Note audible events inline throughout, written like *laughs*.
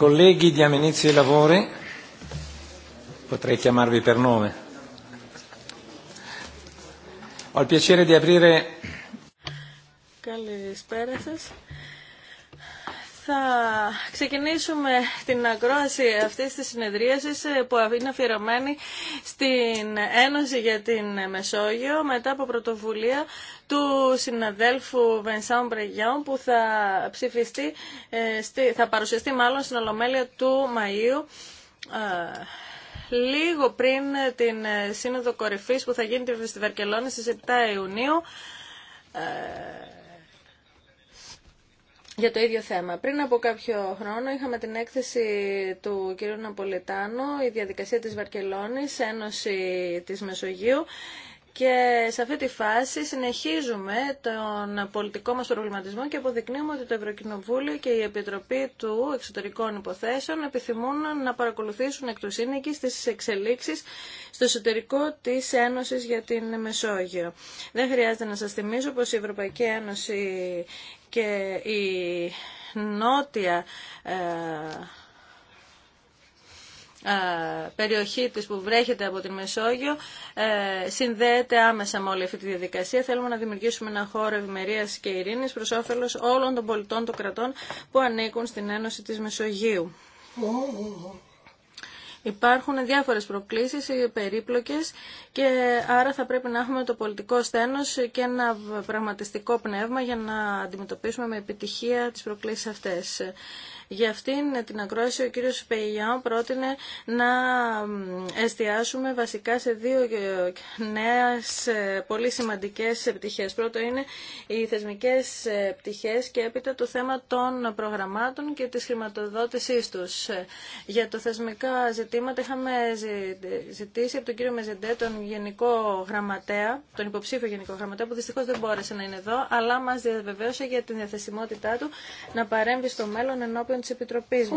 Colleghi, diamo inizio ai lavori. Καλησπέρα σα. Θα ξεκινήσουμε την ακρόαση αυτή τη συνεδρίαση ε, που είναι αφιερωμένη στην Ένωση για την Μεσόγειο μετά από πρωτοβουλία του συναδέλφου Βενσάου Μπρεγιάου που θα ψηφιστεί, ε, θα παρουσιαστεί μάλλον στην Ολομέλεια του Μαΐου ε, λίγο πριν την ε, Σύνοδο Κορυφής που θα γίνει στη Βαρκελόνη στις 7 Ιουνίου για το ίδιο θέμα. Πριν από κάποιο χρόνο είχαμε την έκθεση του κ. Ναπολιτάνου, η διαδικασία της Βαρκελόνης, Ένωση της Μεσογείου. Και σε αυτή τη φάση συνεχίζουμε τον πολιτικό μας προβληματισμό και αποδεικνύουμε ότι το Ευρωκοινοβούλιο και η Επιτροπή του Εξωτερικών Υποθέσεων επιθυμούν να παρακολουθήσουν εκ του σύνοικης τις εξελίξεις στο εσωτερικό της Ένωσης για την Μεσόγειο. Δεν χρειάζεται να σας θυμίζω πως η Ευρωπαϊκή Ένωση και η Νότια ε, περιοχή της που βρέχεται από την Μεσόγειο ε, συνδέεται άμεσα με όλη αυτή τη διαδικασία. Θέλουμε να δημιουργήσουμε ένα χώρο ευημερία και ειρήνης προς όφελος όλων των πολιτών των κρατών που ανήκουν στην Ένωση της Μεσογείου. Υπάρχουν διάφορες προκλήσεις, ε, περίπλοκες και άρα θα πρέπει να έχουμε το πολιτικό στένος και ένα πραγματιστικό πνεύμα για να αντιμετωπίσουμε με επιτυχία τις προκλήσεις αυτές. Για αυτήν την ακρόαση ο κύριος Πεϊγιάν πρότεινε να εστιάσουμε βασικά σε δύο ε, νέες ε, πολύ σημαντικές πτυχές. Πρώτο είναι οι θεσμικές ε, πτυχές και έπειτα το θέμα των προγραμμάτων και της χρηματοδότησής τους. Για τα θεσμικά ζητήματα είχαμε ζητήσει από τον κύριο Μεζεντέ, τον Γενικό Γραμματέα, τον υποψήφιο Γενικό Γραμματέα, που δυστυχώς δεν μπόρεσε να είναι εδώ, αλλά μας διαβεβαίωσε για την διαθεσιμότητά του να παρέμβει στο μέλλον ενώπιον Τη της Επιτροπής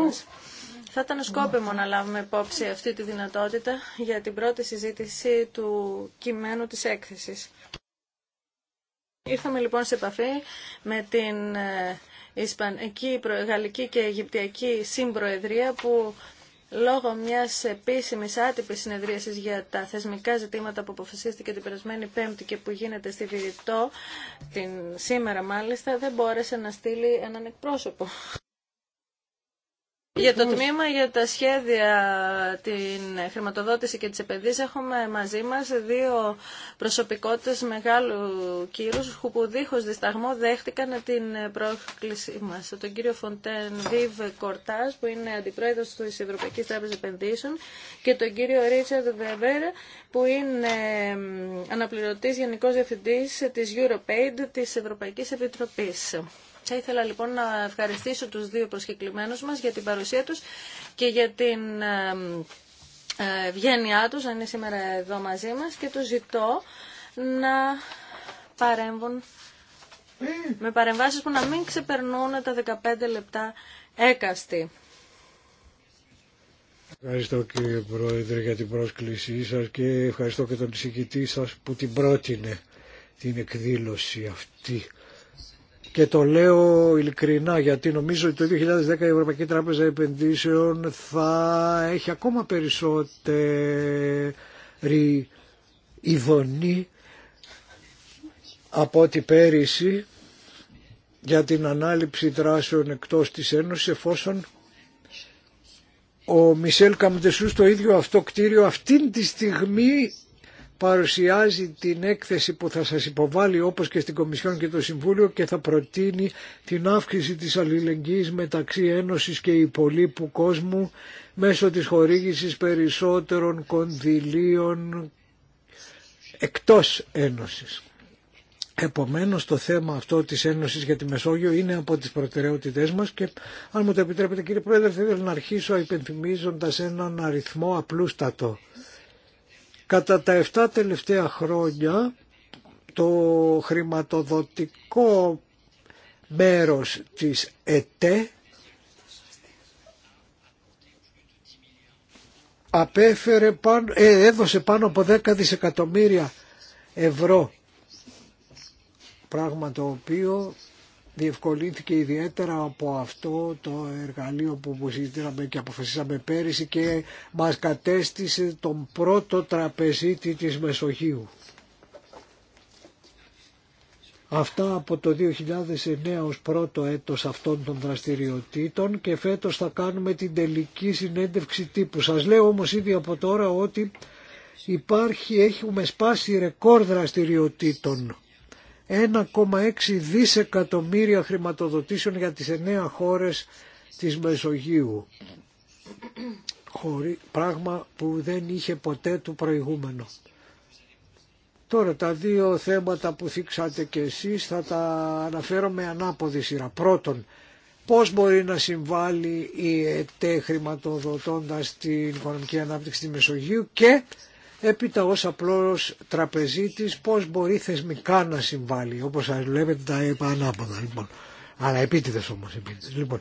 Θα ήταν σκόπιμο να λάβουμε υπόψη αυτή τη δυνατότητα για την πρώτη συζήτηση του κειμένου της έκθεσης. Ήρθαμε λοιπόν σε επαφή με την ε, Ισπανική, Γαλλική και Αιγυπτιακή Συμπροεδρία που λόγω μιας επίσημης άτυπης συνεδρίασης για τα θεσμικά ζητήματα που αποφασίστηκε την περασμένη Πέμπτη και που γίνεται στη Βηρητό, την σήμερα μάλιστα, δεν μπόρεσε να στείλει έναν εκπρόσωπο. Για το τμήμα για τα σχέδια, την χρηματοδότηση και τις επενδύσεις έχουμε μαζί μας δύο προσωπικότητες μεγάλου κύρους που δίχως δισταγμό δέχτηκαν την πρόκλησή μας. Τον κύριο Φοντέν Βιβ Κορτάς που είναι αντιπρόεδρος της Ευρωπαϊκής Τράπεζας Επενδύσεων και τον κύριο Ρίτσαρντ Βεβέρ που είναι αναπληρωτής Γενικός Διευθυντής της EuroPaid της Ευρωπαϊκής Επιτροπής. Θα ήθελα λοιπόν να ευχαριστήσω τους δύο προσκεκλημένους μας για την παρουσία τους και για την ε, ευγένειά τους, αν είναι σήμερα εδώ μαζί μας και τους ζητώ να παρέμβουν με παρεμβάσεις που να μην ξεπερνούν τα 15 λεπτά έκαστη. Ευχαριστώ κύριε Πρόεδρε για την πρόσκλησή σας και ευχαριστώ και τον συγκητή σας που την πρότεινε την εκδήλωση αυτή. Και το λέω ειλικρινά γιατί νομίζω ότι το 2010 η Ευρωπαϊκή Τράπεζα Επενδύσεων θα έχει ακόμα περισσότερη ειδονή από ό,τι πέρυσι για την ανάληψη δράσεων εκτός της Ένωσης εφόσον ο Μισελ Καμντεσούς το ίδιο αυτό κτίριο αυτήν τη στιγμή παρουσιάζει την έκθεση που θα σας υποβάλει όπως και στην Κομισιόν και το Συμβούλιο και θα προτείνει την αύξηση της αλληλεγγύης μεταξύ Ένωσης και υπολείπου κόσμου μέσω της χορήγησης περισσότερων κονδυλίων εκτός Ένωσης. Επομένως το θέμα αυτό της Ένωσης για τη Μεσόγειο είναι από τις προτεραιότητές μας και αν μου το επιτρέπετε κύριε Πρόεδρε θα ήθελα να αρχίσω υπενθυμίζοντας έναν αριθμό απλούστατο Κατά τα 7 τελευταία χρόνια το χρηματοδοτικό μέρος της ΕΤΕ απέφερε πάνω, ε, έδωσε πάνω από 10 δισεκατομμύρια ευρώ πράγμα το οποίο διευκολύνθηκε ιδιαίτερα από αυτό το εργαλείο που συζητήσαμε και αποφασίσαμε πέρυσι και μας κατέστησε τον πρώτο τραπεζίτη της Μεσογείου. Αυτά από το 2009 ως πρώτο έτος αυτών των δραστηριοτήτων και φέτος θα κάνουμε την τελική συνέντευξη τύπου. Σας λέω όμως ήδη από τώρα ότι υπάρχει, έχουμε σπάσει ρεκόρ δραστηριοτήτων 1,6 δισεκατομμύρια χρηματοδοτήσεων για τις εννέα χώρες της Μεσογείου. Πράγμα που δεν είχε ποτέ του προηγούμενο. Τώρα τα δύο θέματα που θίξατε και εσείς θα τα αναφέρω με ανάποδη σειρά. Πρώτον, πώς μπορεί να συμβάλλει η ΕΤΕ χρηματοδοτώντας την οικονομική ανάπτυξη της Μεσογείου και έπειτα ως απλός τραπεζίτης πώς μπορεί θεσμικά να συμβάλλει όπως σας λέμε τα είπα ανάποδα λοιπόν. αλλά επίτηδες όμως επίτηδες. Λοιπόν,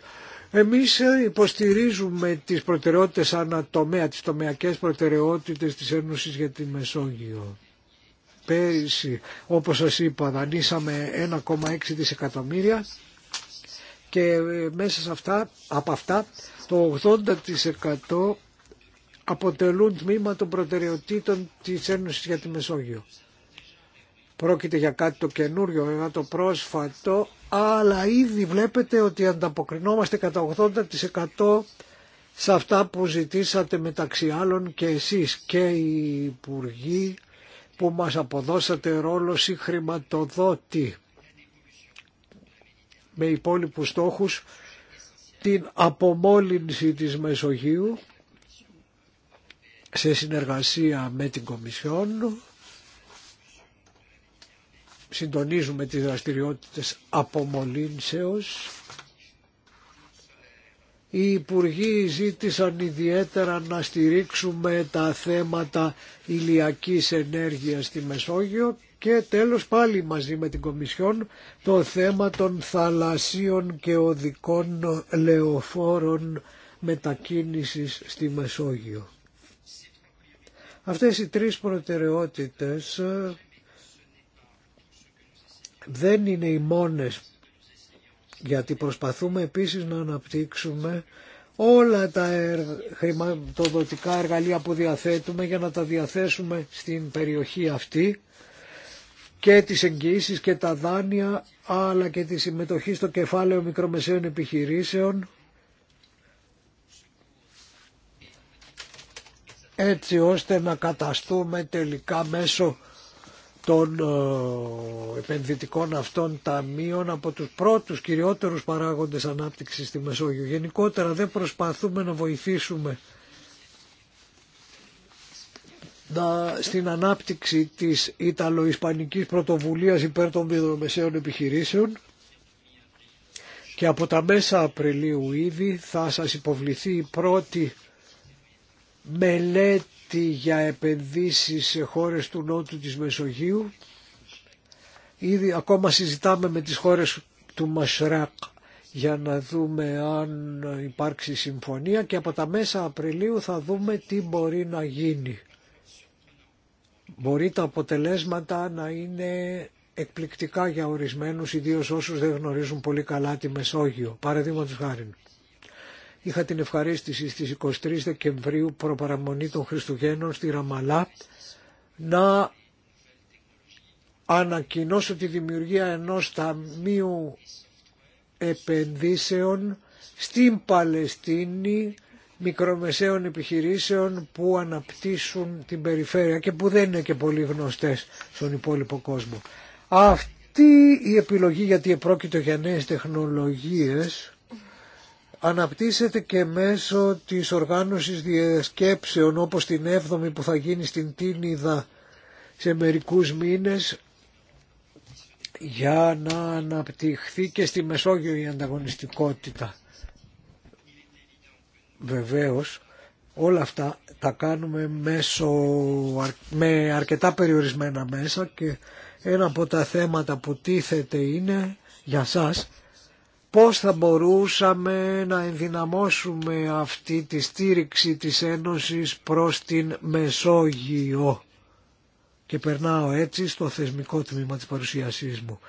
εμείς ε, υποστηρίζουμε τις προτεραιότητες ανατομέα, τις τομεακές προτεραιότητες της Ένωσης για τη Μεσόγειο. Πέρυσι, όπως σας είπα, δανείσαμε 1,6 δισεκατομμύρια και ε, μέσα σε αυτά, από αυτά το 80% αποτελούν τμήμα των προτεραιοτήτων της Ένωσης για τη Μεσόγειο. Πρόκειται για κάτι το καινούριο, ένα το πρόσφατο, αλλά ήδη βλέπετε ότι ανταποκρινόμαστε κατά 80% σε αυτά που ζητήσατε μεταξύ άλλων και εσείς και οι υπουργοί που μας αποδώσατε ρόλο συγχρηματοδότη με υπόλοιπους στόχους την απομόλυνση της Μεσογείου σε συνεργασία με την Κομισιόν συντονίζουμε τις δραστηριότητες απομολύνσεως. Οι Υπουργοί ζήτησαν ιδιαίτερα να στηρίξουμε τα θέματα ηλιακής ενέργειας στη Μεσόγειο και τέλος πάλι μαζί με την Κομισιόν το θέμα των θαλασσίων και οδικών λεωφόρων μετακίνησης στη Μεσόγειο. Αυτές οι τρεις προτεραιότητες ε, δεν είναι οι μόνες γιατί προσπαθούμε επίσης να αναπτύξουμε όλα τα χρηματοδοτικά εργαλεία που διαθέτουμε για να τα διαθέσουμε στην περιοχή αυτή και τις εγγυήσεις και τα δάνεια αλλά και τη συμμετοχή στο κεφάλαιο μικρομεσαίων επιχειρήσεων έτσι ώστε να καταστούμε τελικά μέσω των ε, επενδυτικών αυτών ταμείων από τους πρώτους κυριότερους παράγοντες ανάπτυξης στη Μεσόγειο. Γενικότερα δεν προσπαθούμε να βοηθήσουμε να, στην ανάπτυξη της Ιταλο-Ισπανικής πρωτοβουλίας υπέρ των μεσαίων επιχειρήσεων και από τα μέσα Απριλίου ήδη θα σας υποβληθεί η πρώτη μελέτη για επενδύσεις σε χώρες του νότου της Μεσογείου. Ήδη ακόμα συζητάμε με τις χώρες του Μασράκ για να δούμε αν υπάρξει συμφωνία και από τα μέσα Απριλίου θα δούμε τι μπορεί να γίνει. Μπορεί τα αποτελέσματα να είναι εκπληκτικά για ορισμένους, ιδίως όσους δεν γνωρίζουν πολύ καλά τη Μεσόγειο. Παραδείγματος χάρη. Είχα την ευχαρίστηση στις 23 Δεκεμβρίου προπαραμονή των Χριστουγέννων στη Ραμαλά να ανακοινώσω τη δημιουργία ενός ταμείου επενδύσεων στην Παλαιστίνη μικρομεσαίων επιχειρήσεων που αναπτύσσουν την περιφέρεια και που δεν είναι και πολύ γνωστές στον υπόλοιπο κόσμο. Αυτή η επιλογή γιατί επρόκειτο για νέες τεχνολογίες αναπτύσσεται και μέσω της οργάνωσης διασκέψεων όπως την 7η που θα γίνει στην Τίνιδα σε μερικούς μήνες για να αναπτυχθεί και στη Μεσόγειο η ανταγωνιστικότητα. Βεβαίως όλα αυτά τα κάνουμε μέσω, με αρκετά περιορισμένα μέσα και ένα από τα θέματα που τίθεται είναι για σας πώς θα μπορούσαμε να ενδυναμώσουμε αυτή τη στήριξη της Ένωσης προς την Μεσόγειο. Και περνάω έτσι στο θεσμικό τμήμα της παρουσίασής μου.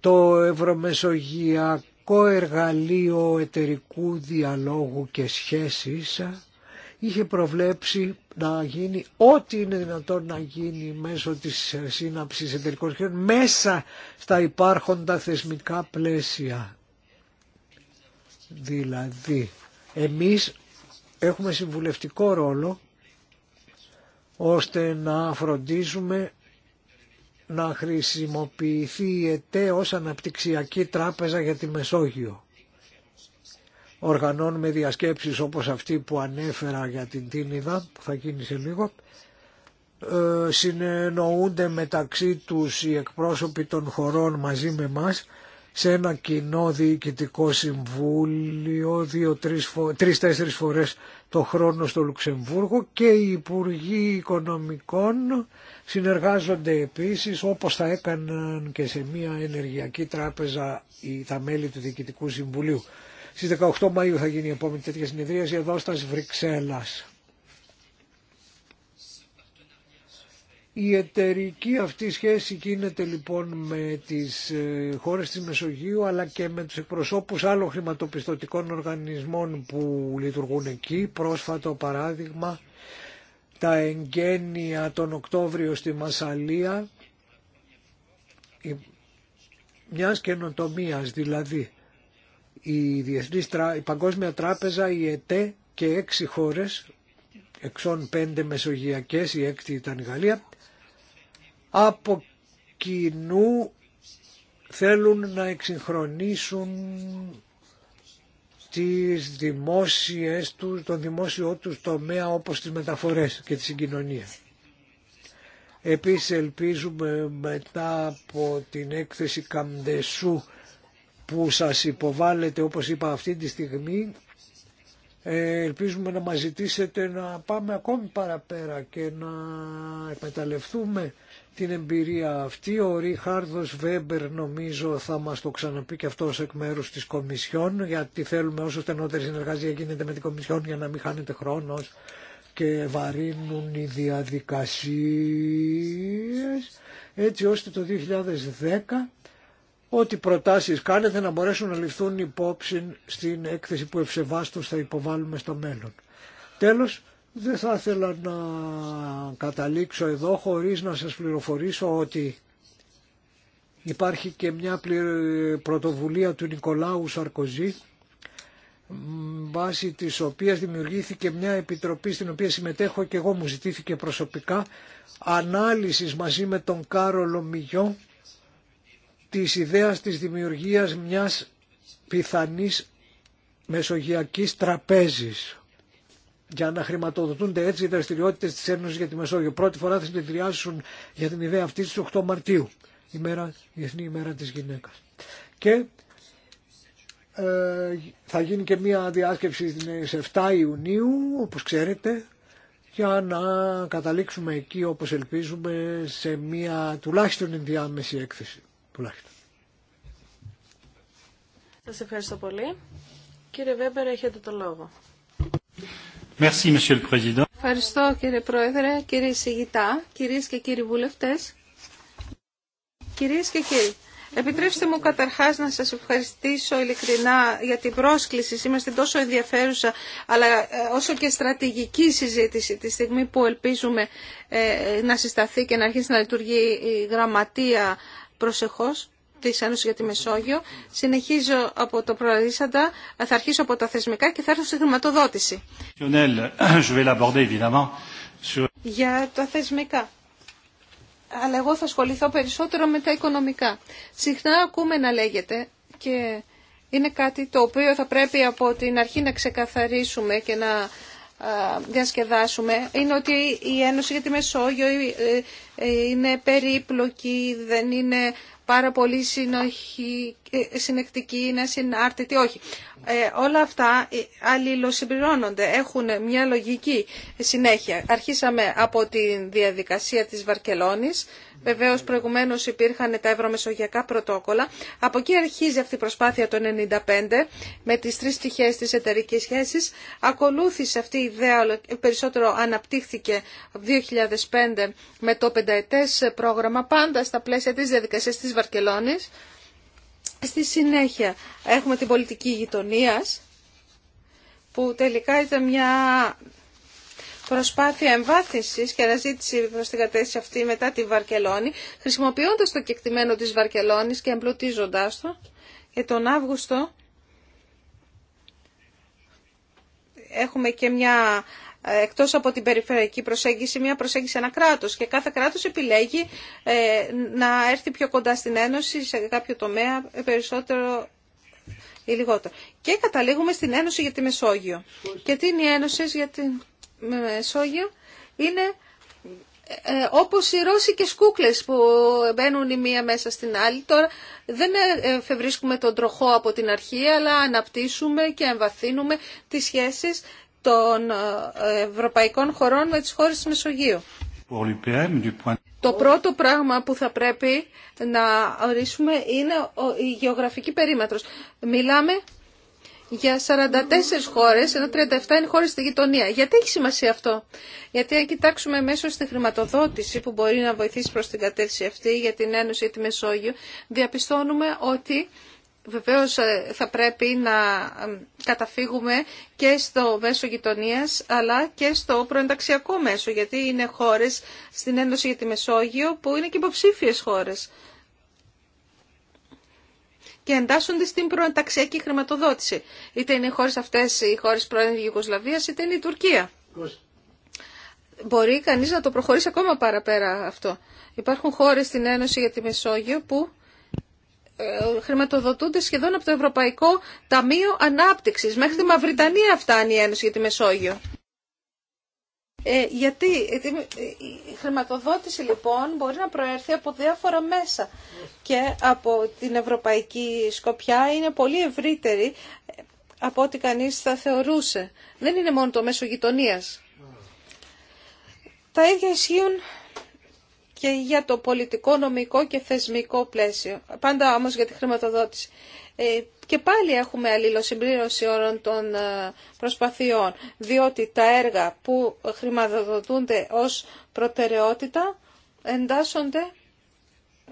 Το Ευρωμεσογειακό Εργαλείο Εταιρικού Διαλόγου και Σχέσης είχε προβλέψει να γίνει ό,τι είναι δυνατόν να γίνει μέσω της σύναψης εταιρικών σχέσεων μέσα στα υπάρχοντα θεσμικά πλαίσια. Δηλαδή, εμείς έχουμε συμβουλευτικό ρόλο ώστε να φροντίζουμε να χρησιμοποιηθεί η ΕΤΕ ως αναπτυξιακή τράπεζα για τη Μεσόγειο οργανών με διασκέψεις όπως αυτή που ανέφερα για την Τίνιδα που θα γίνει σε λίγο ε, συνεννοούνται μεταξύ τους οι εκπρόσωποι των χωρών μαζί με μας σε ένα κοινό διοικητικό συμβούλιο τρεις-τέσσερις φορές το χρόνο στο Λουξεμβούργο και οι Υπουργοί Οικονομικών συνεργάζονται επίσης όπως θα έκαναν και σε μια ενεργειακή τράπεζα τα μέλη του Διοικητικού Συμβουλίου. Στις 18 Μαΐου θα γίνει η επόμενη τέτοια συνεδρίαση εδώ στα Βρυξέλλας. Η εταιρική αυτή σχέση γίνεται λοιπόν με τις ε, χώρες της Μεσογείου αλλά και με τους εκπροσώπους άλλων χρηματοπιστωτικών οργανισμών που λειτουργούν εκεί. Πρόσφατο παράδειγμα τα εγγένεια τον Οκτώβριο στη Μασαλία μιας καινοτομίας δηλαδή η, Διεθνής, η Παγκόσμια Τράπεζα, η ΕΤΕ και έξι χώρες, εξών πέντε μεσογειακές, η έκτη ήταν η Γαλλία, από κοινού θέλουν να εξυγχρονίσουν τις δημόσιες τους, τον δημόσιο τους τομέα όπως τις μεταφορές και τη συγκοινωνία. Επίσης ελπίζουμε μετά από την έκθεση Καμδεσού που σας υποβάλλεται όπως είπα αυτή τη στιγμή ε, ελπίζουμε να μας ζητήσετε να πάμε ακόμη παραπέρα και να εκμεταλλευτούμε την εμπειρία αυτή. Ο Ρίχαρδος Βέμπερ νομίζω θα μας το ξαναπεί και αυτός εκ μέρους της Κομισιόν γιατί θέλουμε όσο στενότερη συνεργασία γίνεται με την Κομισιόν για να μην χάνεται χρόνος και βαρύνουν οι διαδικασίες έτσι ώστε το 2010 ό,τι προτάσεις κάνετε να μπορέσουν να ληφθούν υπόψη στην έκθεση που ευσεβάστως θα υποβάλουμε στο μέλλον. Τέλος, δεν θα ήθελα να καταλήξω εδώ χωρίς να σας πληροφορήσω ότι υπάρχει και μια πρωτοβουλία του Νικολάου Σαρκοζή βάσει της οποίας δημιουργήθηκε μια επιτροπή στην οποία συμμετέχω και εγώ μου ζητήθηκε προσωπικά ανάλυσης μαζί με τον Κάρολο Μιγιό της ιδέας της δημιουργίας μιας πιθανής μεσογειακής τραπέζης για να χρηματοδοτούνται έτσι οι δραστηριότητες της Ένωσης για τη Μεσόγειο. Πρώτη φορά θα συνεδριάσουν για την ιδέα αυτή στις 8 Μαρτίου, η Εθνή ημέρα της γυναίκας. Και ε, θα γίνει και μια διάσκεψη στις 7 Ιουνίου, όπως ξέρετε, για να καταλήξουμε εκεί όπως ελπίζουμε σε μια τουλάχιστον ενδιάμεση έκθεση τουλάχιστον. Σα ευχαριστώ πολύ. Κύριε Βέμπερ, έχετε το λόγο. Merci, Ευχαριστώ κύριε Πρόεδρε, κύριε Σιγητά, κύριε και κύριοι βουλευτέ. Κυρίε και κύριοι, επιτρέψτε μου καταρχά να σα ευχαριστήσω ειλικρινά για την πρόσκληση. Είμαστε τόσο ενδιαφέρουσα, αλλά ε, όσο και στρατηγική συζήτηση τη στιγμή που ελπίζουμε ε, να συσταθεί και να αρχίσει να λειτουργεί η γραμματεία προσεχώς τη Ένωση για τη Μεσόγειο. Συνεχίζω από το προαρίσαντα, θα αρχίσω από τα θεσμικά και θα έρθω στη χρηματοδότηση. Για τα θεσμικά. Αλλά εγώ θα ασχοληθώ περισσότερο με τα οικονομικά. Συχνά ακούμε να λέγεται και είναι κάτι το οποίο θα πρέπει από την αρχή να ξεκαθαρίσουμε και να διασκεδάσουμε είναι ότι η Ένωση για τη Μεσόγειο ε, ε, είναι περίπλοκη, δεν είναι πάρα πολύ συνοχή, ε, συνεκτική, είναι συνάρτητη, όχι. όλα αυτά αλληλοσυμπληρώνονται, έχουν μια λογική συνέχεια. Αρχίσαμε από τη διαδικασία της Βαρκελόνης, Βεβαίω προηγουμένω υπήρχαν τα ευρωμεσογειακά πρωτόκολλα. Από εκεί αρχίζει αυτή η προσπάθεια το 1995 με τις τρει πτυχέ τη εταιρική σχέση. Ακολούθησε αυτή η ιδέα, περισσότερο αναπτύχθηκε 2005 με το πενταετέ πρόγραμμα πάντα στα πλαίσια της διαδικασία τη Βαρκελόνη. Στη συνέχεια έχουμε την πολιτική γειτονία που τελικά ήταν μια προσπάθεια εμβάθυνσης και αναζήτηση προ την κατεύθυνση αυτή μετά τη Βαρκελόνη, χρησιμοποιώντα το κεκτημένο τη Βαρκελόνη και εμπλουτίζοντα το. Και τον Αύγουστο έχουμε και μια ε, εκτός από την περιφερειακή προσέγγιση, μια προσέγγιση ένα κράτος και κάθε κράτος επιλέγει ε, να έρθει πιο κοντά στην Ένωση σε κάποιο τομέα ε, περισσότερο ή λιγότερο. Και καταλήγουμε στην Ένωση για τη Μεσόγειο. Και τι είναι η Ένωση για την Μεσόγειο είναι ε, όπως οι ρώσικες κούκλες που μπαίνουν η μία μέσα στην άλλη. Τώρα δεν ε, εφευρίσκουμε τον τροχό από την αρχή, αλλά αναπτύσσουμε και εμβαθύνουμε τις σχέσεις των ε, ευρωπαϊκών χωρών με τις χώρες της Μεσογείου. Το πρώτο πράγμα που θα πρέπει να ορίσουμε είναι η γεωγραφική περίμετρος. Μιλάμε για 44 χώρες, ενώ 37 είναι χώρες στη γειτονία. Γιατί έχει σημασία αυτό. Γιατί αν κοιτάξουμε μέσω στη χρηματοδότηση που μπορεί να βοηθήσει προς την κατεύθυνση αυτή για την Ένωση ή τη Μεσόγειο, διαπιστώνουμε ότι βεβαίως ε, θα πρέπει να καταφύγουμε και στο μέσο γειτονία, αλλά και στο προενταξιακό μέσο, γιατί είναι χώρες στην Ένωση για τη Μεσόγειο που είναι και υποψήφιες χώρες και εντάσσονται στην προενταξιακή χρηματοδότηση. Είτε είναι οι χώρε αυτές οι χώρε πρώην Ιουγκοσλαβία, είτε είναι η Τουρκία. Μπορεί κανείς να το προχωρήσει ακόμα παραπέρα αυτό. Υπάρχουν χώρες στην Ένωση για τη Μεσόγειο που ε, χρηματοδοτούνται σχεδόν από το Ευρωπαϊκό Ταμείο Ανάπτυξης. Μέχρι τη Μαυριτανία φτάνει η Ένωση για τη Μεσόγειο. Ε, γιατί ε, η χρηματοδότηση λοιπόν μπορεί να προέρθει από διάφορα μέσα και από την ευρωπαϊκή σκοπιά είναι πολύ ευρύτερη ε, από ό,τι κανείς θα θεωρούσε. Δεν είναι μόνο το μέσο γειτονία. Τα ίδια ισχύουν και για το πολιτικό, νομικό και θεσμικό πλαίσιο. Πάντα όμως για τη χρηματοδότηση. Ε, και πάλι έχουμε αλληλοσυμπλήρωση όλων των ε, προσπαθειών, διότι τα έργα που χρηματοδοτούνται ως προτεραιότητα εντάσσονται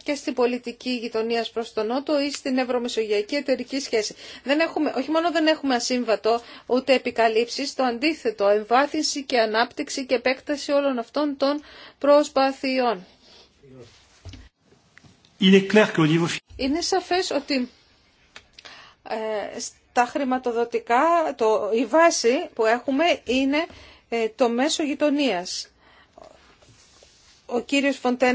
και στην πολιτική γειτονία προ τον Νότο ή στην ευρωμεσογειακή εταιρική σχέση. Δεν έχουμε, όχι μόνο δεν έχουμε ασύμβατο ούτε επικαλύψει, το αντίθετο, εμβάθυνση και ανάπτυξη και επέκταση όλων αυτών των προσπαθειών. Είναι σαφές ότι ε, στα χρηματοδοτικά το, η βάση που έχουμε είναι ε, το μέσο γειτονίας. Ο κύριος ε,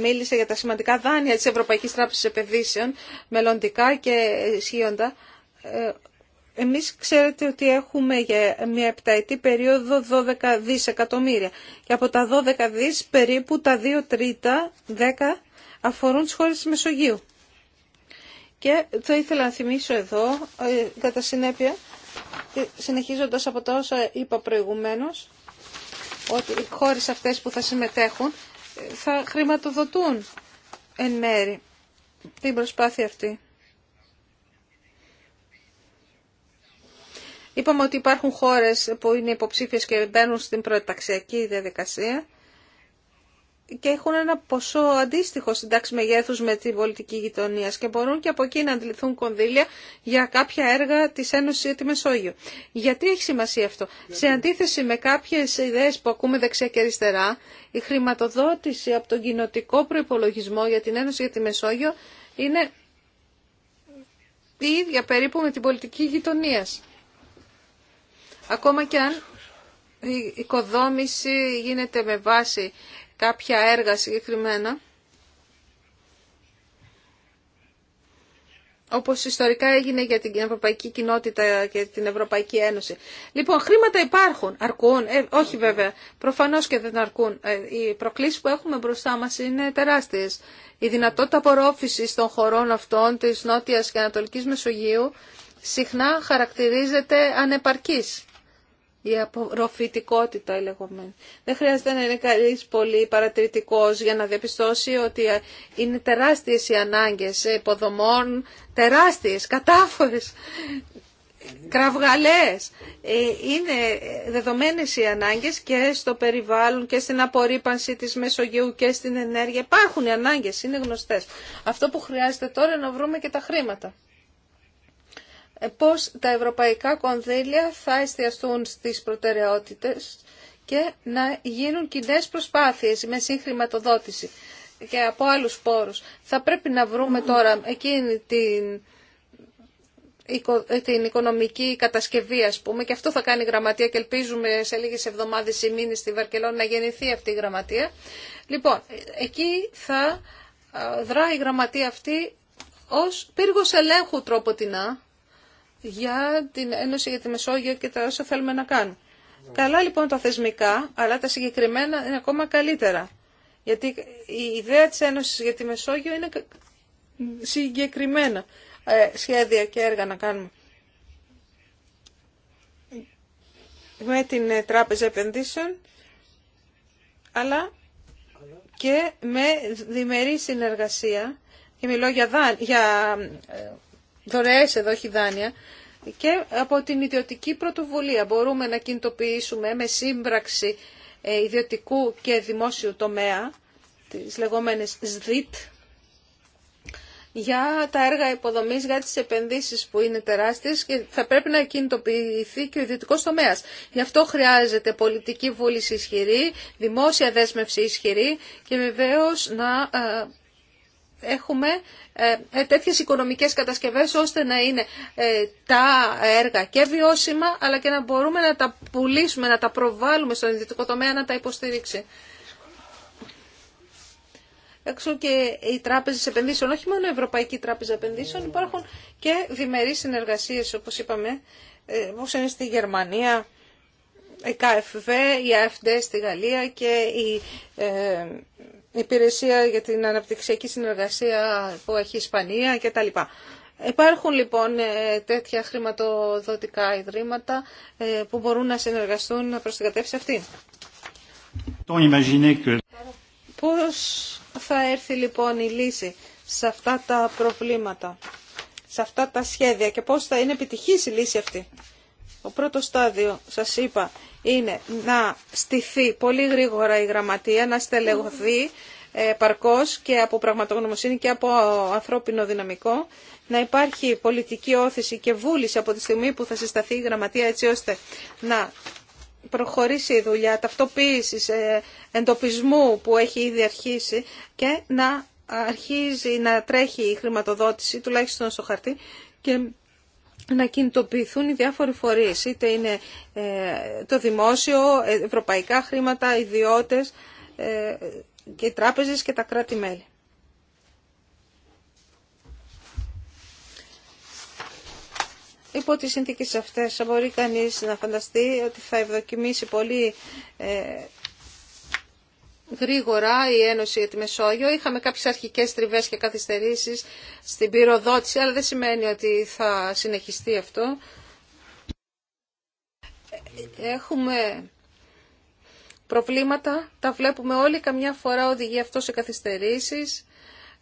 μίλησε για τα σημαντικά δάνεια της Ευρωπαϊκής Τράπεζας Επενδύσεων, μελλοντικά και ισχύοντα. Ε, εμείς ξέρετε ότι έχουμε για μια επταετή περίοδο 12 δισεκατομμύρια και από τα 12 δις περίπου τα 2 τρίτα, 10, αφορούν τις χώρες της Μεσογείου. Και θα ήθελα να θυμίσω εδώ, ε, κατά συνέπεια, ε, συνεχίζοντας από τα όσα είπα προηγουμένως, ότι οι χώρες αυτές που θα συμμετέχουν ε, θα χρηματοδοτούν εν μέρη την προσπάθεια αυτή. Είπαμε ότι υπάρχουν χώρες που είναι υποψήφιες και μπαίνουν στην προεταξιακή διαδικασία και έχουν ένα ποσό αντίστοιχο στην μεγέθους με την πολιτική γειτονία και μπορούν και από εκεί να αντιληθούν κονδύλια για κάποια έργα της Ένωσης ή τη Μεσόγειο. Γιατί έχει σημασία αυτό. Γιατί. Σε αντίθεση με κάποιες ιδέες που ακούμε δεξιά και αριστερά, για τη μεσογειο γιατι εχει σημασια αυτο σε αντιθεση με από τον κοινοτικό προϋπολογισμό για την Ένωση για τη Μεσόγειο είναι η ίδια περίπου με την πολιτική γειτονία. Ακόμα και αν η οικοδόμηση γίνεται με βάση κάποια έργα συγκεκριμένα. όπως ιστορικά έγινε για την Ευρωπαϊκή Κοινότητα και την Ευρωπαϊκή Ένωση. Λοιπόν, χρήματα υπάρχουν, αρκούν, ε, όχι βέβαια, προφανώς και δεν αρκούν. Ε, οι προκλήσεις που έχουμε μπροστά μας είναι τεράστιες. Η δυνατότητα απορρόφησης των χωρών αυτών της Νότιας και Ανατολικής Μεσογείου συχνά χαρακτηρίζεται ανεπαρκής η απορροφητικότητα η λεγόμενη. Δεν χρειάζεται να είναι κανεί πολύ παρατηρητικός για να διαπιστώσει ότι είναι τεράστιε οι ανάγκε υποδομών, τεράστιες, κατάφορε, κραυγαλές. Ε, είναι δεδομένες οι ανάγκε και στο περιβάλλον και στην απορρίπανση τη Μεσογείου και στην ενέργεια. Υπάρχουν οι ανάγκες, είναι γνωστές. Αυτό που χρειάζεται τώρα είναι να βρούμε και τα χρήματα πώς τα ευρωπαϊκά κονδύλια θα εστιαστούν στις προτεραιότητες και να γίνουν κοινέ προσπάθειες με συγχρηματοδότηση και από άλλους πόρους. Θα πρέπει να βρούμε τώρα εκείνη την, την οικονομική κατασκευή, ας πούμε, και αυτό θα κάνει η γραμματεία και ελπίζουμε σε λίγες εβδομάδες ή μήνες στη Βαρκελόνη να γεννηθεί αυτή η γραμματεία. Λοιπόν, εκεί θα ε, δράει η γραμματεία αυτή ως πύργος ελέγχου τρόπο για την Ένωση για τη Μεσόγειο και τα όσα θέλουμε να κάνουμε. Καλά λοιπόν τα θεσμικά, αλλά τα συγκεκριμένα είναι ακόμα καλύτερα. Γιατί η ιδέα της Ένωσης για τη Μεσόγειο είναι συγκεκριμένα ε, σχέδια και έργα να κάνουμε. Με την ε, Τράπεζα Επενδύσεων, αλλά και με διμερή συνεργασία και μιλώ για, δάν, για ε, δωρεέ εδώ όχι δάνεια, και από την ιδιωτική πρωτοβουλία μπορούμε να κινητοποιήσουμε με σύμπραξη ε, ιδιωτικού και δημόσιου τομέα, τις λεγόμενες ΣΔΙΤ, για τα έργα υποδομής, για τις επενδύσεις που είναι τεράστιες και θα πρέπει να κινητοποιηθεί και ο ιδιωτικός τομέας. Γι' αυτό χρειάζεται πολιτική βούληση ισχυρή, δημόσια δέσμευση ισχυρή και βεβαίως να ε, έχουμε ε, ε, τέτοιες οικονομικές κατασκευές ώστε να είναι ε, τα έργα και βιώσιμα αλλά και να μπορούμε να τα πουλήσουμε, να τα προβάλλουμε στον ιδιωτικό τομέα, να τα υποστηρίξει. Έξω και οι τράπεζε επενδύσεων, όχι μόνο η Ευρωπαϊκή Τράπεζα Επενδύσεων, υπάρχουν και διμερείς συνεργασίες όπως είπαμε, όπως είναι στη Γερμανία, η ΚΑΕΦΒ, η ΑΕΦΔ στη Γαλλία και η υπηρεσία για την αναπτυξιακή συνεργασία που έχει η Ισπανία κτλ. Υπάρχουν λοιπόν ε, τέτοια χρηματοδοτικά ιδρύματα ε, που μπορούν να συνεργαστούν προς την κατεύθυνση αυτή. Πώς θα έρθει λοιπόν η λύση σε αυτά τα προβλήματα, σε αυτά τα σχέδια και πώς θα είναι επιτυχής η λύση αυτή. Ο πρώτο στάδιο, σας είπα, είναι να στηθεί πολύ γρήγορα η γραμματεία, να στελεχωθεί ε, παρκώς και από πραγματογνωμοσύνη και από ανθρώπινο δυναμικό, να υπάρχει πολιτική όθηση και βούληση από τη στιγμή που θα συσταθεί η γραμματεία έτσι ώστε να προχωρήσει η δουλειά ταυτοποίησης, ε, εντοπισμού που έχει ήδη αρχίσει και να αρχίζει να τρέχει η χρηματοδότηση, τουλάχιστον στο χαρτί, και να κινητοποιηθούν οι διάφοροι φορείς, είτε είναι ε, το δημόσιο, ε, ευρωπαϊκά χρήματα, ιδιώτες ε, και οι τράπεζες και τα κράτη-μέλη. Υπό τις συνθήκες αυτές μπορεί κανείς να φανταστεί ότι θα ευδοκιμήσει πολύ γρήγορα η Ένωση για τη Μεσόγειο. Είχαμε κάποιες αρχικές τριβές και καθυστερήσεις στην πυροδότηση, αλλά δεν σημαίνει ότι θα συνεχιστεί αυτό. Έχουμε προβλήματα, τα βλέπουμε όλοι, καμιά φορά οδηγεί αυτό σε καθυστερήσεις,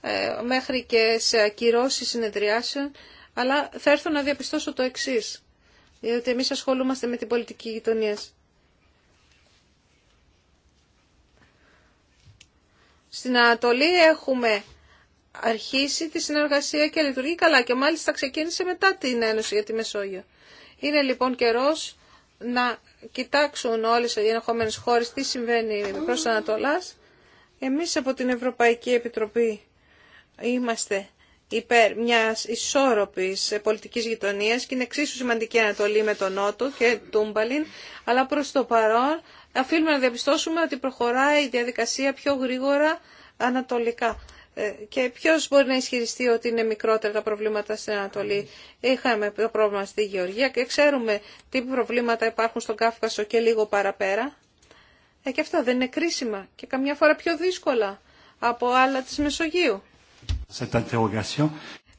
ε, μέχρι και σε ακυρώσεις συνεδριάσεων, αλλά θα έρθω να διαπιστώσω το εξής, διότι εμείς ασχολούμαστε με την πολιτική γειτονίας. Στην Ανατολή έχουμε αρχίσει τη συνεργασία και λειτουργεί καλά και μάλιστα ξεκίνησε μετά την Ένωση για τη Μεσόγειο. Είναι λοιπόν καιρός να κοιτάξουν όλες οι ενεχόμενες χώρες τι συμβαίνει προς Ανατολάς. Εμείς από την Ευρωπαϊκή Επιτροπή είμαστε υπέρ μιας ισόρροπης πολιτικής γειτονίας και είναι εξίσου σημαντική Ανατολή με τον Νότο και Τούμπαλιν, αλλά προς το παρόν αφήνουμε να διαπιστώσουμε ότι προχωράει η διαδικασία πιο γρήγορα ανατολικά. Ε, και ποιο μπορεί να ισχυριστεί ότι είναι μικρότερα τα προβλήματα στην Ανατολή. Είχαμε το πρόβλημα στη Γεωργία και ξέρουμε τι προβλήματα υπάρχουν στον Κάφκασο και λίγο παραπέρα. Ε, και αυτά δεν είναι κρίσιμα και καμιά φορά πιο δύσκολα από άλλα της Μεσογείου.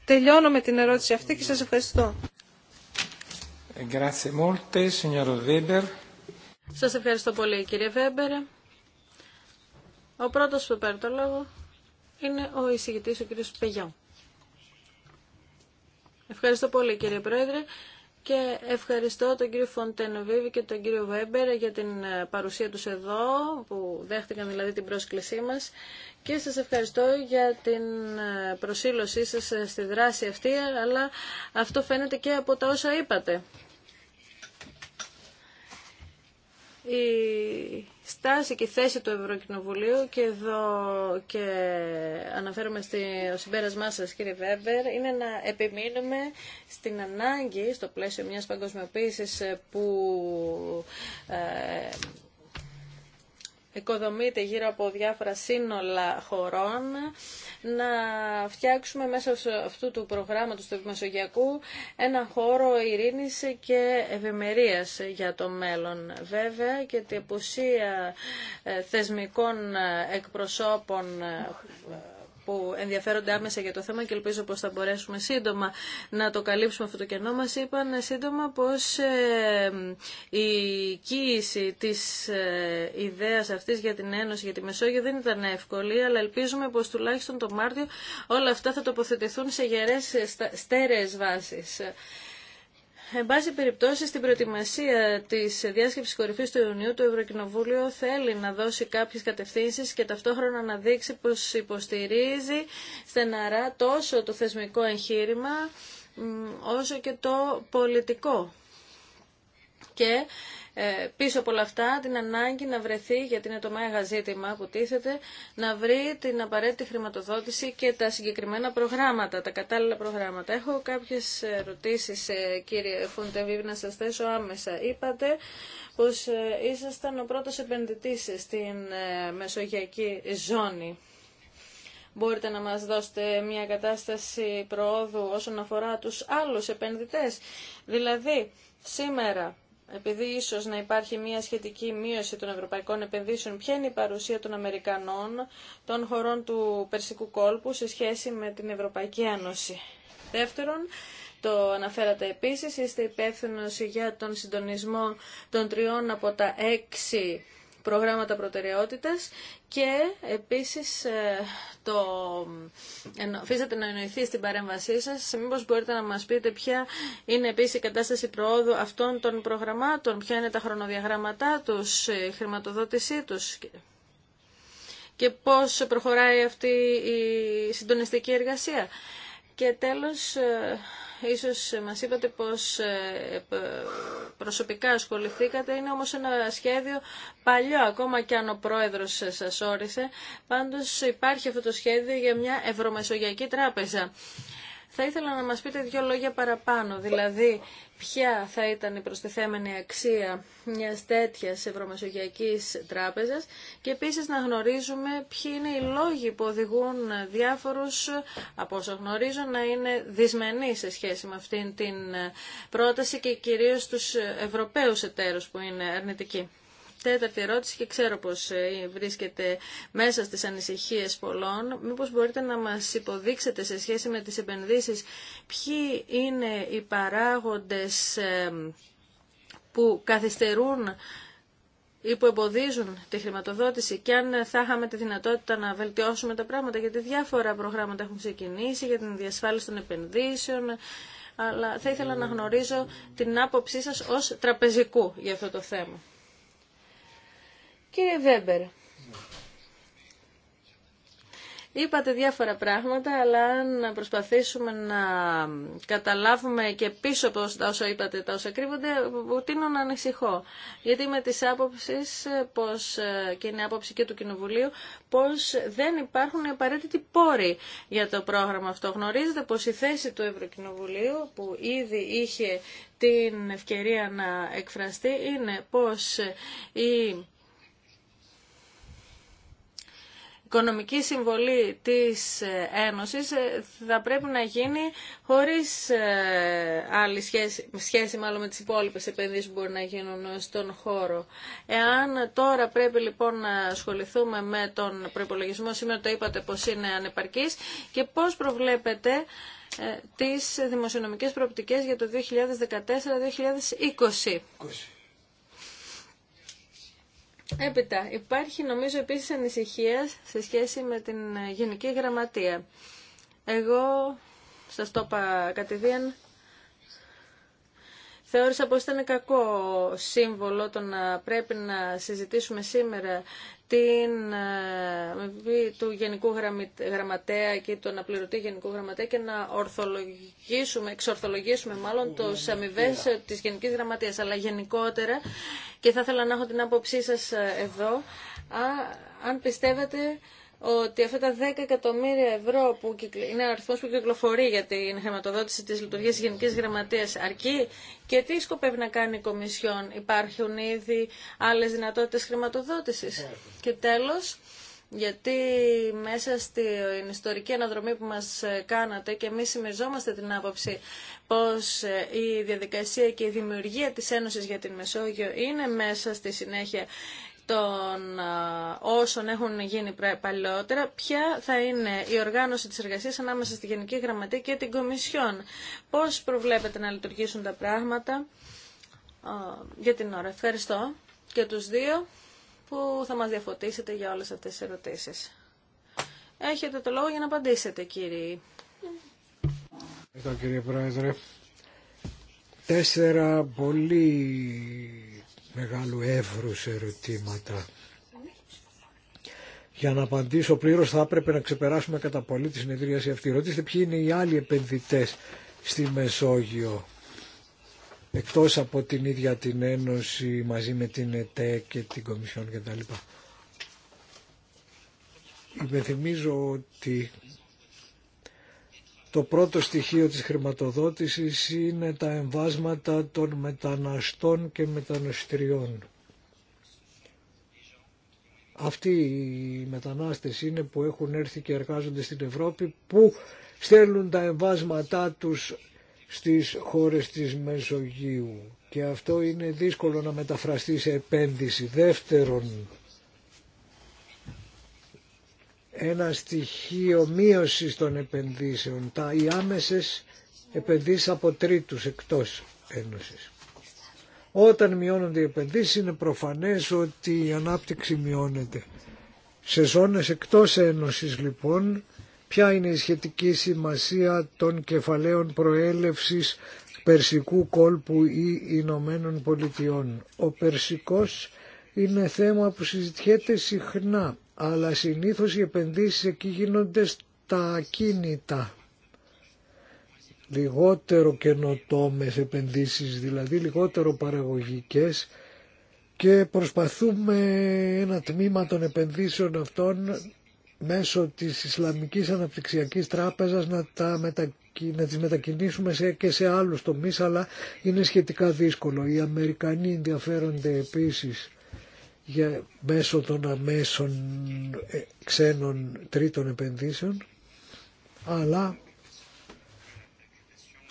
Τελειώνω με την ερώτηση αυτή και σας ευχαριστώ. Σας ευχαριστώ πολύ κύριε Βέμπερε. Ο πρώτος που παίρνει το λόγο είναι ο εισηγητής ο κύριος Πεγιό. Ευχαριστώ πολύ κύριε Πρόεδρε και ευχαριστώ τον κύριο Φοντενοβίβη και τον κύριο Βέμπερ για την ε, παρουσία τους εδώ που δέχτηκαν δηλαδή την πρόσκλησή μας και σας ευχαριστώ για την ε, προσήλωσή σας ε, στη δράση αυτή αλλά αυτό φαίνεται και από τα όσα είπατε. η στάση και η θέση του Ευρωκοινοβουλίου και εδώ και αναφέρομαι στο συμπέρασμά σας κύριε Βέμπερ είναι να επιμείνουμε στην ανάγκη στο πλαίσιο μιας παγκοσμιοποίησης που ε, οικοδομείται γύρω από διάφορα σύνολα χωρών, να φτιάξουμε μέσα σε αυτού του προγράμματος του Μεσογειακού ένα χώρο ειρήνης και ευημερία για το μέλλον. Βέβαια και την απουσία ε, θεσμικών ε, εκπροσώπων ε, που ενδιαφέρονται άμεσα για το θέμα και ελπίζω πως θα μπορέσουμε σύντομα να το καλύψουμε αυτό το κενό μας είπαν σύντομα πως ε, η κοίηση της ε, ιδέας αυτής για την Ένωση για τη Μεσόγειο δεν ήταν εύκολη αλλά ελπίζουμε πως τουλάχιστον το Μάρτιο όλα αυτά θα τοποθετηθούν σε γερές ε, στέρεες βάσεις. Εν πάση περιπτώσει, στην προετοιμασία τη διάσκεψη κορυφή του Ιουνίου, το Ευρωκοινοβούλιο θέλει να δώσει κάποιε κατευθύνσει και ταυτόχρονα να δείξει πω υποστηρίζει στεναρά τόσο το θεσμικό εγχείρημα όσο και το πολιτικό. Και ε, πίσω από όλα αυτά την ανάγκη να βρεθεί, γιατί είναι το μέγα ζήτημα που τίθεται, να βρει την απαραίτητη χρηματοδότηση και τα συγκεκριμένα προγράμματα, τα κατάλληλα προγράμματα. Έχω κάποιες ερωτήσεις, ε, κύριε Φούντεβίβ, να σα θέσω άμεσα. Είπατε πως ε, ήσασταν ο πρώτο επενδυτή στην Μεσογειακή ζώνη. Μπορείτε να μας δώσετε μια κατάσταση προόδου όσον αφορά τους άλλους επενδυτές. Δηλαδή, σήμερα επειδή ίσως να υπάρχει μια σχετική μείωση των ευρωπαϊκών επενδύσεων, ποια είναι η παρουσία των Αμερικανών, των χωρών του Περσικού κόλπου σε σχέση με την Ευρωπαϊκή Ένωση. Δεύτερον, το αναφέρατε επίσης, είστε υπεύθυνο για τον συντονισμό των τριών από τα έξι προγράμματα προτεραιότητας και επίσης ε, το αφήσατε να εννοηθεί στην παρέμβασή σας. Μήπως μπορείτε να μας πείτε ποια είναι επίσης η κατάσταση προόδου αυτών των προγραμμάτων, ποια είναι τα χρονοδιαγράμματά τους, η χρηματοδότησή τους και πώς προχωράει αυτή η συντονιστική εργασία. Και τέλος, ε, ίσως μας είπατε πως ε, προσωπικά ασχοληθήκατε, είναι όμως ένα σχέδιο παλιό, ακόμα και αν ο πρόεδρος σας όρισε. Πάντως υπάρχει αυτό το σχέδιο για μια ευρωμεσογειακή τράπεζα. Θα ήθελα να μας πείτε δύο λόγια παραπάνω, δηλαδή ποια θα ήταν η προστιθέμενη αξία μιας τέτοιας ευρωμεσογειακής τράπεζας και επίσης να γνωρίζουμε ποιοι είναι οι λόγοι που οδηγούν διάφορους, από όσο γνωρίζω, να είναι δυσμενοί σε σχέση με αυτήν την πρόταση και κυρίως τους Ευρωπαίους εταίρους που είναι αρνητικοί τέταρτη ερώτηση και ξέρω πως ε, βρίσκεται μέσα στις ανησυχίες πολλών. Μήπως μπορείτε να μας υποδείξετε σε σχέση με τις επενδύσεις ποιοι είναι οι παράγοντες ε, που καθυστερούν ή που εμποδίζουν τη χρηματοδότηση και αν θα είχαμε τη δυνατότητα να βελτιώσουμε τα πράγματα γιατί διάφορα προγράμματα έχουν ξεκινήσει για την διασφάλιση των επενδύσεων αλλά θα ήθελα να γνωρίζω την άποψή σας ως τραπεζικού για αυτό το θέμα. Κύριε Βέμπερ, είπατε διάφορα πράγματα, αλλά αν προσπαθήσουμε να καταλάβουμε και πίσω από τα όσα είπατε, τα όσα κρύβονται, είναι να ανησυχώ. Γιατί με τις άποψεις, πως, και είναι άποψη και του Κοινοβουλίου, πως δεν υπάρχουν απαραίτητοι πόροι για το πρόγραμμα αυτό. Γνωρίζετε πως η θέση του Ευρωκοινοβουλίου, που ήδη είχε την ευκαιρία να εκφραστεί, είναι πως η οικονομική συμβολή της ε, Ένωσης ε, θα πρέπει να γίνει χωρίς ε, άλλη σχέση, σχέση μάλλον με τις υπόλοιπες επενδύσεις που μπορεί να γίνουν στον χώρο. Εάν τώρα πρέπει λοιπόν να ασχοληθούμε με τον προϋπολογισμό, σήμερα το είπατε πως είναι ανεπαρκής και πώς προβλέπετε τις δημοσιονομικές προοπτικές για το 2014-2020. Έπειτα, υπάρχει νομίζω επίσης ανησυχία σε σχέση με την Γενική Γραμματεία. Εγώ, σας το είπα κατηδίαν, θεώρησα πως ήταν κακό σύμβολο το να πρέπει να συζητήσουμε σήμερα την ε, του Γενικού Γραμματέα και τον απληρωτή Γενικού Γραμματέα και να ορθολογήσουμε, εξορθολογήσουμε μάλλον τους αμοιβέ της Γενικής Γραμματείας. Αλλά γενικότερα, και θα ήθελα να έχω την άποψή σας ε, εδώ, αν πιστεύετε ότι αυτά τα 10 εκατομμύρια ευρώ που είναι ο που κυκλοφορεί για την χρηματοδότηση της λειτουργίας τη Γενικής Γραμματείας αρκεί και τι σκοπεύει να κάνει η Κομισιόν. Υπάρχουν ήδη άλλες δυνατότητες χρηματοδότησης. Και τέλος, γιατί μέσα στην ιστορική αναδρομή που μας κάνατε και εμείς συμμεριζόμαστε την άποψη πως η διαδικασία και η δημιουργία της Ένωσης για την Μεσόγειο είναι μέσα στη συνέχεια των όσων έχουν γίνει παλαιότερα, ποια θα είναι η οργάνωση της εργασίας ανάμεσα στη Γενική Γραμματεία και την Κομισιόν. Πώς προβλέπετε να λειτουργήσουν τα πράγματα για την ώρα. Ευχαριστώ και τους δύο που θα μας διαφωτίσετε για όλες αυτές τις ερωτήσεις. Έχετε το λόγο για να απαντήσετε, κύριοι. Ευχαριστώ, κύριε Πρόεδρε. Τέσσερα πολύ μεγάλου εύρους ερωτήματα. Για να απαντήσω πλήρως θα έπρεπε να ξεπεράσουμε κατά πολύ τη συνεδρίαση αυτή. Ρωτήστε ποιοι είναι οι άλλοι επενδυτές στη Μεσόγειο εκτός από την ίδια την Ένωση μαζί με την ΕΤΕ και την Κομισιόν κτλ. Υπενθυμίζω ότι το πρώτο στοιχείο της χρηματοδότησης είναι τα εμβάσματα των μεταναστών και μεταναστριών. Αυτοί οι μετανάστες είναι που έχουν έρθει και εργάζονται στην Ευρώπη που στέλνουν τα εμβάσματά τους στις χώρες της Μεσογείου. Και αυτό είναι δύσκολο να μεταφραστεί σε επένδυση. Δεύτερον, ένα στοιχείο μείωσης των επενδύσεων, τα οι άμεσες επενδύσεις από τρίτους εκτός Ένωσης. Όταν μειώνονται οι επενδύσεις είναι προφανές ότι η ανάπτυξη μειώνεται. Σε ζώνες εκτός Ένωσης λοιπόν, ποια είναι η σχετική σημασία των κεφαλαίων προέλευσης Περσικού κόλπου ή Ηνωμένων Πολιτειών. Ο Περσικός είναι θέμα που συζητιέται συχνά αλλά συνήθως οι επενδύσεις εκεί γίνονται στα ακίνητα. Λιγότερο καινοτόμες επενδύσεις, δηλαδή λιγότερο παραγωγικές και προσπαθούμε ένα τμήμα των επενδύσεων αυτών μέσω της Ισλαμικής Αναπτυξιακής Τράπεζας να, τα μετακινήσουμε σε... και σε άλλους τομείς, αλλά είναι σχετικά δύσκολο. Οι Αμερικανοί ενδιαφέρονται επίσης για, μέσω των αμέσων ε, ξένων τρίτων επενδύσεων αλλά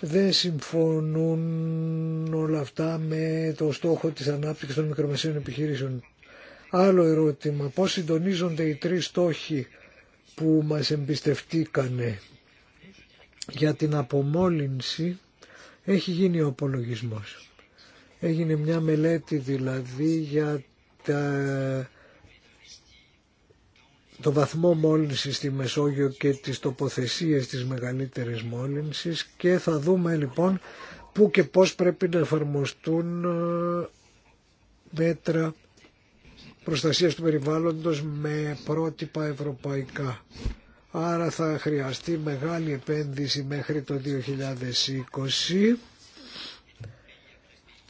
δεν συμφωνούν όλα αυτά με το στόχο της ανάπτυξης των μικρομεσαίων επιχειρήσεων. Άλλο ερώτημα, πώς συντονίζονται οι τρεις στόχοι που μας εμπιστευτήκανε για την απομόλυνση έχει γίνει ο απολογισμός. Έγινε μια μελέτη δηλαδή για το βαθμό μόλυνσης στη Μεσόγειο και τις τοποθεσίες της μεγαλύτερης μόλυνσης και θα δούμε λοιπόν πού και πώς πρέπει να εφαρμοστούν ε, μέτρα προστασίας του περιβάλλοντος με πρότυπα ευρωπαϊκά. Άρα θα χρειαστεί μεγάλη επένδυση μέχρι το 2020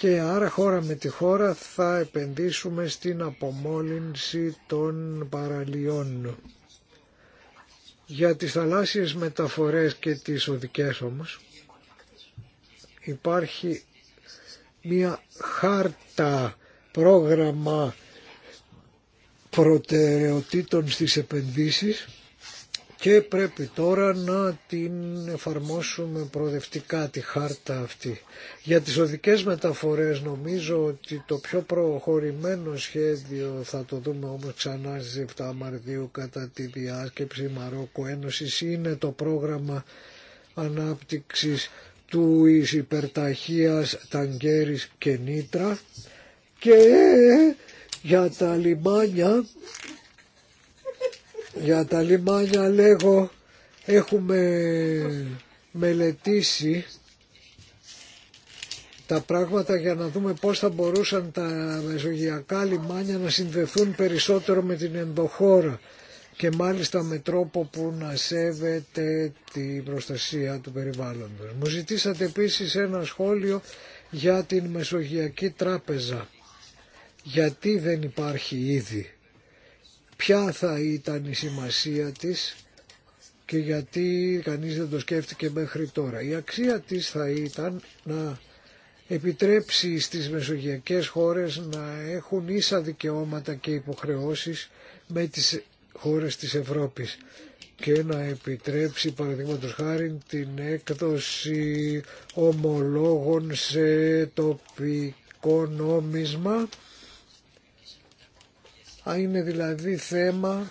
και άρα χώρα με τη χώρα θα επενδύσουμε στην απομόλυνση των παραλιών. Για τις θαλάσσιες μεταφορές και τις οδικές όμως υπάρχει μία χάρτα, πρόγραμμα προτεραιοτήτων στις επενδύσεις και πρέπει τώρα να την εφαρμόσουμε προοδευτικά τη χάρτα αυτή. Για τις οδικές μεταφορές νομίζω ότι το πιο προχωρημένο σχέδιο θα το δούμε όμως ξανά στις 7 Μαρτίου κατά τη διάσκεψη Μαρόκο Ένωσης είναι το πρόγραμμα ανάπτυξης του Ισυπερταχίας, Ταγκέρης και Νίτρα και για τα λιμάνια για τα λιμάνια λέγω έχουμε μελετήσει τα πράγματα για να δούμε πώς θα μπορούσαν τα μεσογειακά λιμάνια να συνδεθούν περισσότερο με την ενδοχώρα και μάλιστα με τρόπο που να σέβεται την προστασία του περιβάλλοντος. Μου ζητήσατε επίσης ένα σχόλιο για την Μεσογειακή Τράπεζα. Γιατί δεν υπάρχει ήδη ποια θα ήταν η σημασία της και γιατί κανείς δεν το σκέφτηκε μέχρι τώρα. Η αξία της θα ήταν να επιτρέψει στις μεσογειακές χώρες να έχουν ίσα δικαιώματα και υποχρεώσεις με τις χώρες της Ευρώπης και να επιτρέψει παραδείγματο χάρη την έκδοση ομολόγων σε τοπικό νόμισμα είναι δηλαδή θέμα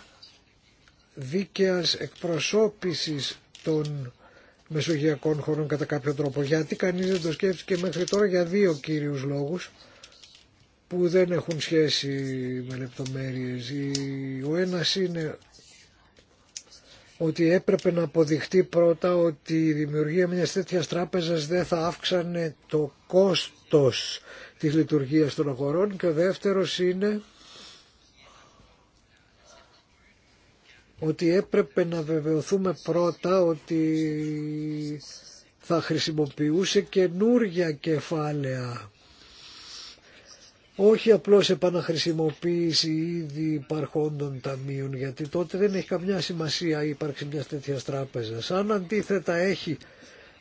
δίκαιας εκπροσώπησης των μεσογειακών χωρών κατά κάποιο τρόπο. Γιατί κανείς δεν το σκέφτηκε μέχρι τώρα για δύο κύριους λόγους που δεν έχουν σχέση με λεπτομέρειες. Ο ένας είναι ότι έπρεπε να αποδειχτεί πρώτα ότι η δημιουργία μιας τέτοιας τράπεζας δεν θα αύξανε το κόστος της λειτουργίας των αγορών και ο δεύτερος είναι ότι έπρεπε να βεβαιωθούμε πρώτα ότι θα χρησιμοποιούσε καινούργια κεφάλαια. Όχι απλώς επαναχρησιμοποίηση ήδη υπαρχόντων ταμείων, γιατί τότε δεν έχει καμιά σημασία η ύπαρξη μιας τέτοιας τράπεζας. Αν αντίθετα έχει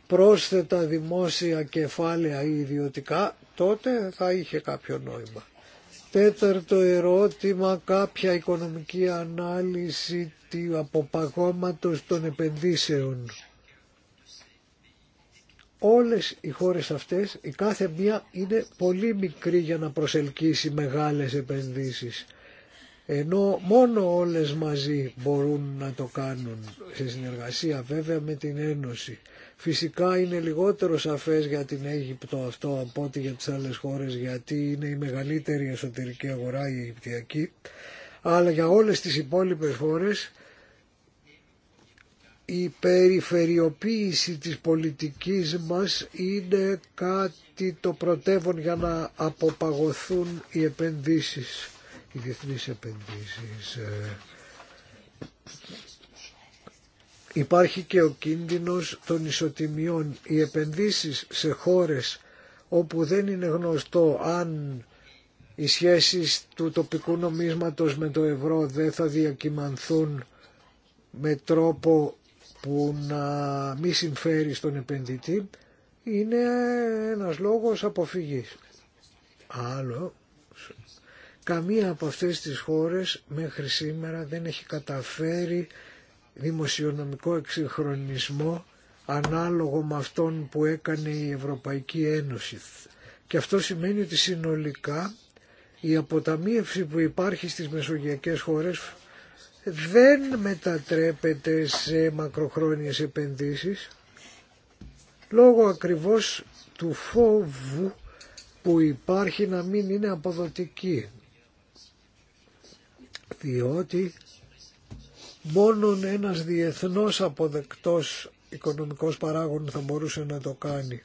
πρόσθετα δημόσια κεφάλαια ή ιδιωτικά, τότε θα είχε κάποιο νόημα. Τέταρτο ερώτημα, κάποια οικονομική ανάλυση του αποπαγώματος των επενδύσεων. Όλες οι χώρες αυτές, η κάθε μία είναι πολύ μικρή για να προσελκύσει μεγάλες επενδύσεις. Ενώ μόνο όλες μαζί μπορούν να το κάνουν, σε συνεργασία βέβαια με την Ένωση. Φυσικά είναι λιγότερο σαφές για την Αίγυπτο αυτό από ό,τι για τις άλλες χώρες γιατί είναι η μεγαλύτερη εσωτερική αγορά η Αιγυπτιακή αλλά για όλες τις υπόλοιπες χώρες η περιφερειοποίηση της πολιτικής μας είναι κάτι το πρωτεύον για να αποπαγωθούν οι επενδύσεις, οι διεθνείς επενδύσεις. Υπάρχει και ο κίνδυνος των ισοτιμιών. Οι επενδύσεις σε χώρες όπου δεν είναι γνωστό αν οι σχέσεις του τοπικού νομίσματος με το ευρώ δεν θα διακυμανθούν με τρόπο που να μη συμφέρει στον επενδυτή είναι ένας λόγος αποφυγής. Άλλο, καμία από αυτές τις χώρες μέχρι σήμερα δεν έχει καταφέρει δημοσιονομικό εξυγχρονισμό ανάλογο με αυτόν που έκανε η Ευρωπαϊκή Ένωση. Και αυτό σημαίνει ότι συνολικά η αποταμίευση που υπάρχει στις μεσογειακές χώρες δεν μετατρέπεται σε μακροχρόνιες επενδύσεις λόγω ακριβώς του φόβου που υπάρχει να μην είναι αποδοτική διότι μόνον ένας διεθνώς αποδεκτός οικονομικός παράγων θα μπορούσε να το κάνει.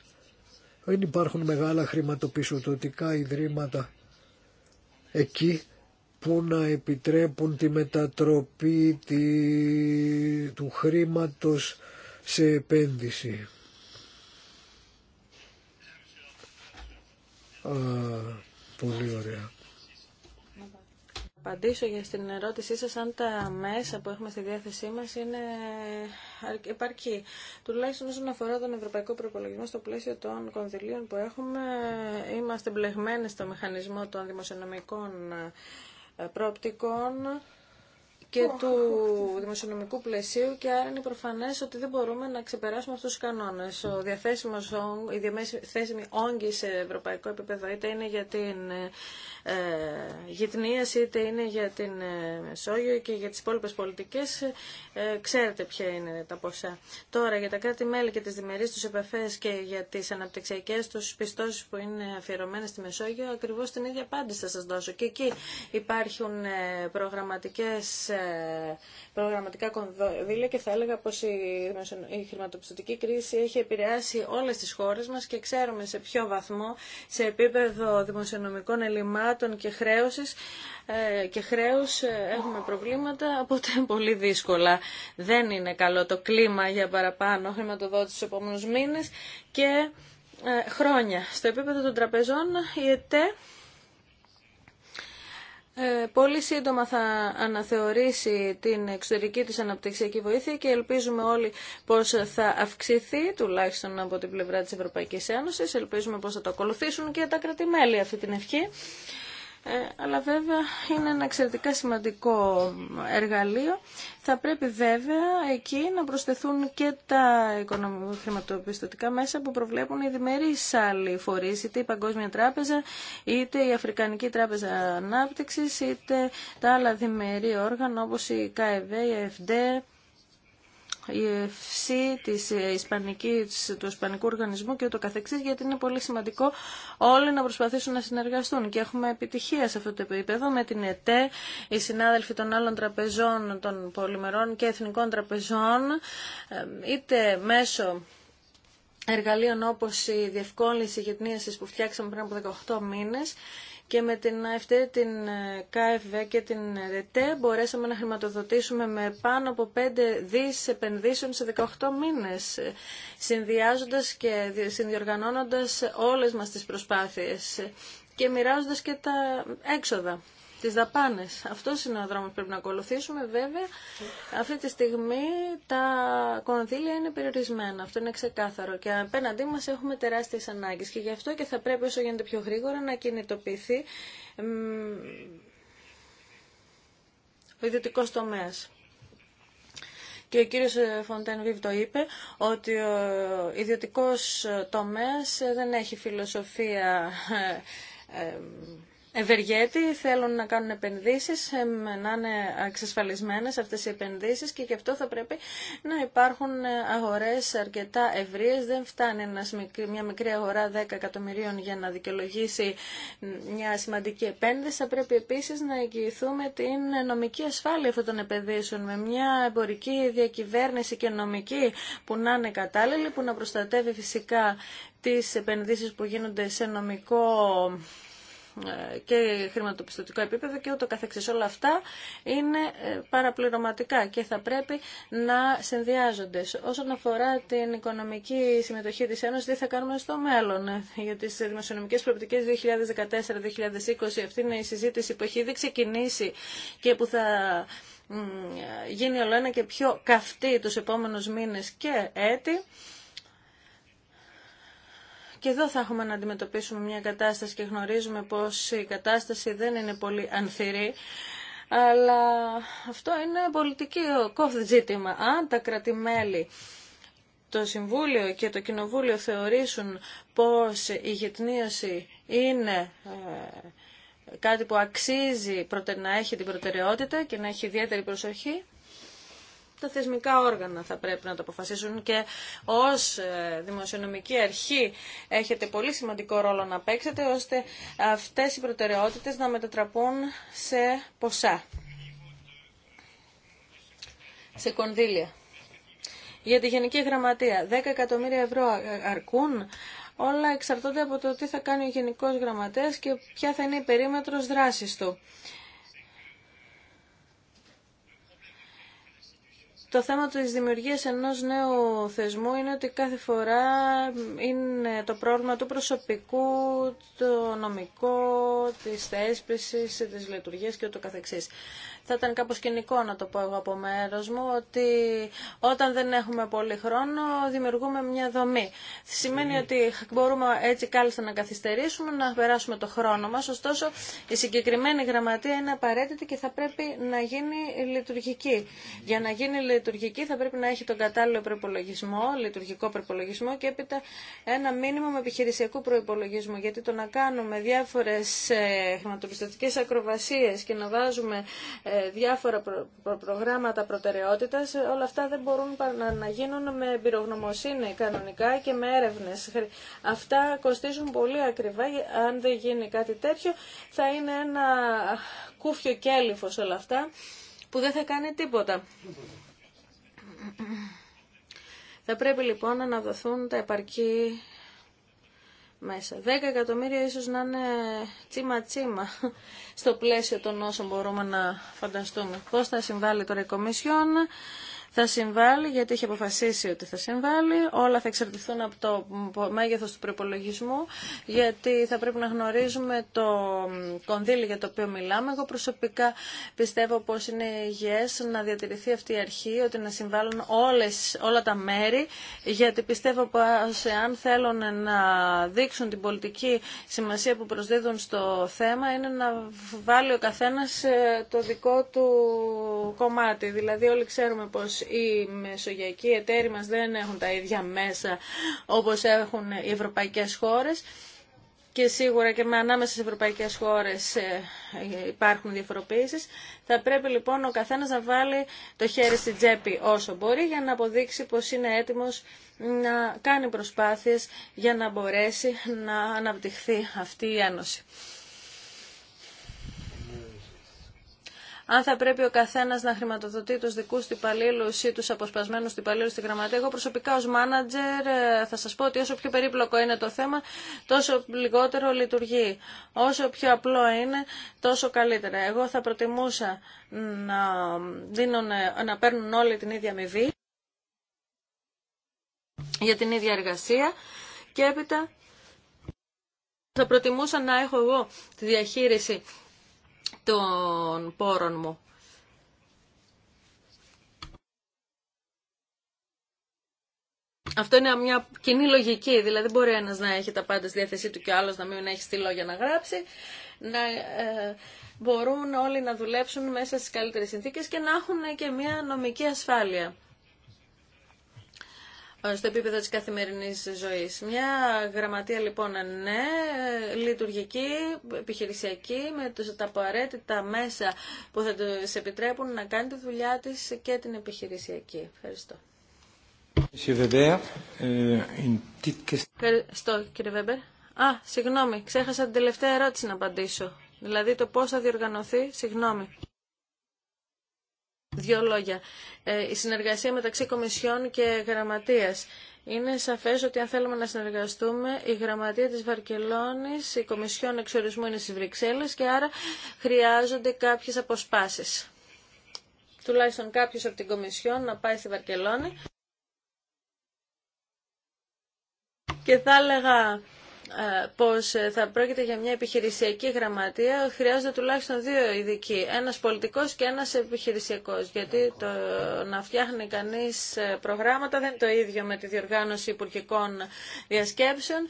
Δεν υπάρχουν μεγάλα χρηματοπιστωτικά ιδρύματα εκεί που να επιτρέπουν τη μετατροπή του χρήματος σε επένδυση. Α, πολύ ωραία απαντήσω για την ερώτησή σας αν τα μέσα που έχουμε στη διάθεσή μας είναι επαρκή. Τουλάχιστον όσον αφορά τον ευρωπαϊκό προπολογισμό στο πλαίσιο των κονδυλίων που έχουμε, είμαστε μπλεγμένοι στο μηχανισμό των δημοσιονομικών ε, προοπτικών και του δημοσιονομικού πλαισίου και άρα είναι προφανέ ότι δεν μπορούμε να ξεπεράσουμε αυτού του κανόνε. Ο διαθέσιμος, η διαθέσιμη όγκη σε ευρωπαϊκό επίπεδο είτε είναι για την ε, είτε είναι για την ε, Μεσόγειο και για τι υπόλοιπε πολιτικέ, ε, ξέρετε ποια είναι τα ποσά. Τώρα για τα κράτη-μέλη και τι διμερείς του επαφέ και για τι αναπτυξιακέ του πιστώσει που είναι αφιερωμένε στη Μεσόγειο ακριβώ την ίδια απάντηση θα σα δώσω. Και εκεί υπάρχουν ε, προγραμματικές προγραμματικά κονδύλια και θα έλεγα πως η χρηματοπιστωτική κρίση έχει επηρεάσει όλες τις χώρες μας και ξέρουμε σε ποιο βαθμό σε επίπεδο δημοσιονομικών ελλημάτων και χρέωσης ε, και χρέους ε, έχουμε προβλήματα, οπότε πολύ δύσκολα δεν είναι καλό το κλίμα για παραπάνω χρηματοδότηση στους επόμενους μήνες και ε, χρόνια. Στο επίπεδο των τραπεζών η ΕΤΕ ε, πολύ σύντομα θα αναθεωρήσει την εξωτερική της αναπτυξιακή βοήθεια και ελπίζουμε όλοι πως θα αυξηθεί, τουλάχιστον από την πλευρά της Ευρωπαϊκής Ένωσης. Ελπίζουμε πως θα το ακολουθήσουν και τα κρατημέλη αυτή την ευχή. Ε, αλλά βέβαια είναι ένα εξαιρετικά σημαντικό εργαλείο. Θα πρέπει βέβαια εκεί να προσθεθούν και τα χρηματοπιστωτικά μέσα που προβλέπουν οι διμερείς άλλοι φορείς, είτε η Παγκόσμια Τράπεζα, είτε η Αφρικανική Τράπεζα Ανάπτυξης, είτε τα άλλα διμερεί όργανα όπως η ΚΑΕΒ, e η ΕΦΔΕ, η ευσύ της του Ισπανικού Οργανισμού και ούτω καθεξής, γιατί είναι πολύ σημαντικό όλοι να προσπαθήσουν να συνεργαστούν. Και έχουμε επιτυχία σε αυτό το επίπεδο με την ΕΤΕ, οι συνάδελφοι των άλλων τραπεζών, των πολυμερών και εθνικών τραπεζών, ε, είτε μέσω εργαλείων όπως η διευκόλυνση γυπνίασης που φτιάξαμε πριν από 18 μήνες και με την ΑΕΦΤΕ, την ε, ΚΑΕΦΒ και την ΡΕΤΕ μπορέσαμε να χρηματοδοτήσουμε με πάνω από 5 δις επενδύσεων σε 18 μήνες, ε, συνδυάζοντας και συνδιοργανώνοντας όλες μας τις προσπάθειες ε, και μοιράζοντας και τα έξοδα. Τις δαπάνες. Αυτό είναι ο δρόμος που πρέπει να ακολουθήσουμε. Βέβαια, αυτή τη στιγμή τα κονδύλια είναι περιορισμένα. Αυτό είναι ξεκάθαρο. Και απέναντί μας έχουμε τεράστιες ανάγκες. Και γι' αυτό και θα πρέπει όσο γίνεται πιο γρήγορα να κινητοποιηθεί ο ιδιωτικό τομέα. Και ο κύριος ε, Φοντέν Βίβ το είπε ότι ο ιδιωτικός τομέας δεν έχει φιλοσοφία ε, ε, Ευεργέτη θέλουν να κάνουν επενδύσεις, ε, να είναι εξασφαλισμένες αυτές οι επενδύσεις και γι' αυτό θα πρέπει να υπάρχουν ε, αγορές αρκετά ευρείες. Δεν φτάνει μια μικρή αγορά 10 εκατομμυρίων για να δικαιολογήσει μια σημαντική επένδυση. Θα πρέπει επίσης να εγγυηθούμε την νομική ασφάλεια αυτών των επενδύσεων με μια εμπορική διακυβέρνηση και νομική που να είναι κατάλληλη, που να προστατεύει φυσικά τις επενδύσεις που γίνονται σε νομικό ε, και χρηματοπιστωτικό επίπεδο και ούτω καθεξής. Όλα αυτά είναι ε, παραπληρωματικά και θα πρέπει να συνδυάζονται. Όσον αφορά την οικονομική συμμετοχή της Ένωσης, τι θα κάνουμε στο μέλλον ε, για τις δημοσιονομικές προοπτικές 2014-2020. Αυτή είναι η συζήτηση που έχει ήδη ξεκινήσει και που θα γίνει όλο ένα και πιο καυτή τους επόμενους μήνες και έτη και εδώ θα έχουμε να αντιμετωπίσουμε μια κατάσταση και γνωρίζουμε πως η κατάσταση δεν είναι πολύ ανθυρή. Αλλά αυτό είναι πολιτικό ζήτημα. Αν τα κρατημέλη το Συμβούλιο και το Κοινοβούλιο θεωρήσουν πως η γετνίωση είναι ε, κάτι που αξίζει να έχει την προτεραιότητα και να έχει ιδιαίτερη προσοχή, τα θεσμικά όργανα θα πρέπει να το αποφασίσουν και ως ε, δημοσιονομική αρχή έχετε πολύ σημαντικό ρόλο να παίξετε ώστε αυτές οι προτεραιότητες να μετατραπούν σε ποσά, σε κονδύλια. Για τη Γενική Γραμματεία, 10 εκατομμύρια ευρώ αρκούν. Όλα εξαρτώνται από το τι θα κάνει ο Γενικός Γραμματέας και ποια θα είναι η περίμετρος δράσης του. Το θέμα της δημιουργίας ενός νέου θεσμού είναι ότι κάθε φορά είναι το πρόβλημα του προσωπικού, το νομικό, της θέσπισης, της λειτουργίας και ούτω καθεξής. Θα ήταν κάπως κοινικό να το πω εγώ από μέρο μου ότι όταν δεν έχουμε πολύ χρόνο δημιουργούμε μια δομή. Σημαίνει ναι. ότι μπορούμε έτσι κάλλιστα να καθυστερήσουμε, να περάσουμε το χρόνο μας, ωστόσο η συγκεκριμένη γραμματεία είναι απαραίτητη και θα πρέπει να γίνει λειτουργική. Για να γίνει λειτουργική λειτουργική θα πρέπει να έχει τον κατάλληλο προπολογισμό, λειτουργικό προπολογισμό και έπειτα ένα μήνυμα με επιχειρησιακού προπολογισμού. Γιατί το να κάνουμε διάφορε χρηματοπιστωτικέ ακροβασίε και να βάζουμε ε, διάφορα προγράμματα προτεραιότητα, όλα αυτά δεν μπορούν να γίνουν με εμπειρογνωμοσύνη κανονικά και με έρευνε. Αυτά κοστίζουν πολύ ακριβά. Αν δεν γίνει κάτι τέτοιο, θα είναι ένα κούφιο κέλυφο όλα αυτά που δεν θα κάνει τίποτα. Θα πρέπει λοιπόν να δοθούν τα επαρκή μέσα. 10 εκατομμύρια ίσως να είναι τσίμα τσίμα στο πλαίσιο των όσων μπορούμε να φανταστούμε. Πώς θα συμβάλλει τώρα η Κομισιόν θα συμβάλλει, γιατί έχει αποφασίσει ότι θα συμβάλλει. Όλα θα εξαρτηθούν από το μέγεθος του προπολογισμού, γιατί θα πρέπει να γνωρίζουμε το κονδύλι για το οποίο μιλάμε. Εγώ προσωπικά πιστεύω πως είναι υγιές να διατηρηθεί αυτή η αρχή, ότι να συμβάλλουν όλες, όλα τα μέρη, γιατί πιστεύω πως αν θέλουν να δείξουν την πολιτική σημασία που προσδίδουν στο θέμα, είναι να βάλει ο καθένας ε, το δικό του κομμάτι. Δηλαδή όλοι ξέρουμε πως οι μεσογειακοί εταίροι μας δεν έχουν τα ίδια μέσα όπως έχουν οι ευρωπαϊκές χώρες και σίγουρα και με ανάμεσα ευρωπαϊκές χώρες ε, υπάρχουν διαφοροποίησεις. Θα πρέπει λοιπόν ο καθένας να βάλει το χέρι στη τσέπη όσο μπορεί για να αποδείξει πως είναι έτοιμος να κάνει προσπάθειες για να μπορέσει να αναπτυχθεί αυτή η ένωση. αν θα πρέπει ο καθένα να χρηματοδοτεί του δικού του υπαλλήλου ή του αποσπασμένου του υπαλλήλου στην γραμματεία. Εγώ προσωπικά ω μάνατζερ ε, θα σα πω ότι όσο πιο περίπλοκο είναι το θέμα, τόσο λιγότερο λειτουργεί. Όσο πιο απλό είναι, τόσο καλύτερα. Εγώ θα προτιμούσα να, δίνουν, να παίρνουν όλοι την ίδια αμοιβή για την ίδια εργασία και έπειτα θα προτιμούσα να έχω εγώ τη διαχείριση των πόρων μου. Αυτό είναι μια κοινή λογική, δηλαδή μπορεί ένας να έχει τα πάντα στη διάθεσή του και ο άλλος να μην έχει στη λόγια να γράψει, να ε, μπορούν όλοι να δουλέψουν μέσα στις καλύτερες συνθήκες και να έχουν και μια νομική ασφάλεια. Ε, στο επίπεδο της καθημερινής ζωής. Μια γραμματεία λοιπόν ναι, λειτουργική, επιχειρησιακή, με τα απαραίτητα μέσα που θα τους επιτρέπουν να κάνει τη δουλειά της και την επιχειρησιακή. Ευχαριστώ. Ε, Ευχαριστώ κύριε Βέμπερ. Α, συγγνώμη, ξέχασα την τελευταία ερώτηση να απαντήσω. Δηλαδή το πώς θα διοργανωθεί, συγγνώμη. Δύο λόγια. Ε, η συνεργασία μεταξύ Κομισιόν και Γραμματείας. Είναι σαφές ότι αν θέλουμε να συνεργαστούμε, η Γραμματεία της Βαρκελόνης, η Κομισιόν Εξορισμού είναι στις και άρα χρειάζονται κάποιες αποσπάσεις. Τουλάχιστον κάποιος από την Κομισιόν να πάει στη Βαρκελόνη. Και θα έλεγα ε, πως ε, θα πρόκειται για μια επιχειρησιακή γραμματεία χρειάζονται τουλάχιστον δύο ειδικοί, ένας πολιτικός και ένας επιχειρησιακός, γιατί να φτιάχνει κανείς ε, προγράμματα δεν είναι το ίδιο με τη διοργάνωση υπουργικών διασκέψεων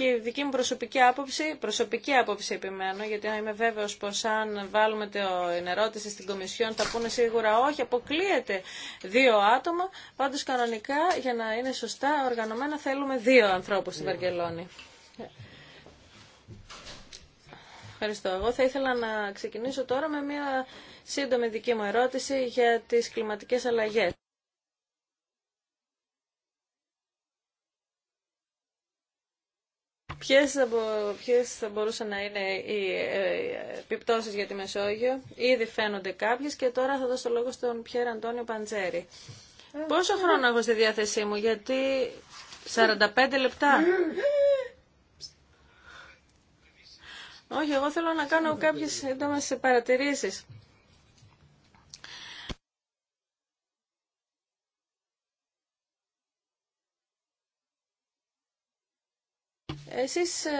και η δική μου προσωπική άποψη, προσωπική άποψη επιμένω, γιατί είμαι βέβαιο πω αν βάλουμε την ερώτηση στην Κομισιόν θα πούνε σίγουρα όχι, αποκλείεται δύο άτομα, πάντως κανονικά για να είναι σωστά οργανωμένα θέλουμε δύο ανθρώπους στην Βαρκελόνη. Ευχαριστώ. Εγώ θα ήθελα να ξεκινήσω τώρα με μια σύντομη δική μου ερώτηση για τις κλιματικές αλλαγές. Ποιες θα, ποιες θα μπορούσαν να είναι οι ε, επιπτώσεις για τη Μεσόγειο. Ήδη φαίνονται κάποιες και τώρα θα δώσω λόγο στον Πιέρ Αντώνιο Παντζέρη. Ε, Πόσο ε, χρόνο έχω στη διάθεσή μου, γιατί 45 λεπτά. Όχι, εγώ θέλω να κάνω κάποιες σύντομες παρατηρήσεις. Εσείς ε,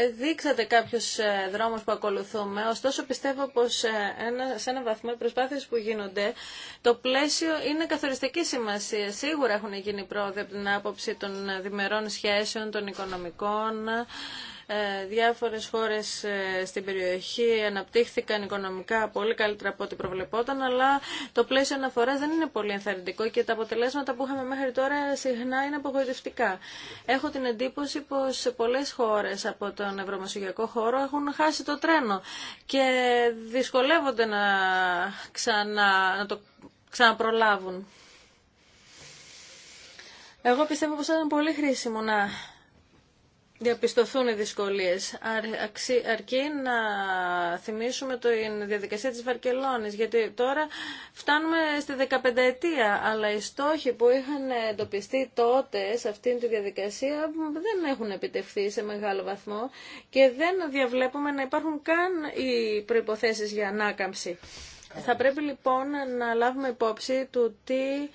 ε, δείξατε κάποιους ε, δρόμους που ακολουθούμε, ωστόσο πιστεύω πως ένα, σε ένα βαθμό οι προσπάθειες που γίνονται, το πλαίσιο είναι καθοριστική σημασία. Σίγουρα έχουν γίνει πρόοδοι από την άποψη των διμερών σχέσεων, των οικονομικών, ε, διάφορες χώρες ε, στην περιοχή αναπτύχθηκαν οικονομικά πολύ καλύτερα από ό,τι προβλεπόταν, αλλά το πλαίσιο αναφοράς δεν είναι πολύ ενθαρρυντικό και τα αποτελέσματα που είχαμε μέχρι τώρα συχνά είναι απογοητευτικά. Έχω την εντύπωση πως σε πολλές χώρες από τον ευρωμεσογειακό χώρο έχουν χάσει το τρένο και δυσκολεύονται να, ξανα, να το ξαναπρολάβουν. Εγώ πιστεύω πως ήταν πολύ χρήσιμο να διαπιστωθούν οι δυσκολίες. αρκεί να θυμίσουμε τη διαδικασία της Βαρκελόνης, γιατί τώρα φτάνουμε στη 15 ετία, αλλά οι στόχοι που είχαν εντοπιστεί τότε σε αυτήν τη διαδικασία δεν έχουν επιτευχθεί σε μεγάλο βαθμό και δεν διαβλέπουμε να υπάρχουν καν οι προϋποθέσεις για ανάκαμψη. Θα πρέπει λοιπόν να λάβουμε υπόψη του τι,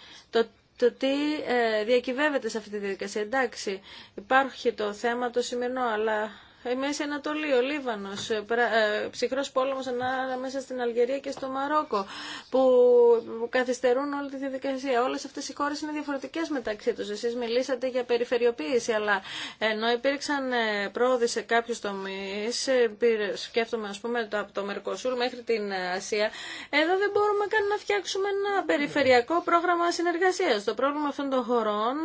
το τι ε, διακυβεύεται σε αυτή τη διαδικασία. Εντάξει, υπάρχει το θέμα το σημερινό, αλλά ε, Μέση Ανατολή, ο Λίβανο. Ε, ε, ψυχρός πόλεμο ανάμεσα στην Αλγερία και στο Μαρόκο, που καθυστερούν όλη τη διαδικασία. Όλε αυτέ οι χώρε είναι διαφορετικέ μεταξύ του. Εσεί μιλήσατε για περιφερειοποίηση, αλλά ενώ υπήρξαν πρόοδοι σε κάποιου τομεί, σκέφτομαι α πούμε από το Μερκοσούρ μέχρι την Ασία, εδώ δεν μπορούμε καν να φτιάξουμε ένα περιφερειακό πρόγραμμα συνεργασία. Το πρόβλημα αυτών των χωρών,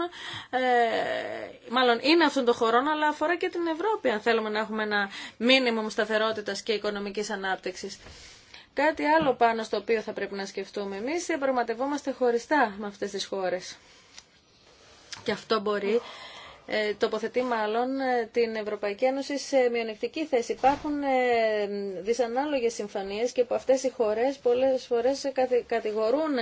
μάλλον είναι αυτών των χωρών, αλλά αφορά και την Ευρώπη, αν θέλουμε να έχουμε ένα μήνυμο σταθερότητα και οικονομικής ανάπτυξης. Κάτι άλλο πάνω στο οποίο θα πρέπει να σκεφτούμε εμείς, διαπραγματευόμαστε χωριστά με αυτές τις χώρες. Και αυτό μπορεί ε, τοποθετεί μάλλον ε, την Ευρωπαϊκή Ένωση σε μειονεκτική θέση. Υπάρχουν ε, δυσανάλογες συμφωνίες και από αυτές οι χώρες πολλές φορές κατηγορούν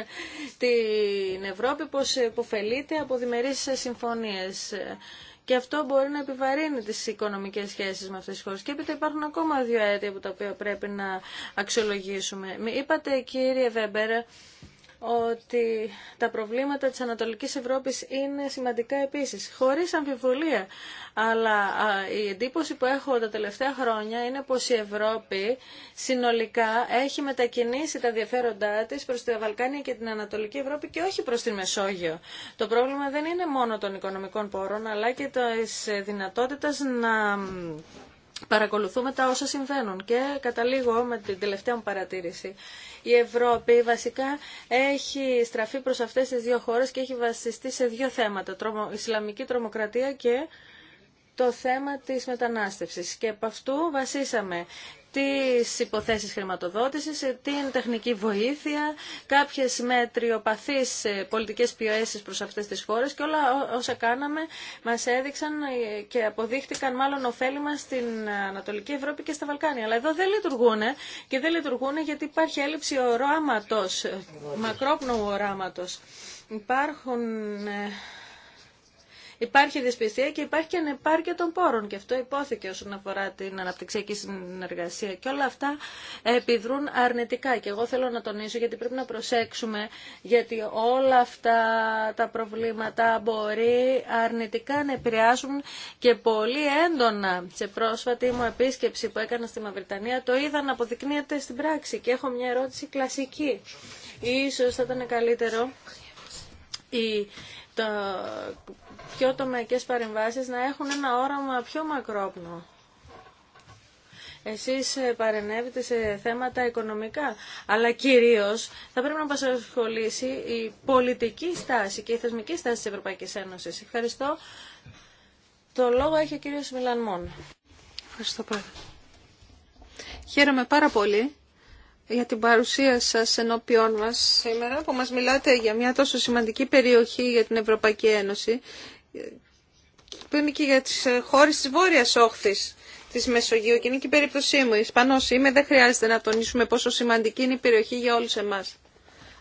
την Ευρώπη πως υποφελείται από διμερείς συμφωνίες. Και αυτό μπορεί να επιβαρύνει τις οικονομικές σχέσεις με αυτέ τι χώρε. Και έπειτα υπάρχουν ακόμα δύο αίτια που τα οποία πρέπει να αξιολογήσουμε. Είπατε κύριε Βέμπερ ότι τα προβλήματα της Ανατολικής Ευρώπης είναι σημαντικά επίσης, χωρίς αμφιβολία. Αλλά η εντύπωση που έχω τα τελευταία χρόνια είναι πως η Ευρώπη συνολικά έχει μετακινήσει τα ενδιαφέροντά της προς τα Βαλκάνια και την Ανατολική Ευρώπη και όχι προς την Μεσόγειο. Το πρόβλημα δεν είναι μόνο των οικονομικών πόρων, αλλά και της δυνατότητας να παρακολουθούμε τα όσα συμβαίνουν. Και καταλήγω με την τελευταία μου παρατήρηση. Η Ευρώπη βασικά έχει στραφεί προς αυτές τις δύο χώρες και έχει βασιστεί σε δύο θέματα. Τρομο, Ισλαμική τρομοκρατία και το θέμα της μετανάστευσης. Και από αυτού βασίσαμε τις υποθέσεις χρηματοδότησης, την τεχνική βοήθεια, κάποιες μετριοπαθείς πολιτικές πιέσεις προς αυτές τις χώρες και όλα όσα κάναμε μας έδειξαν και αποδείχτηκαν μάλλον ωφέλιμα στην Ανατολική Ευρώπη και στα Βαλκάνια. Αλλά εδώ δεν λειτουργούν και δεν λειτουργούν γιατί υπάρχει έλλειψη οράματος, μακρόπνοου οράματος. Υπάρχουν ε, Υπάρχει δυσπιστία και υπάρχει και ανεπάρκεια των πόρων. Και αυτό υπόθηκε όσον αφορά την αναπτυξιακή συνεργασία. Και όλα αυτά επιδρούν αρνητικά. Και εγώ θέλω να τονίσω γιατί πρέπει να προσέξουμε γιατί όλα αυτά τα προβλήματα μπορεί αρνητικά να επηρεάσουν και πολύ έντονα. Σε πρόσφατη μου επίσκεψη που έκανα στη Μαυριτανία το είδα να αποδεικνύεται στην πράξη και έχω μια ερώτηση κλασική. Ίσως θα ήταν καλύτερο η, το πιο τομεακές παρεμβάσεις να έχουν ένα όραμα πιο μακρόπνο. Εσείς ε, παρενέβετε σε θέματα οικονομικά, αλλά κυρίως θα πρέπει να μας ασχολήσει η πολιτική στάση και η θεσμική στάση της Ευρωπαϊκής Ένωσης. Ευχαριστώ. Το λόγο έχει ο κύριος Μιλανμόν. Ευχαριστώ πάρα. Χαίρομαι πάρα πολύ για την παρουσία σας ενώπιόν μας σήμερα που μας μιλάτε για μια τόσο σημαντική περιοχή για την Ευρωπαϊκή Ένωση που είναι και για τις ε, χώρες της Βόρειας Όχθης της Μεσογείου και είναι και η περίπτωσή μου. Ισπανός είμαι, δεν χρειάζεται να τονίσουμε πόσο σημαντική είναι η περιοχή για όλους εμάς.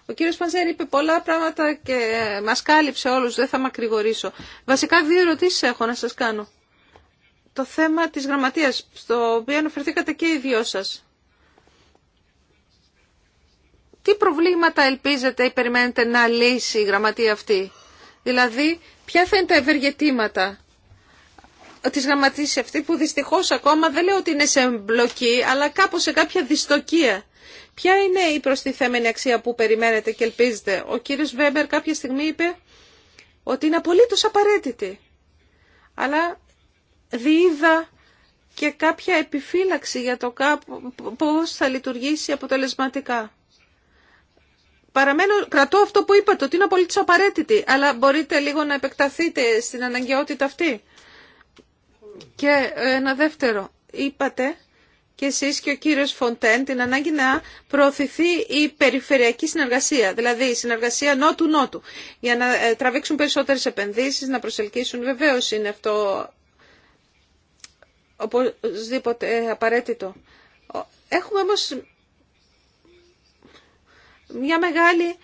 Ο κύριο Παντζέρη είπε πολλά πράγματα και ε, μα κάλυψε όλου, δεν θα μακρηγορήσω. Βασικά δύο ερωτήσει έχω να σα κάνω. Το θέμα τη γραμματεία, στο οποίο αναφερθήκατε και οι δυο σα. Τι προβλήματα ελπίζετε ή περιμένετε να λύσει η γραμματεία αυτή. Δηλαδή, Ποια θα είναι τα ευεργετήματα της γραμματής αυτή που δυστυχώς ακόμα δεν λέω ότι είναι σε εμπλοκή αλλά κάπως σε κάποια δυστοκία. Ποια είναι η προστιθέμενη αξία που περιμένετε και ελπίζετε. Ο κύριος Βέμπερ κάποια στιγμή είπε ότι είναι απολύτως απαραίτητη. Αλλά διείδα και κάποια επιφύλαξη για το πώς θα λειτουργήσει αποτελεσματικά. Παραμένω, κρατώ αυτό που είπατε, ότι είναι απολύτω απαραίτητη, αλλά μπορείτε λίγο να επεκταθείτε στην αναγκαιότητα αυτή. Και ε, ένα δεύτερο, είπατε και εσείς και ο κύριος Φοντέν την ανάγκη να προωθηθεί η περιφερειακή συνεργασία, δηλαδή η συνεργασία νότου-νότου, για να ε, τραβήξουν περισσότερες επενδύσεις, να προσελκύσουν. Βεβαίως είναι αυτό οπωσδήποτε ε, απαραίτητο. Έχουμε όμως μια μεγάλη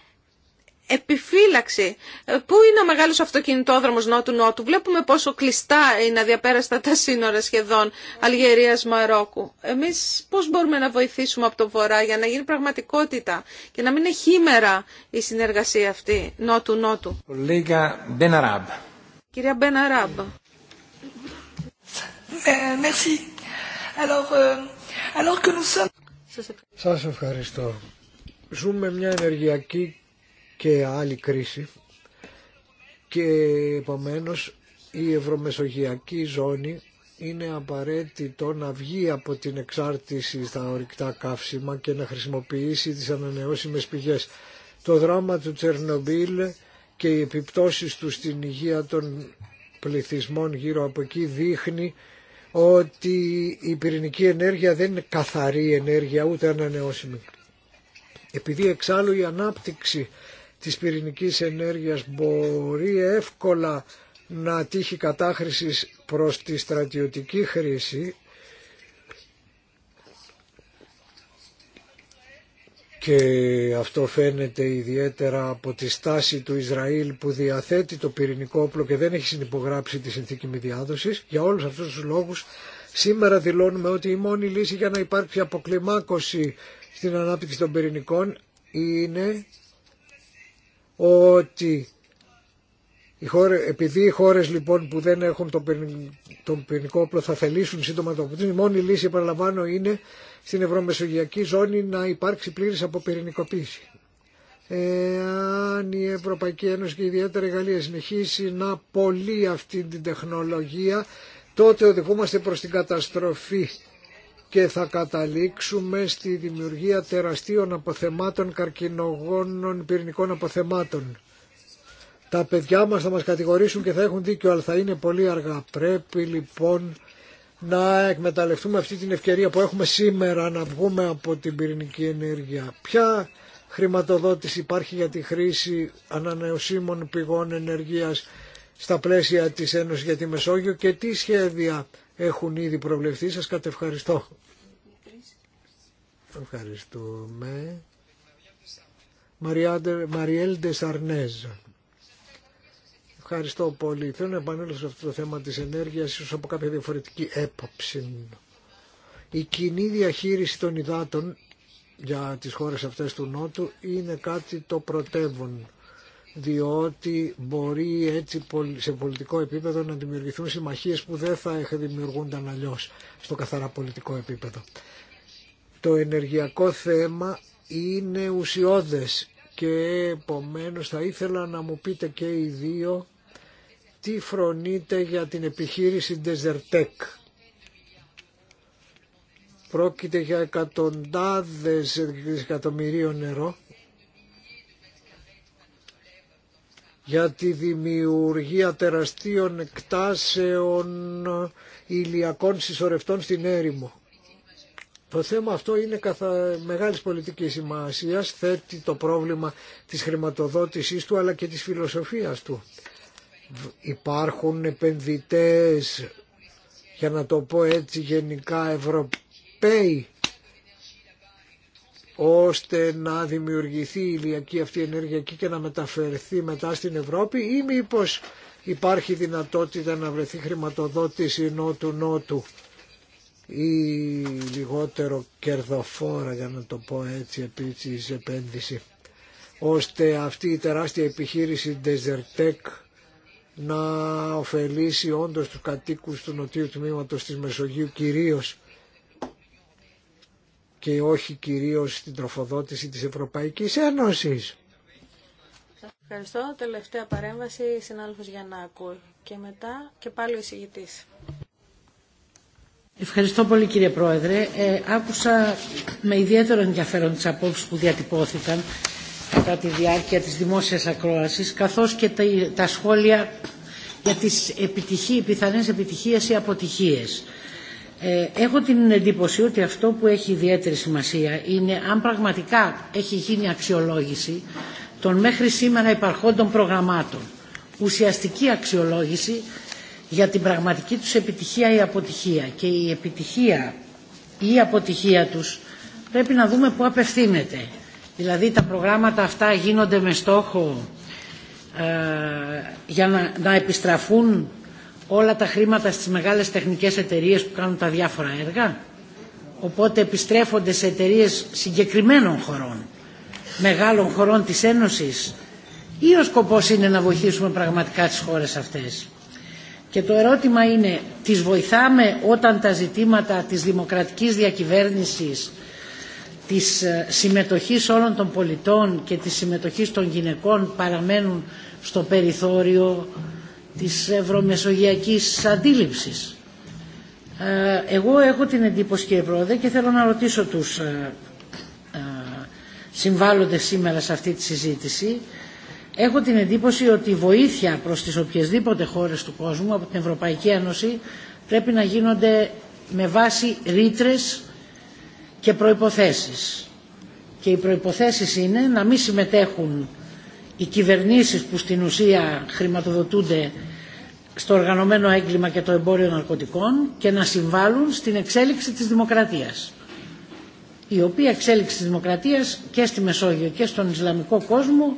επιφύλαξη. Ε, πού είναι ο μεγάλος αυτοκινητόδρομος νότου-νότου. Βλέπουμε πόσο κλειστά είναι αδιαπέραστα τα σύνορα σχεδόν Αλγερίας-Μαρόκου. Εμείς πώς μπορούμε να βοηθήσουμε από το βορρά για να γίνει πραγματικότητα και να μην είναι χήμερα η συνεργασία αυτή νότου-νότου. Κυρία Μπέναραμπ. Ε, euh, Σας ευχαριστώ ζούμε μια ενεργειακή και άλλη κρίση και επομένως η ευρωμεσογειακή ζώνη είναι απαραίτητο να βγει από την εξάρτηση στα ορυκτά καύσιμα και να χρησιμοποιήσει τις ανανεώσιμες πηγές. Το δράμα του Τσερνομπίλ και οι επιπτώσεις του στην υγεία των πληθυσμών γύρω από εκεί δείχνει ότι η πυρηνική ενέργεια δεν είναι καθαρή ενέργεια ούτε ανανεώσιμη. Επειδή εξάλλου η ανάπτυξη της πυρηνικής ενέργειας μπορεί εύκολα να τύχει κατάχρησης προς τη στρατιωτική χρήση και αυτό φαίνεται ιδιαίτερα από τη στάση του Ισραήλ που διαθέτει το πυρηνικό όπλο και δεν έχει συνυπογράψει τη συνθήκη μη διάδοσης. Για όλους αυτούς τους λόγους σήμερα δηλώνουμε ότι η μόνη λύση για να υπάρξει αποκλιμάκωση στην ανάπτυξη των πυρηνικών είναι ότι επειδή οι χώρες λοιπόν που δεν έχουν τον, πυρηνικό, τον πυρηνικό όπλο θα θελήσουν σύντομα το Πουτίν, η μόνη λύση επαναλαμβάνω είναι στην ευρωμεσογειακή ζώνη να υπάρξει πλήρης αποπυρηνικοποίηση. Εάν η Ευρωπαϊκή Ένωση και ιδιαίτερα η Γαλλία συνεχίσει να πωλεί αυτή την τεχνολογία τότε οδηγούμαστε προς την καταστροφή και θα καταλήξουμε στη δημιουργία τεραστίων αποθεμάτων καρκινογόνων πυρηνικών αποθεμάτων. Τα παιδιά μας θα μας κατηγορήσουν και θα έχουν δίκιο, αλλά θα είναι πολύ αργά. Πρέπει λοιπόν να εκμεταλλευτούμε αυτή την ευκαιρία που έχουμε σήμερα να βγούμε από την πυρηνική ενέργεια. Ποια χρηματοδότηση υπάρχει για τη χρήση ανανεωσίμων πηγών ενεργείας στα πλαίσια της Ένωσης για τη Μεσόγειο και τι σχέδια έχουν ήδη προβλεφθεί. Σας κατευχαριστώ. Ευχαριστούμε. Μαριέλ Ντεσαρνέζ. Ευχαριστώ πολύ. Θέλω να επανέλθω σε αυτό το θέμα της ενέργειας, ίσως από κάποια διαφορετική έποψη. Η κοινή διαχείριση των υδάτων για τις χώρες αυτές του Νότου είναι κάτι το πρωτεύον διότι μπορεί έτσι σε πολιτικό επίπεδο να δημιουργηθούν συμμαχίες που δεν θα δημιουργούνταν αλλιώ στο καθαρά πολιτικό επίπεδο το ενεργειακό θέμα είναι ουσιώδες και επομένως θα ήθελα να μου πείτε και οι δύο τι φρονείτε για την επιχείρηση Desertec. Πρόκειται για εκατοντάδες εκατομμυρίων νερό για τη δημιουργία τεραστίων εκτάσεων ηλιακών συσσωρευτών στην έρημο. Το θέμα αυτό είναι καθα... μεγάλης πολιτικής σημασίας, θέτει το πρόβλημα της χρηματοδότησής του αλλά και της φιλοσοφίας του. Υπάρχουν επενδυτές, για να το πω έτσι γενικά, Ευρωπαίοι ώστε να δημιουργηθεί η ηλιακή αυτή ενέργεια ενέργεια και να μεταφερθεί μετά στην Ευρώπη ή μήπως υπάρχει δυνατότητα να βρεθεί χρηματοδότηση νότου-νότου ή λιγότερο κερδοφόρα για να το πω έτσι επίσης επένδυση ώστε αυτή η τεράστια επιχείρηση Tech να ωφελήσει όντως τους κατοίκους του νοτιού τμήματος της Μεσογείου κυρίως και όχι κυρίως στην τροφοδότηση της Ευρωπαϊκής Ένωσης. Σας ευχαριστώ. Τελευταία παρέμβαση, συνάδελφος Γιαννάκου και μετά και πάλι ο εισηγητής. Ευχαριστώ πολύ κύριε Πρόεδρε. Ε, άκουσα με ιδιαίτερο ενδιαφέρον τις απόψεις που διατυπώθηκαν κατά τη διάρκεια της δημόσιας ακρόασης καθώς και τα, σχόλια για τις επιτυχίες, πιθανές επιτυχίες ή αποτυχίες. Ε, έχω την εντύπωση ότι αυτό που έχει ιδιαίτερη σημασία είναι αν πραγματικά έχει γίνει αξιολόγηση των μέχρι σήμερα υπαρχόντων προγραμμάτων. Ουσιαστική αξιολόγηση για την πραγματική τους επιτυχία ή αποτυχία. Και η επιτυχία ή η αποτυχία τους πρέπει να δούμε πού απευθύνεται. Δηλαδή τα προγράμματα αυτά γίνονται με στόχο ε, για να, επιστραφούν όλα τα χρήματα στις μεγάλες τεχνικές εταιρείες που κάνουν τα διάφορα έργα. Οπότε επιστρέφονται σε εταιρείε συγκεκριμένων χωρών, μεγάλων χωρών της Ένωσης ή ο σκοπός είναι να βοηθήσουμε πραγματικά τις χώρες αυτές. Και το ερώτημα είναι, τις βοηθάμε όταν τα ζητήματα της δημοκρατικής διακυβέρνησης, της ε, συμμετοχής όλων των πολιτών και της συμμετοχής των γυναικών παραμένουν στο περιθώριο της ευρωμεσογειακής αντίληψης. Ε, εγώ έχω την εντύπωση κύριε Πρόεδρε και θέλω να ρωτήσω τους ε, συμβάλλοντες σήμερα σε αυτή τη συζήτηση Έχω την εντύπωση ότι η βοήθεια προς τις οποιασδήποτε χώρες του κόσμου από την Ευρωπαϊκή Ένωση πρέπει να γίνονται με βάση ρήτρε και προϋποθέσεις. Και οι προϋποθέσεις είναι να μην συμμετέχουν οι κυβερνήσεις που στην ουσία χρηματοδοτούνται στο οργανωμένο έγκλημα και το εμπόριο ναρκωτικών και να συμβάλλουν στην εξέλιξη της δημοκρατίας η οποία εξέλιξη της δημοκρατίας και στη Μεσόγειο και στον Ισλαμικό κόσμο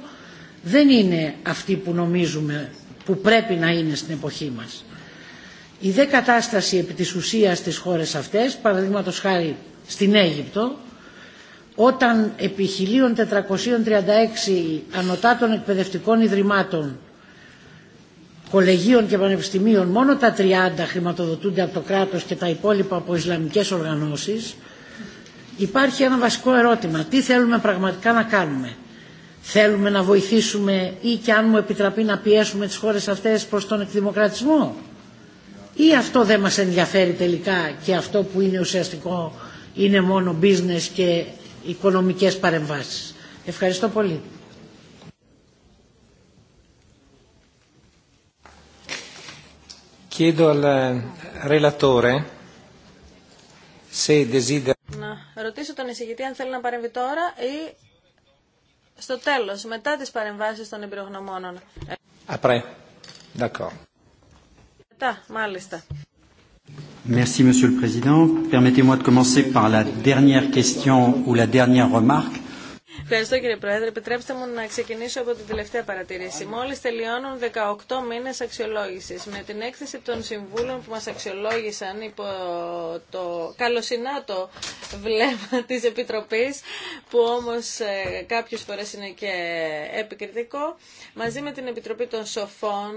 δεν είναι αυτή που νομίζουμε που πρέπει να είναι στην εποχή μας. Η δε κατάσταση επί της ουσίας στις χώρες αυτές, παραδείγματο χάρη στην Αίγυπτο, όταν επί 1436 ανωτάτων εκπαιδευτικών ιδρυμάτων, κολεγίων και πανεπιστημίων, μόνο τα 30 χρηματοδοτούνται από το κράτος και τα υπόλοιπα από Ισλαμικές οργανώσεις, υπάρχει ένα βασικό ερώτημα. Τι θέλουμε πραγματικά να κάνουμε. Θέλουμε να βοηθήσουμε ή και αν μου επιτραπεί να πιέσουμε τις χώρες αυτές προς τον εκδημοκρατισμό. Ή αυτό δεν μας ενδιαφέρει τελικά και αυτό που είναι ουσιαστικό είναι μόνο business και οικονομικές παρεμβάσεις. Ευχαριστώ πολύ. Eh, να ρωτήσω τον εισηγητή αν θέλει να παρεμβεί τώρα ή στο τέλος, μετά τις παρεμβάσεις των εμπειρογνωμόνων. Après. D'accord. Μετά, μάλιστα. Merci, Monsieur le Président. Permettez-moi de commencer par la dernière question ou la dernière remarque Ευχαριστώ κύριε Πρόεδρε. Επιτρέψτε μου να ξεκινήσω από την τελευταία παρατηρήση. Μόλις τελειώνουν 18 μήνες αξιολόγησης. Με την έκθεση των συμβούλων που μας αξιολόγησαν υπό το καλοσυνάτο βλέμμα *laughs* της Επιτροπής, που όμως ε, κάποιε φορές είναι και επικριτικό, μαζί με την Επιτροπή των Σοφών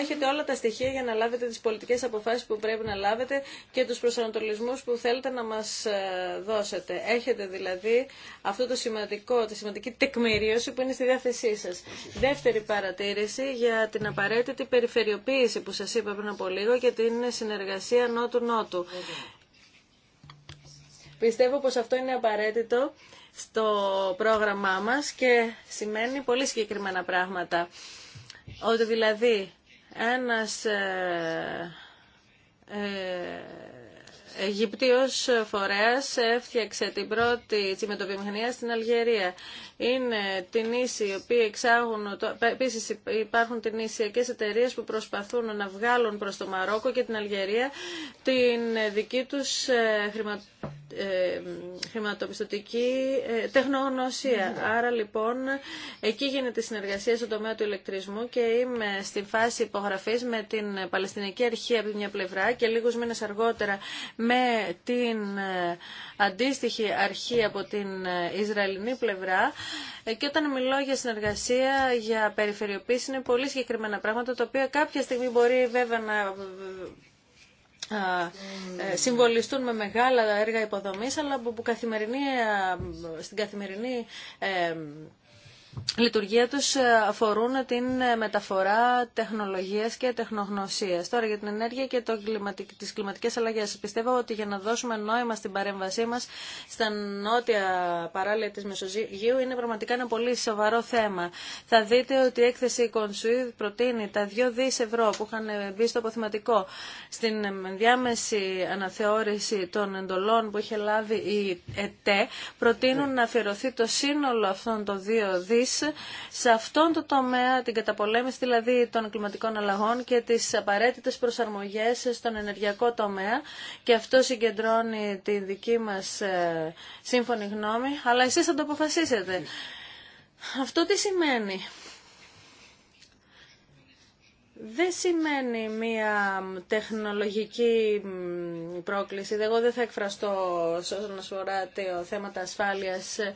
έχετε όλα τα στοιχεία για να λάβετε τι πολιτικέ αποφάσει που πρέπει να λάβετε και του προσανατολισμού που θέλετε να μα ε, δώσετε. Έχετε δηλαδή αυτό το σημαντικό σημαντικό, τη σημαντική τεκμηρίωση που είναι στη διάθεσή σα. Δεύτερη παρατήρηση για την απαραίτητη περιφερειοποίηση που σας είπα πριν από λίγο για την συνεργασία νότου-νότου. Πιστεύω πως αυτό είναι απαραίτητο στο πρόγραμμά μας και σημαίνει πολύ συγκεκριμένα πράγματα. Ότι δηλαδή ένας ε, ε, Αιγυπτίος φορέας έφτιαξε την πρώτη τσιμετοβιομηχανία στην Αλγερία είναι την ίση, οι οποίοι εξάγουν, επίσης υπάρχουν την και εταιρείε που προσπαθούν να βγάλουν προς το Μαρόκο και την Αλγερία την ε, δική τους ε, χρημα, ε, χρηματοπιστωτική τεχνογνωσία. Άρα λοιπόν εκεί γίνεται η συνεργασία στο τομέα του ηλεκτρισμού και είμαι στην φάση υπογραφής με την Παλαιστινική Αρχή από τη μια πλευρά και λίγους μήνες αργότερα με την αντίστοιχη αρχή από την ε, Ισραηλινή πλευρά ε, και όταν μιλώ για συνεργασία, για περιφερειοποίηση είναι πολύ συγκεκριμένα πράγματα τα οποία κάποια στιγμή μπορεί βέβαια να ε, συμβολιστούν με μεγάλα έργα υποδομής αλλά που καθημερινή, στην καθημερινή λειτουργία τους ε, αφορούν την ε, μεταφορά τεχνολογίας και τεχνογνωσίας. Τώρα για την ενέργεια και το κλιματικέ τις κλιματικές αλλαγές. Πιστεύω ότι για να δώσουμε νόημα στην παρέμβασή μας στα νότια παράλια της Μεσογείου είναι πραγματικά ένα πολύ σοβαρό θέμα. Θα δείτε ότι η έκθεση Κονσουή προτείνει τα 2 δις ευρώ που είχαν μπει στο αποθηματικό στην διάμεση αναθεώρηση των εντολών που είχε λάβει η ΕΤΕ προτείνουν να αφιερωθεί το σύνολο αυτών των 2 σε αυτόν το τομέα, την καταπολέμηση δηλαδή των κλιματικών αλλαγών και τις απαραίτητες προσαρμογές στον ενεργειακό τομέα και αυτό συγκεντρώνει τη δική μας ε, σύμφωνη γνώμη, αλλά εσείς θα το αποφασίσετε. Αυτό τι σημαίνει δεν σημαίνει μία τεχνολογική πρόκληση. Εγώ δεν θα εκφραστώ όσον αφορά το θέματα ασφάλειας ε,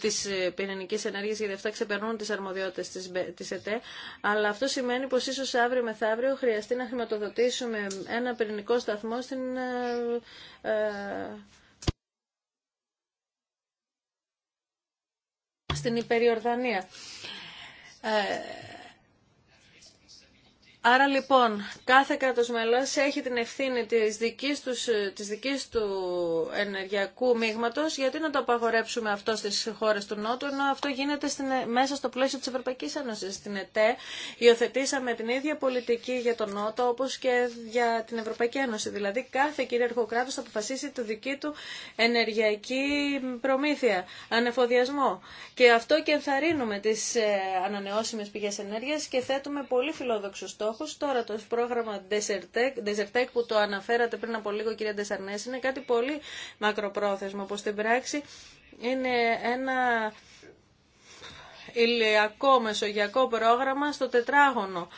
της ε, πυρηνικής ενέργειας, γιατί αυτά ξεπερνούν τις αρμοδιότητες της ΕΤΕ, αλλά αυτό σημαίνει πως ίσως αύριο μεθαύριο χρειαστεί να χρηματοδοτήσουμε ένα πυρηνικό σταθμό στην... Ε, στην υπεριορδανία. Άρα λοιπόν, κάθε κράτος μέλος έχει την ευθύνη της δικής, της του ενεργειακού μείγματος, γιατί να το απαγορέψουμε αυτό στις χώρες του Νότου, ενώ αυτό γίνεται στην, μέσα στο πλαίσιο της Ευρωπαϊκής Ένωσης. Στην ΕΤΕ υιοθετήσαμε την ίδια πολιτική για τον Νότο, όπως και για την Ευρωπαϊκή Ένωση. Δηλαδή, κάθε κυρίαρχο κράτος θα αποφασίσει τη δική του ενεργειακή προμήθεια, ανεφοδιασμό. Και αυτό και ενθαρρύνουμε τις ε, ανανεώσιμες πηγές ενέργειας και θέτουμε πολύ φιλόδοξο στόχο στόχους. Τώρα το πρόγραμμα Desertec, Desertec που το αναφέρατε πριν από λίγο κυρία Ντεσαρνές είναι κάτι πολύ μακροπρόθεσμο όπως στην πράξη είναι ένα ηλιακό μεσογειακό πρόγραμμα στο τετράγωνο.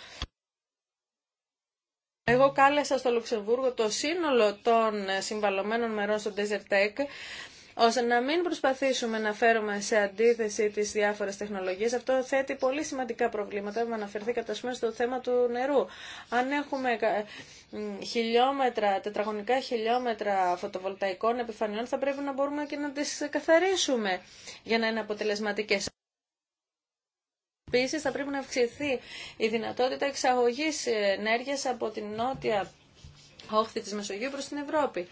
Εγώ κάλεσα στο Λουξεμβούργο το σύνολο των συμβαλωμένων μερών στο Desert ώστε να μην προσπαθήσουμε να φέρουμε σε αντίθεση τις διάφορες τεχνολογίες. Αυτό θέτει πολύ σημαντικά προβλήματα. Έχουμε αναφερθεί κατά στο θέμα του νερού. Αν έχουμε χιλιόμετρα, τετραγωνικά χιλιόμετρα φωτοβολταϊκών επιφανειών θα πρέπει να μπορούμε και να τις καθαρίσουμε για να είναι αποτελεσματικές. Επίση, θα πρέπει να αυξηθεί η δυνατότητα εξαγωγή ενέργεια από την νότια όχθη της Μεσογείου προς την Ευρώπη.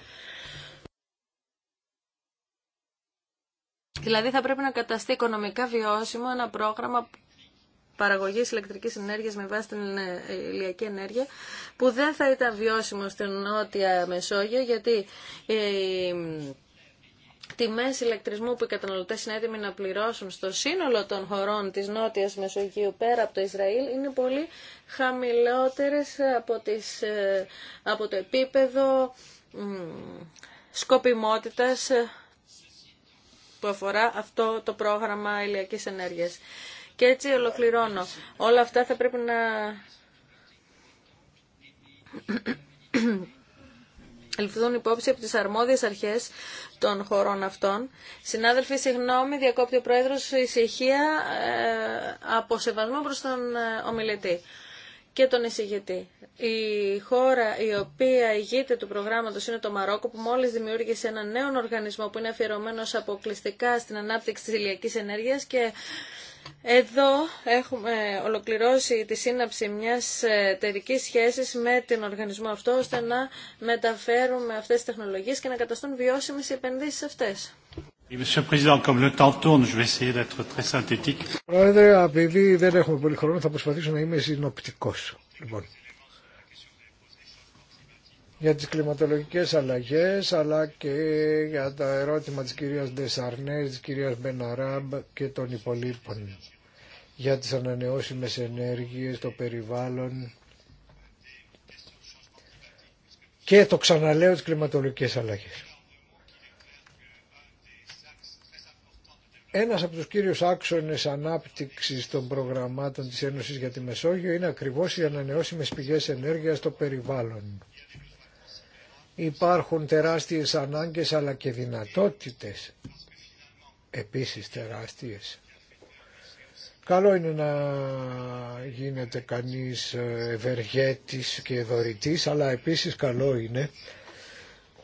Δηλαδή θα πρέπει να καταστεί οικονομικά βιώσιμο ένα πρόγραμμα παραγωγή ηλεκτρική ενέργεια με βάση την ε, ηλιακή ενέργεια, που δεν θα ήταν βιώσιμο στην Νότια Μεσόγειο, γιατί τιμέ ηλεκτρισμού που οι καταναλωτέ είναι έτοιμοι να πληρώσουν στο σύνολο των χωρών τη Νότια Μεσογείου πέρα από το Ισραήλ είναι πολύ χαμηλότερε από, ε, από το επίπεδο σκοπιμότητας ε, που αφορά αυτό το πρόγραμμα ηλιακής ενέργειας. Και έτσι ολοκληρώνω. Όλα αυτά θα πρέπει να ληφθούν υπόψη από τις αρμόδιες αρχές των χωρών αυτών. Συνάδελφοι, συγγνώμη, διακόπτει ο Πρόεδρος ησυχία ε, από σεβασμό προς τον ε, ομιλητή και τον εισηγητή η χώρα η οποία ηγείται του προγράμματος είναι το Μαρόκο που μόλις δημιούργησε ένα νέο οργανισμό που είναι αφιερωμένος αποκλειστικά στην ανάπτυξη της ηλιακής ενέργειας και εδώ έχουμε ολοκληρώσει τη σύναψη μιας εταιρικής σχέσης με τον οργανισμό αυτό ώστε να μεταφέρουμε αυτές τις τεχνολογίες και να καταστούν βιώσιμες οι επενδύσεις αυτές. Πρόεδρε, επειδή δεν έχουμε πολύ χρόνο θα προσπαθήσω να είμαι συνοπτικός. Λοιπόν, για τις κλιματολογικές αλλαγές αλλά και για τα ερώτημα της κυρίας Ντεσαρνές, της κυρίας Μπεναράμπ και των υπολείπων για τις ανανεώσιμες ενέργειες, το περιβάλλον και το ξαναλέω τις κλιματολογικές αλλαγές. Ένας από τους κύριους άξονες ανάπτυξης των προγραμμάτων της Ένωσης για τη Μεσόγειο είναι ακριβώς οι ανανεώσιμες πηγές ενέργειας στο περιβάλλον. Υπάρχουν τεράστιες ανάγκες αλλά και δυνατότητες επίσης τεράστιες. Καλό είναι να γίνεται κανείς ε, ευεργέτης και δωρητής, αλλά επίσης καλό είναι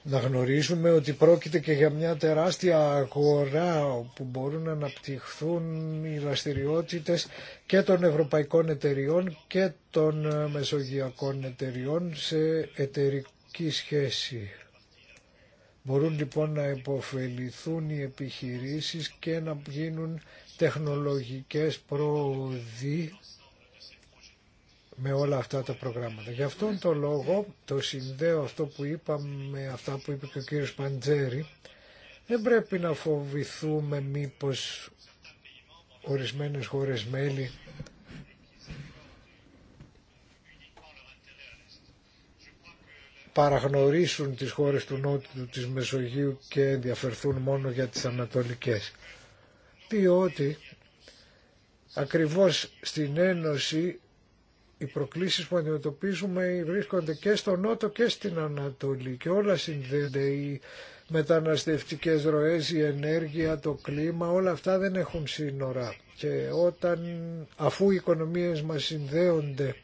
να γνωρίζουμε ότι πρόκειται και για μια τεράστια αγορά όπου μπορούν να αναπτυχθούν οι δραστηριότητε και των ευρωπαϊκών εταιριών και των ε, μεσογειακών εταιριών σε εταιρικό σχέση. Μπορούν λοιπόν να υποφεληθούν οι επιχειρήσεις και να γίνουν τεχνολογικές προοδοί με όλα αυτά τα προγράμματα. Γι' αυτόν τον λόγο το συνδέω αυτό που είπαμε, με αυτά που είπε και ο κύριος Παντζέρη. Δεν πρέπει να φοβηθούμε μήπως ορισμένες χώρες μέλη παραγνωρίσουν τις χώρες του Νότου της Μεσογείου και ενδιαφερθούν μόνο για τις Ανατολικές. Διότι ακριβώς στην Ένωση οι προκλήσεις που αντιμετωπίζουμε βρίσκονται και στο Νότο και στην Ανατολή και όλα συνδέονται οι μεταναστευτικές ροές, η ενέργεια, το κλίμα, όλα αυτά δεν έχουν σύνορα. Και όταν, αφού οι οικονομίες μας συνδέονται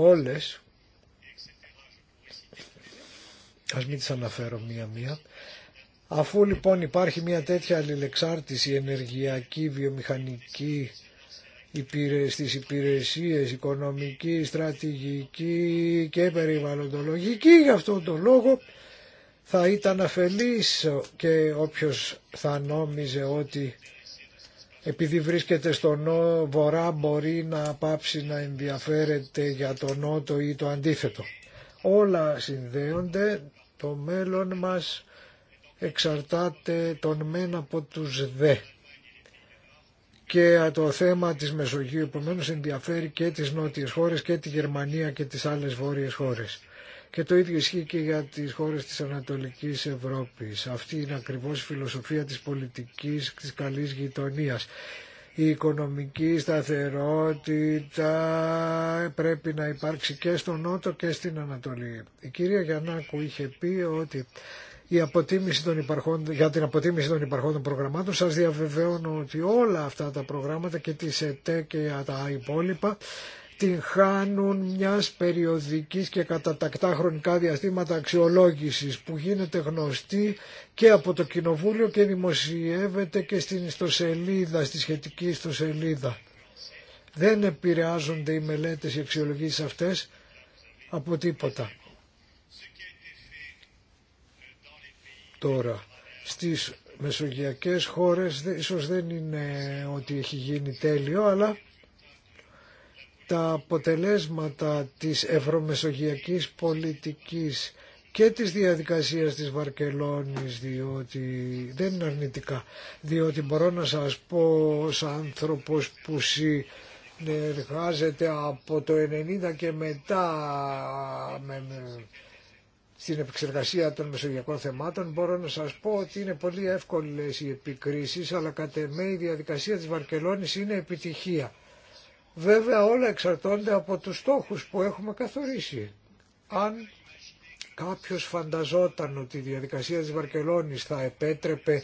όλες, ας μην τις αναφέρω μία-μία, αφού λοιπόν υπάρχει μια τέτοια αλληλεξάρτηση ενεργειακή, βιομηχανική, στις υπηρεσίες οικονομική, στρατηγική και περιβαλλοντολογική γι' αυτόν τον λόγο θα ήταν αφελής και όποιος θα νόμιζε ότι επειδή βρίσκεται στο βορρά μπορεί να πάψει να ενδιαφέρεται για το νότο ή το αντίθετο. Όλα συνδέονται, το μέλλον μας εξαρτάται τον μεν από τους δε. Και το θέμα της Μεσογείου επομένω ενδιαφέρει και τις νότιες χώρες και τη Γερμανία και τις άλλες βόρειες χώρες. Και το ίδιο ισχύει και για τις χώρες της Ανατολικής Ευρώπης. Αυτή είναι ακριβώς η φιλοσοφία της πολιτικής της καλής γειτονίας. Η οικονομική σταθερότητα πρέπει να υπάρξει και στον Νότο και στην Ανατολή. Η κυρία Γιαννάκου είχε πει ότι η αποτίμηση των υπαρχών, για την αποτίμηση των υπαρχών προγραμμάτων σας διαβεβαιώνω ότι όλα αυτά τα προγράμματα και τις ΕΤΕ και τα υπόλοιπα την χάνουν μιας περιοδικής και κατά τακτά χρονικά διαστήματα αξιολόγησης που γίνεται γνωστή και από το Κοινοβούλιο και δημοσιεύεται και στην ιστοσελίδα, στη σχετική ιστοσελίδα. Δεν επηρεάζονται οι μελέτες, οι αξιολογήσεις αυτές από τίποτα. Τώρα, στις μεσογειακές χώρες ίσως δεν είναι ότι έχει γίνει τέλειο, αλλά τα αποτελέσματα της ευρωμεσογειακής πολιτικής και της διαδικασίας της Βαρκελόνης διότι δεν είναι αρνητικά διότι μπορώ να σας πω ως άνθρωπος που συνεργάζεται από το 90 και μετά με, στην επεξεργασία των μεσογειακών θεμάτων μπορώ να σας πω ότι είναι πολύ εύκολες οι επικρίσεις αλλά κατ' εμέ η διαδικασία της Βαρκελόνης είναι επιτυχία Βέβαια όλα εξαρτώνται από τους στόχους που έχουμε καθορίσει. Αν κάποιος φανταζόταν ότι η διαδικασία της Βαρκελόνης θα επέτρεπε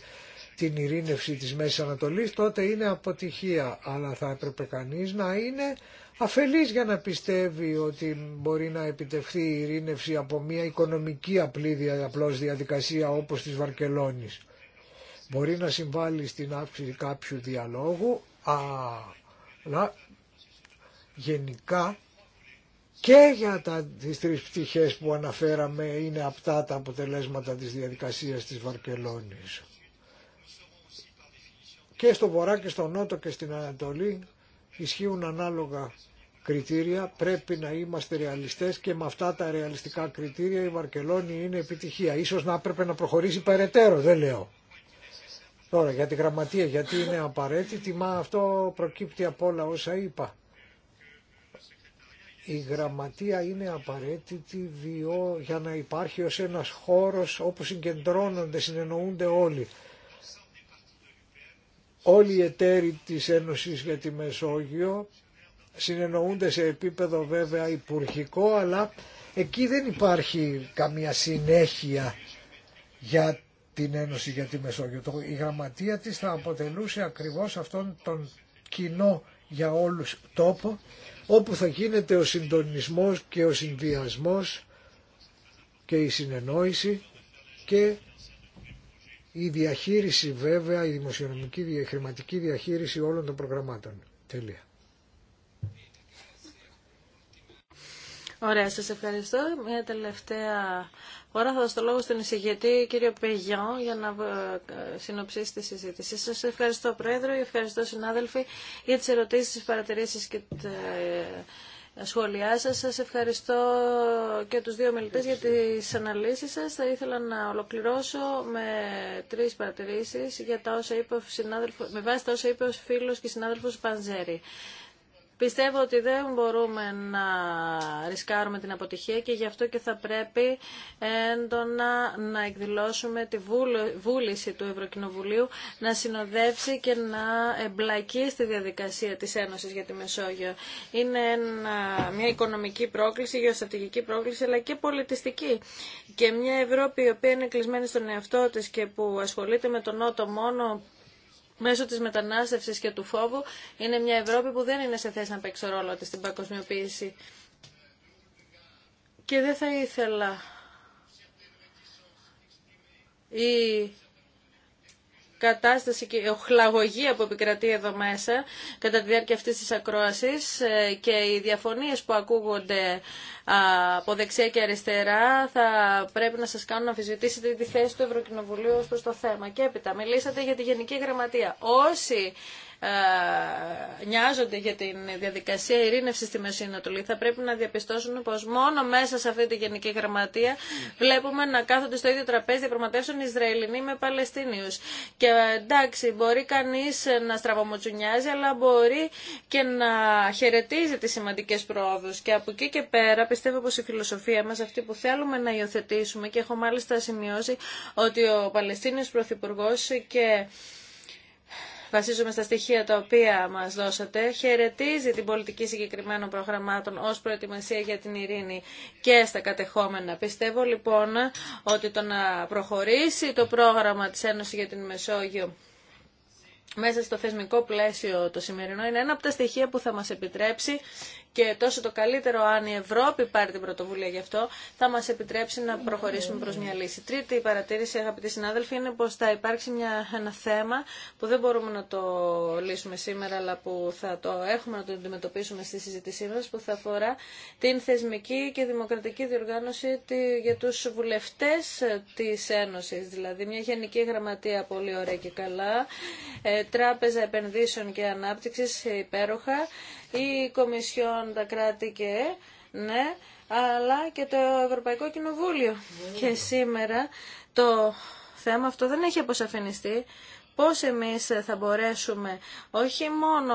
την ειρήνευση της Μέσης Ανατολής, τότε είναι αποτυχία. Αλλά θα έπρεπε κανείς να είναι αφελής για να πιστεύει ότι μπορεί να επιτευχθεί η ειρήνευση από μια οικονομική απλή απλώς διαδικασία όπως της Βαρκελόνης. Μπορεί να συμβάλλει στην αύξηση κάποιου διαλόγου, αλλά γενικά και για τα, τις τρεις πτυχές που αναφέραμε είναι αυτά τα αποτελέσματα της διαδικασίας της Βαρκελόνης. Και στο βορρά και στο νότο και στην Ανατολή ισχύουν ανάλογα κριτήρια. Πρέπει να είμαστε ρεαλιστές και με αυτά τα ρεαλιστικά κριτήρια η Βαρκελόνη είναι επιτυχία. Ίσως να έπρεπε να προχωρήσει περαιτέρω, δεν λέω. Τώρα για τη γραμματεία, γιατί είναι απαραίτητη, μα αυτό προκύπτει από όλα όσα είπα η γραμματεία είναι απαραίτητη διό, για να υπάρχει ως ένας χώρος όπου συγκεντρώνονται, συνεννοούνται όλοι. Όλοι οι εταίροι της Ένωσης για τη Μεσόγειο συνεννοούνται σε επίπεδο βέβαια υπουργικό, αλλά εκεί δεν υπάρχει καμία συνέχεια για την Ένωση για τη Μεσόγειο. Η γραμματεία της θα αποτελούσε ακριβώς αυτόν τον κοινό για όλους τόπο όπου θα γίνεται ο συντονισμός και ο συνδυασμός και η συνεννόηση και η διαχείριση βέβαια, η δημοσιονομική η χρηματική διαχείριση όλων των προγραμμάτων. Τελεία. Ωραία, σας ευχαριστώ. Μια τελευταία ώρα θα δώσω το λόγο στον εισηγητή κύριο Πεγιόν για να ε, συνοψίσει τη συζήτηση. Σας ευχαριστώ Πρόεδρο, ευχαριστώ συνάδελφοι για τις ερωτήσεις, τις παρατηρήσεις και τα ε, σχόλιά σας. Σας ευχαριστώ και τους δύο μιλητές για τις αναλύσεις σας. Θα ήθελα να ολοκληρώσω με τρεις παρατηρήσεις για τα όσα με βάση τα όσα είπε ο φίλος και συνάδελφος Πανζέρη. Πιστεύω ότι δεν μπορούμε να ρισκάρουμε την αποτυχία και γι' αυτό και θα πρέπει έντονα να εκδηλώσουμε τη βούληση του Ευρωκοινοβουλίου να συνοδεύσει και να εμπλακεί στη διαδικασία της Ένωσης για τη Μεσόγειο. Είναι μια οικονομική πρόκληση, γεωστρατηγική πρόκληση, αλλά και πολιτιστική. Και μια Ευρώπη η οποία είναι κλεισμένη στον εαυτό της και που ασχολείται με τον Νότο μόνο μέσω της μετανάστευσης και του φόβου είναι μια Ευρώπη που δεν είναι σε θέση να παίξει ρόλο της στην παγκοσμιοποίηση. Και δεν θα ήθελα η κατάσταση και η οχλαγωγία που επικρατεί εδώ μέσα κατά τη διάρκεια αυτής της ακρόασης ε, και οι διαφωνίες που ακούγονται από δεξιά και αριστερά θα πρέπει να σας κάνουν να αμφισβητήσετε τη θέση του Ευρωκοινοβουλίου ως προς το θέμα. Και έπειτα μιλήσατε για τη Γενική Γραμματεία. Όσοι ε, νοιάζονται για την διαδικασία ειρήνευσης στη Μέση Ανατολή θα πρέπει να διαπιστώσουν πως μόνο μέσα σε αυτή τη Γενική Γραμματεία βλέπουμε να κάθονται στο ίδιο τραπέζι διαπραγματεύσεων Ισραηλινοί με Παλαιστίνιους. Και ε, εντάξει, μπορεί κανείς να στραβομοτσουνιάζει, αλλά μπορεί και να χαιρετίζει τις σημαντικές πρόοδους. Και από εκεί και πέρα πιστεύω πως η φιλοσοφία μας, αυτή που θέλουμε να υιοθετήσουμε και έχω μάλιστα σημειώσει ότι ο Παλαιστίνιος Πρωθυπουργό και βασίζομαι στα στοιχεία τα οποία μα δώσατε, χαιρετίζει την πολιτική συγκεκριμένων προγραμμάτων ω προετοιμασία για την ειρήνη και στα κατεχόμενα. Πιστεύω λοιπόν ότι το να προχωρήσει το πρόγραμμα τη Ένωση για την Μεσόγειο μέσα στο θεσμικό πλαίσιο το σημερινό είναι ένα από τα στοιχεία που θα μας επιτρέψει και τόσο το καλύτερο αν η Ευρώπη πάρει την πρωτοβουλία γι' αυτό θα μας επιτρέψει να προχωρήσουμε προς μια λύση. Τρίτη παρατήρηση αγαπητοί συνάδελφοι είναι πως θα υπάρξει μια, ένα θέμα που δεν μπορούμε να το λύσουμε σήμερα αλλά που θα το έχουμε να το αντιμετωπίσουμε στη συζήτησή μας που θα αφορά την θεσμική και δημοκρατική διοργάνωση για τους βουλευτές της Ένωσης δηλαδή μια γενική γραμματεία πολύ ωραία και καλά ε, Τράπεζα Επενδύσεων και Ανάπτυξης υπέροχα, η Κομισιόν, τα κράτη και ναι, αλλά και το Ευρωπαϊκό Κοινοβούλιο. Και σήμερα το θέμα αυτό δεν έχει αποσαφινιστεί πώς εμείς θα μπορέσουμε όχι μόνο,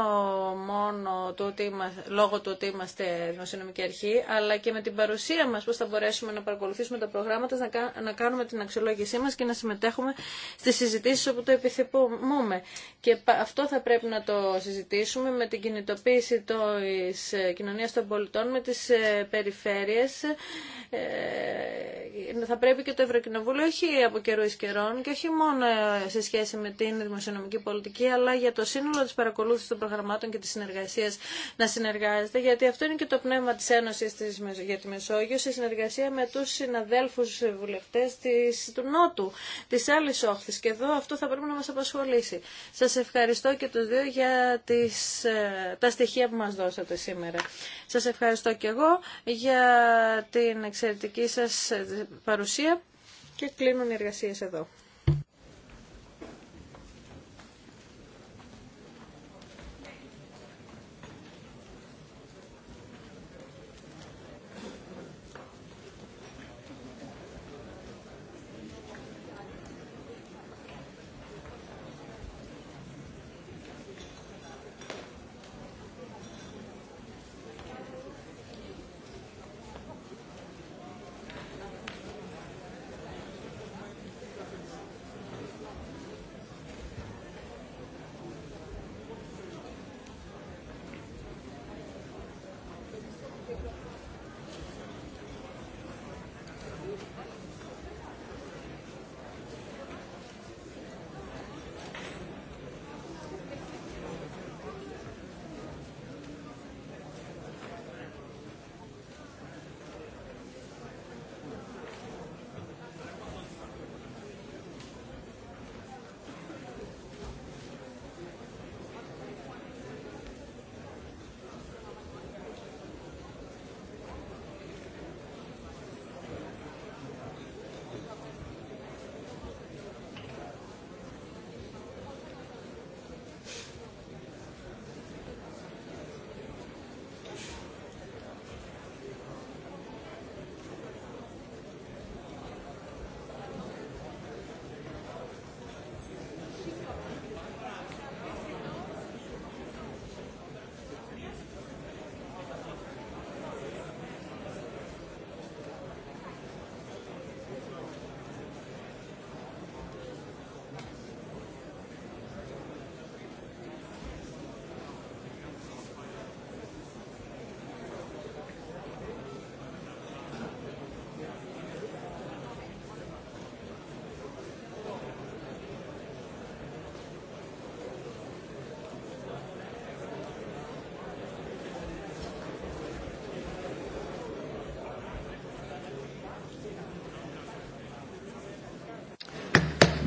μόνο το ότι είμαστε, λόγω του ότι είμαστε δημοσιονομική αρχή, αλλά και με την παρουσία μας πώς θα μπορέσουμε να παρακολουθήσουμε τα προγράμματα, να, κάνουμε την αξιολόγησή μας και να συμμετέχουμε στις συζητήσεις όπου το επιθυμούμε. Και αυτό θα πρέπει να το συζητήσουμε με την κινητοποίηση της ε, κοινωνίας των πολιτών, με τις ε, περιφέρειες. Ε, θα πρέπει και το Ευρωκοινοβούλιο, όχι από καιρού καιρών και όχι μόνο σε σχέση με την την δημοσιονομική πολιτική, αλλά για το σύνολο τη παρακολούθηση των προγραμμάτων και τη συνεργασία να συνεργάζεται, γιατί αυτό είναι και το πνεύμα τη Ένωση για τη Μεσόγειο, σε συνεργασία με του συναδέλφου βουλευτές του Νότου, τη άλλη όχθη. Και εδώ αυτό θα πρέπει να μα απασχολήσει. Σα ευχαριστώ και του δύο για τις, ε, τα στοιχεία που μα δώσατε σήμερα. Σα ευχαριστώ και εγώ για την εξαιρετική σας ε, παρουσία και κλείνουν οι εργασίες εδώ.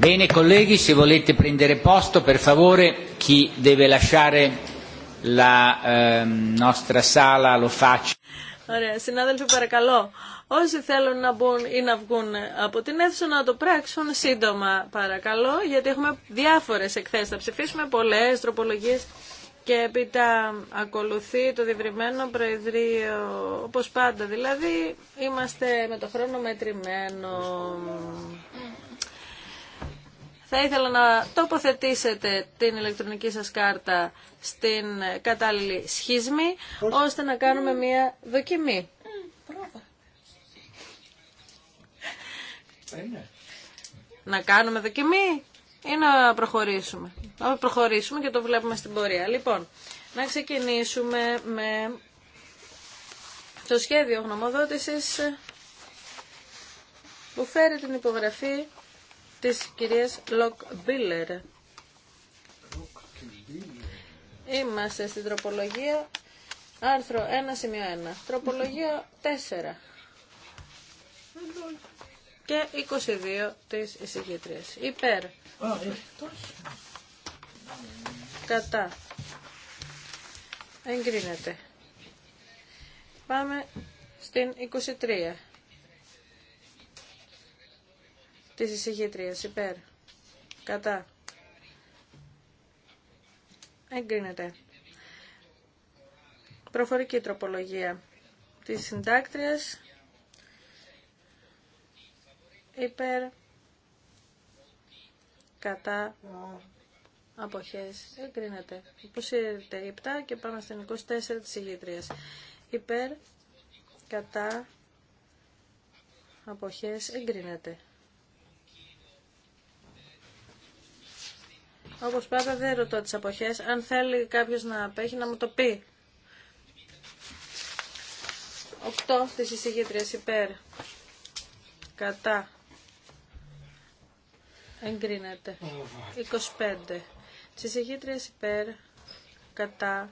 Bene Ωραία, συνάδελφοι παρακαλώ, όσοι θέλουν να μπουν ή να βγουν από την αίθουσα να το πράξουν σύντομα παρακαλώ, γιατί έχουμε διάφορες εκθέσεις, θα ψηφίσουμε πολλές τροπολογίες και έπειτα ακολουθεί το διευρυμένο προεδρείο, όπως πάντα δηλαδή, είμαστε με το χρόνο μετρημένο. Θα ήθελα να τοποθετήσετε την ηλεκτρονική σας κάρτα στην κατάλληλη σχίσμη, ώστε να κάνουμε μία δοκιμή. Να κάνουμε δοκιμή ή να προχωρήσουμε. Να προχωρήσουμε και το βλέπουμε στην πορεία. Λοιπόν, να ξεκινήσουμε με το σχέδιο γνωμοδότησης που φέρει την υπογραφή της κυρίας Λοκ Μπίλερ. Είμαστε στην τροπολογία άρθρο 1.1. Τροπολογία 4. Και 22 της εισηγήτριας. Υπέρ. Κατά. Εγκρίνεται. Πάμε στην 23. Τη εισηγήτριας υπέρ κατά εγκρίνεται προφορική τροπολογία τη συντάκτρια. υπέρ κατά αποχές εγκρίνεται υποσύρεται 7 και πάμε στην 24 τη ηγητρίας υπέρ κατά αποχές εγκρίνεται Όπω πάντα δεν ρωτώ τι εποχέ. Αν θέλει κάποιο να απέχει να μου το πει. 8 τη εισηγήτριας υπέρ. Κατά. Εγκρίνεται. 25. Της εισηγήτριας υπέρ. Κατά.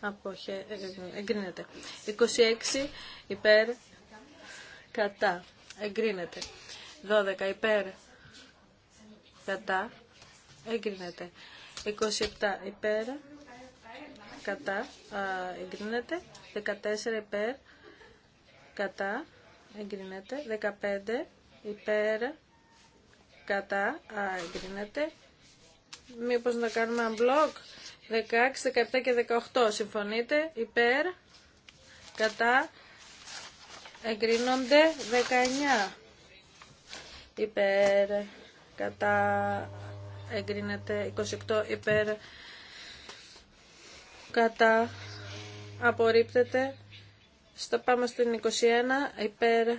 Αποχέ... Εγκρίνεται. 26 υπέρ. Κατά. Εγκρίνεται. 12 υπέρ. Κατά εγκρίνεται. 27 υπέρ, κατά, εγκρίνεται. 14 υπέρ, κατά, εγκρίνεται. 15 υπέρ, κατά, εγκρίνεται. Μήπως να κάνουμε μπλοκ. 16, 17 και 18 συμφωνείτε. Υπέρ, κατά, εγκρίνονται. 19 υπέρ, κατά, εγκρίνεται 28 υπέρ κατά απορρίπτεται στο πάμε στην 21 υπέρ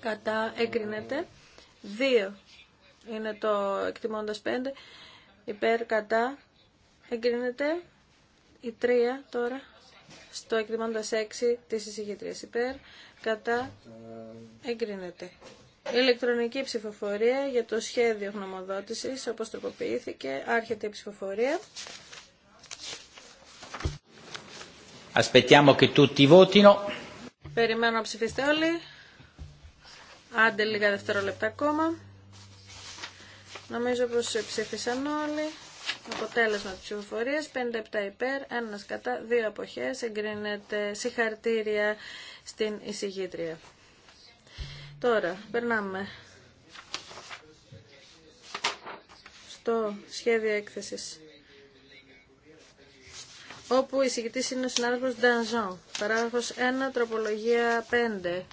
κατά εγκρίνεται 2 είναι το εκτιμώντας 5 υπέρ κατά εγκρίνεται η 3 τώρα στο εκτιμώντας 6 της εισηγητρίας υπέρ κατά εγκρίνεται Ηλεκτρονική ψηφοφορία για το σχέδιο γνωμοδότησης, όπως τροποποιήθηκε. Άρχεται η ψηφοφορία. Περιμένω να ψηφίσετε όλοι. Άντε λίγα δευτερόλεπτα ακόμα. Νομίζω πως ψήφισαν όλοι. Αποτέλεσμα της ψηφοφορίας 57 υπέρ, 1 κατά, 2 αποχές. Εγκρίνεται συγχαρτήρια στην εισηγήτρια. Τώρα, περνάμε στο σχέδιο έκθεσης όπου η συγκητής είναι ο συνάδελφος Ντανζόν. Παράγραφος 1, τροπολογία 5.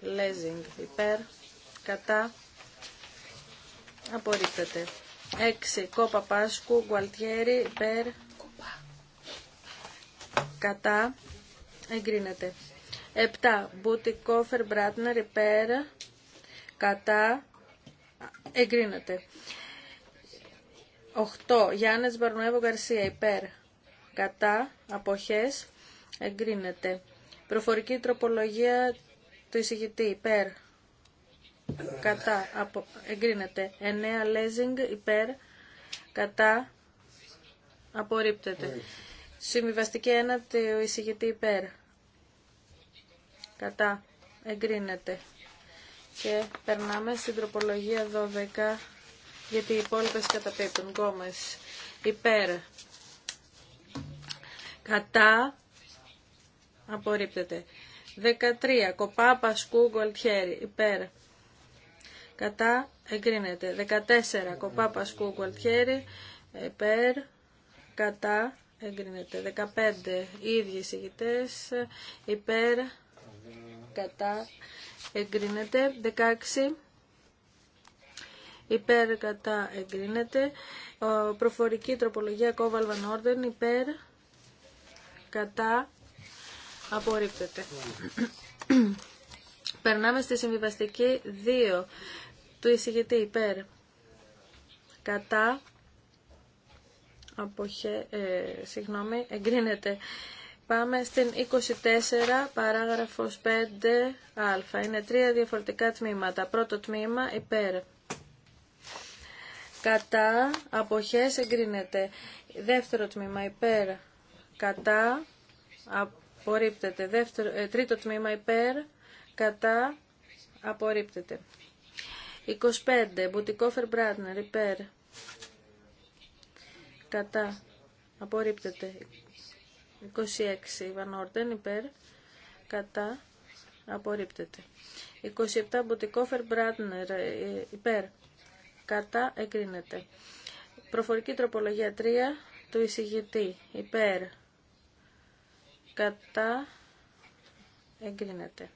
Λέζινγκ, υπέρ, κατά, απορρίπτεται. 6, κόπα Πάσκου, γκουαλτιέρι υπέρ, κατά, εγκρίνεται. 7. Μπουτικόφερ Μπράτνερ υπέρ κατά εγκρίνεται. 8. Γιάννε Μπαρνουέβο Γκαρσία υπέρ κατά αποχέ. εγκρίνεται. Προφορική τροπολογία του εισηγητή υπέρ κατά απο, εγκρίνεται. 9. Λέζινγκ υπέρ κατά απορρίπτεται. Ναι. Συμβιβαστική 1 του εισηγητή υπέρ κατά εγκρίνεται. Και περνάμε στην τροπολογία 12 γιατί οι υπόλοιπε καταπέπτουν. Γκόμε υπέρ κατά απορρίπτεται. 13. Κοπά Πασκού Γκολτιέρη υπέρ κατά εγκρίνεται. 14. Κοπά Πασκού Γκολτιέρη υπέρ κατά εγκρίνεται. 15. Οι ίδιοι συγητές υπέρ κατά εγκρίνεται 16 υπέρ κατά εγκρίνεται προφορική τροπολογία Κόβαλ Βανόρδεν υπέρ κατά απορρίπτεται *clears throat* περνάμε στη συμβιβαστική 2 του εισηγητή υπέρ κατά αποχε, ε, συγγνώμη, εγκρίνεται Πάμε στην 24 παράγραφος 5α. Είναι τρία διαφορετικά τμήματα. Πρώτο τμήμα υπέρ. Κατά αποχές εγκρίνεται. Δεύτερο τμήμα υπέρ. Κατά απορρίπτεται. Δεύτερο, ε, τρίτο τμήμα υπέρ. Κατά απορρίπτεται. 25. Μπουτικόφερ Μπράτνερ υπέρ. Κατά απορρίπτεται. 26 Van Orden υπέρ κατά απορρίπτεται 27 Μποτικόφερ Μπράτνερ ε, υπέρ κατά εγκρίνεται προφορική τροπολογία 3 του εισηγητή υπέρ κατά εγκρίνεται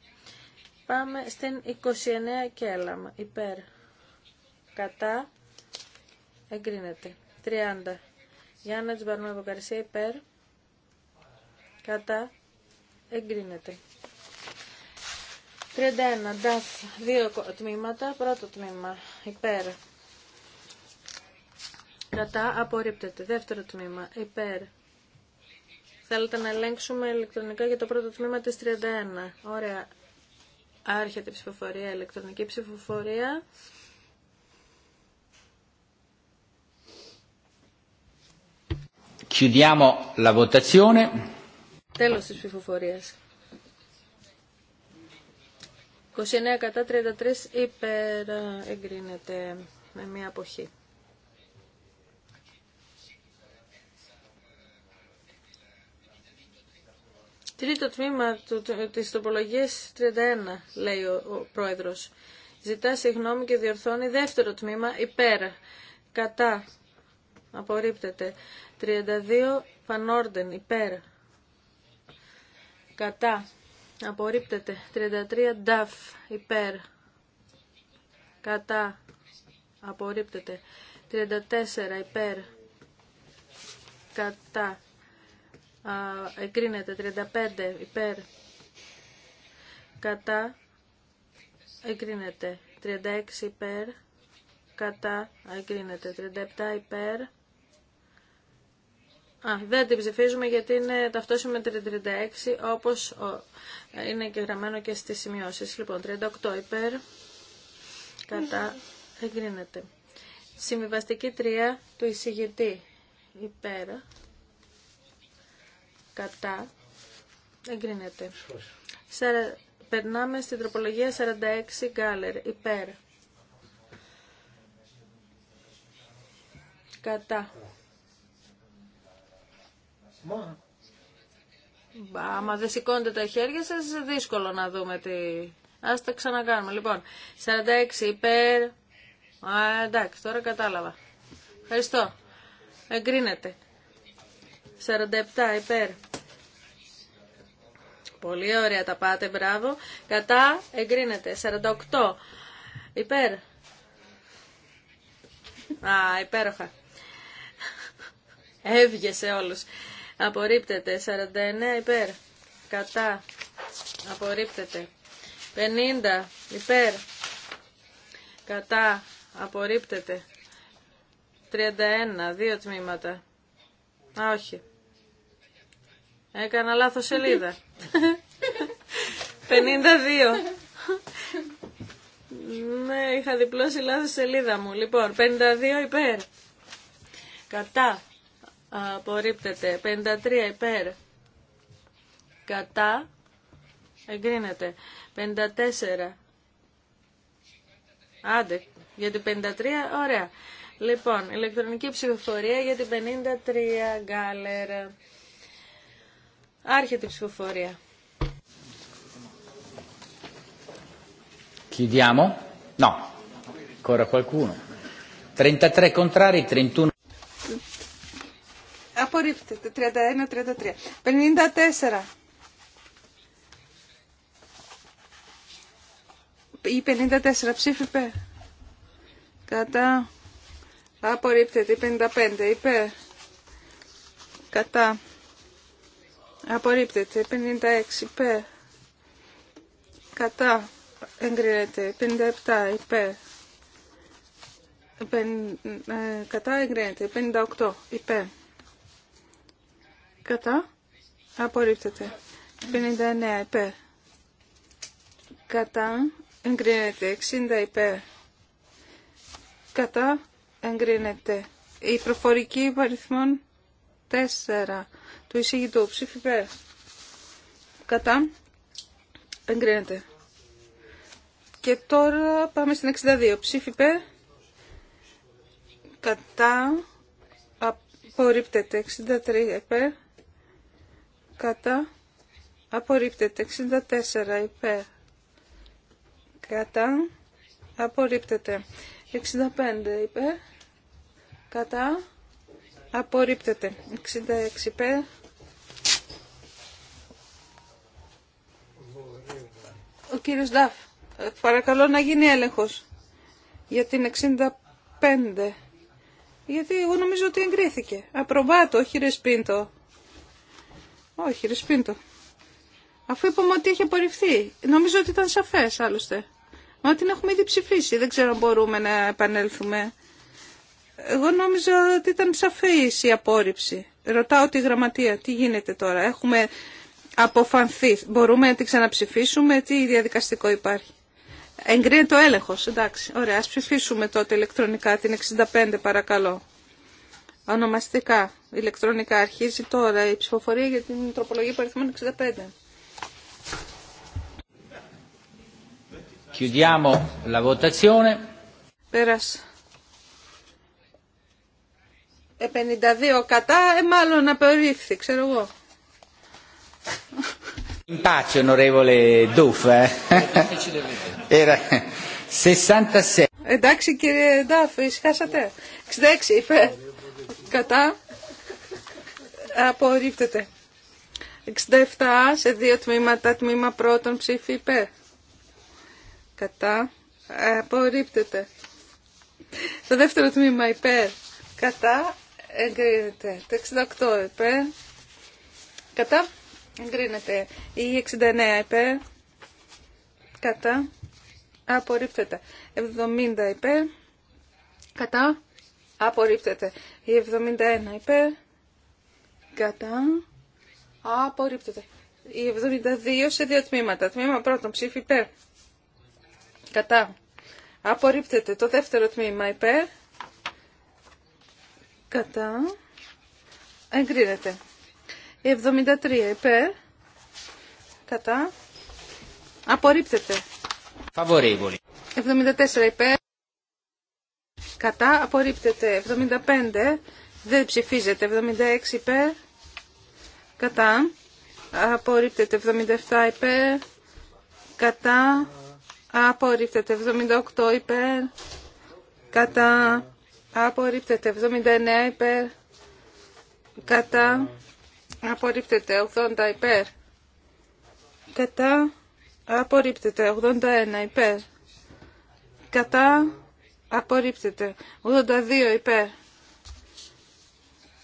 πάμε στην 29 Κέλαμ υπέρ κατά εγκρίνεται 30 Γιάννα Μπαρνόεβο Καρσία υπέρ Κατά. Εγκρίνεται. 31. Νταφ. Δύο τμήματα. Πρώτο τμήμα. Υπέρ. Κατά. Απορρίπτεται. Δεύτερο τμήμα. Υπέρ. Θέλετε να ελέγξουμε ηλεκτρονικά για το πρώτο τμήμα της 31. Ωραία. Άρχεται η ψηφοφορία, ηλεκτρονική ψηφοφορία. Chiudiamo la votazione. Τέλος της ψηφοφορίας. 29 κατά 33 υπέρ εγκρίνεται με μία αποχή. Τρίτο τμήμα του, της τοπολογίας 31, λέει ο, ο πρόεδρος. Ζητά συγγνώμη και διορθώνει δεύτερο τμήμα υπέρ. Κατά. Απορρίπτεται. 32 πανόρντεν υπέρ κατά απορρίπτεται 33 νταφ υπέρ κατά απορρίπτεται 34 υπέρ κατά α, εκρίνεται. 35 υπέρ κατά Εκρίνεται. 36 υπέρ κατά Εκρίνεται. 37 υπέρ Α, δεν την ψηφίζουμε γιατί είναι ταυτόσιμη με 36 όπως είναι και γραμμένο και στις σημειώσεις. Λοιπόν, 38 υπέρ, κατά, εγκρίνεται. Συμβιβαστική 3 του εισηγητή υπέρ, κατά, εγκρίνεται. Περνάμε στην τροπολογία 46 γκάλερ υπέρ. Κατά. Άμα δεν σηκώνετε τα χέρια σας, δύσκολο να δούμε τι... Ας τα ξανακάνουμε. Λοιπόν, 46 υπέρ... Α, εντάξει, τώρα κατάλαβα. Ευχαριστώ. Εγκρίνεται. 47 υπέρ. Πολύ ωραία τα πάτε, μπράβο. Κατά, εγκρίνεται. 48 υπέρ. Α, υπέροχα. Έβγε σε όλους απορρίπτεται. 49 υπέρ, κατά, απορρίπτεται. 50 υπέρ, κατά, απορρίπτεται. 31, δύο τμήματα. Α, όχι. Έκανα λάθος σελίδα. 52. Ναι, είχα διπλώσει λάθος σελίδα μου. Λοιπόν, 52 υπέρ. Κατά απορρίπτεται. 53 υπέρ κατά εγκρίνεται. 54 άντε για την 53 ωραία. Λοιπόν, ηλεκτρονική ψηφοφορία για την 53 γκάλερ. Άρχεται η ψηφοφορία. Chiudiamo? No, ancora qualcuno. 33 contrari, 31. Απορρίπτεται. 31-33. 54. Ή 54 ψήφι Κατά. Απορρίπτεται. Ή 55 είπε. Κατά. Απορρίπτεται. 56 είπε. Κατά. Εγκρίνεται. 57 υπέρ. Κατά εγκρίνεται. 58 υπέρ. Ε, Κατά. Απορρίπτεται. 59 Επέ. Κατά. Εγκρίνεται. 60 υπέρ. Κατά. Εγκρίνεται. Η προφορική υπαριθμών 4 του εισηγητού ψήφι υπέρ. Κατά. Εγκρίνεται. Και τώρα πάμε στην 62. Ψήφι Κατά. Απορρίπτεται. 63 Επέ κατά απορρίπτεται 64 υπέρ κατά απορρίπτεται 65 υπέρ κατά απορρίπτεται 66 υπέρ ο κύριος Νταφ παρακαλώ να γίνει έλεγχος για την 65 γιατί εγώ νομίζω ότι εγκρίθηκε. Απροβάτο, όχι ρεσπίντο. Όχι, ρε Σπίντο. Αφού είπαμε ότι έχει απορριφθεί. Νομίζω ότι ήταν σαφές άλλωστε. Μα την έχουμε ήδη ψηφίσει. Δεν ξέρω αν μπορούμε να επανέλθουμε. Εγώ νόμιζα ότι ήταν σαφής η απόρριψη. Ρωτάω τη γραμματεία. Τι γίνεται τώρα. Έχουμε αποφανθεί. Μπορούμε να την ξαναψηφίσουμε. Τι διαδικαστικό υπάρχει. Εγκρίνεται ο έλεγχος. Εντάξει. Ωραία. Ας ψηφίσουμε τότε ηλεκτρονικά την 65 παρακαλώ. Ονομαστικά, ηλεκτρονικά, αρχίζει τώρα η ψηφοφορία για την τροπολογία υπαριθμών 65. Chiudiamo la votazione. Πέρασε. 52 κατά, ε, μάλλον απερίφθη, ξέρω εγώ. In pace, onorevole Duff. 66. Eh. Εντάξει, κύριε Ντάφ, εισχάσατε. 66 είπε κατά απορρίπτεται. 67 σε δύο τμήματα, τμήμα πρώτον ψήφι υπέρ. Κατά απορρίπτεται. Το δεύτερο τμήμα υπέρ. Κατά εγκρίνεται. Το 68 υπέρ. Κατά εγκρίνεται. Η 69 υπέρ. Κατά απορρίπτεται. 70 υπέρ. Κατά Απορρίπτεται. Η 71 υπέρ. Κατά. Απορρίπτεται. Η 72 σε δύο τμήματα. Τμήμα πρώτον ψήφι υπέρ. Κατά. Απορρίπτεται. Το δεύτερο τμήμα υπέρ. Κατά. Εγκρίνεται. Η 73 υπέρ. Κατά. Απορρίπτεται. Η 74 υπέρ κατά απορρίπτεται 75 δεν ψηφίζεται 76 υπέρ κατά απορρίπτεται 77 υπέρ κατά απορρίπτεται 78 υπέρ κατά απορρίπτεται 79 υπέρ κατά απορρίπτεται 80 υπέρ κατά απορρίπτεται 81 υπέρ κατά Απορρίπτεται. 82 υπέρ.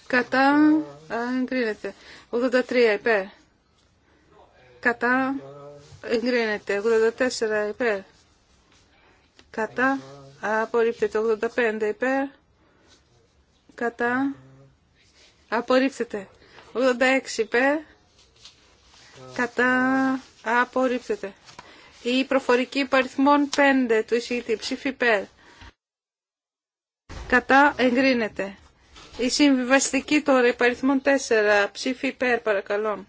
Κατά. Εγκρίνεται. 83 υπέρ. Κατά. Εγκρίνεται. 84 υπέρ. Κατά. Απορρίπτεται. 85 υπέρ. Κατά. Απορρίπτεται. 86 υπέρ. Κατά. Απορρίπτεται. Η προφορική υπαριθμών 5 του εισηγητή ψήφι υπέρ κατά εγκρίνεται. Η συμβιβαστική τώρα υπαριθμών 4 ψήφι υπέρ παρακαλώ.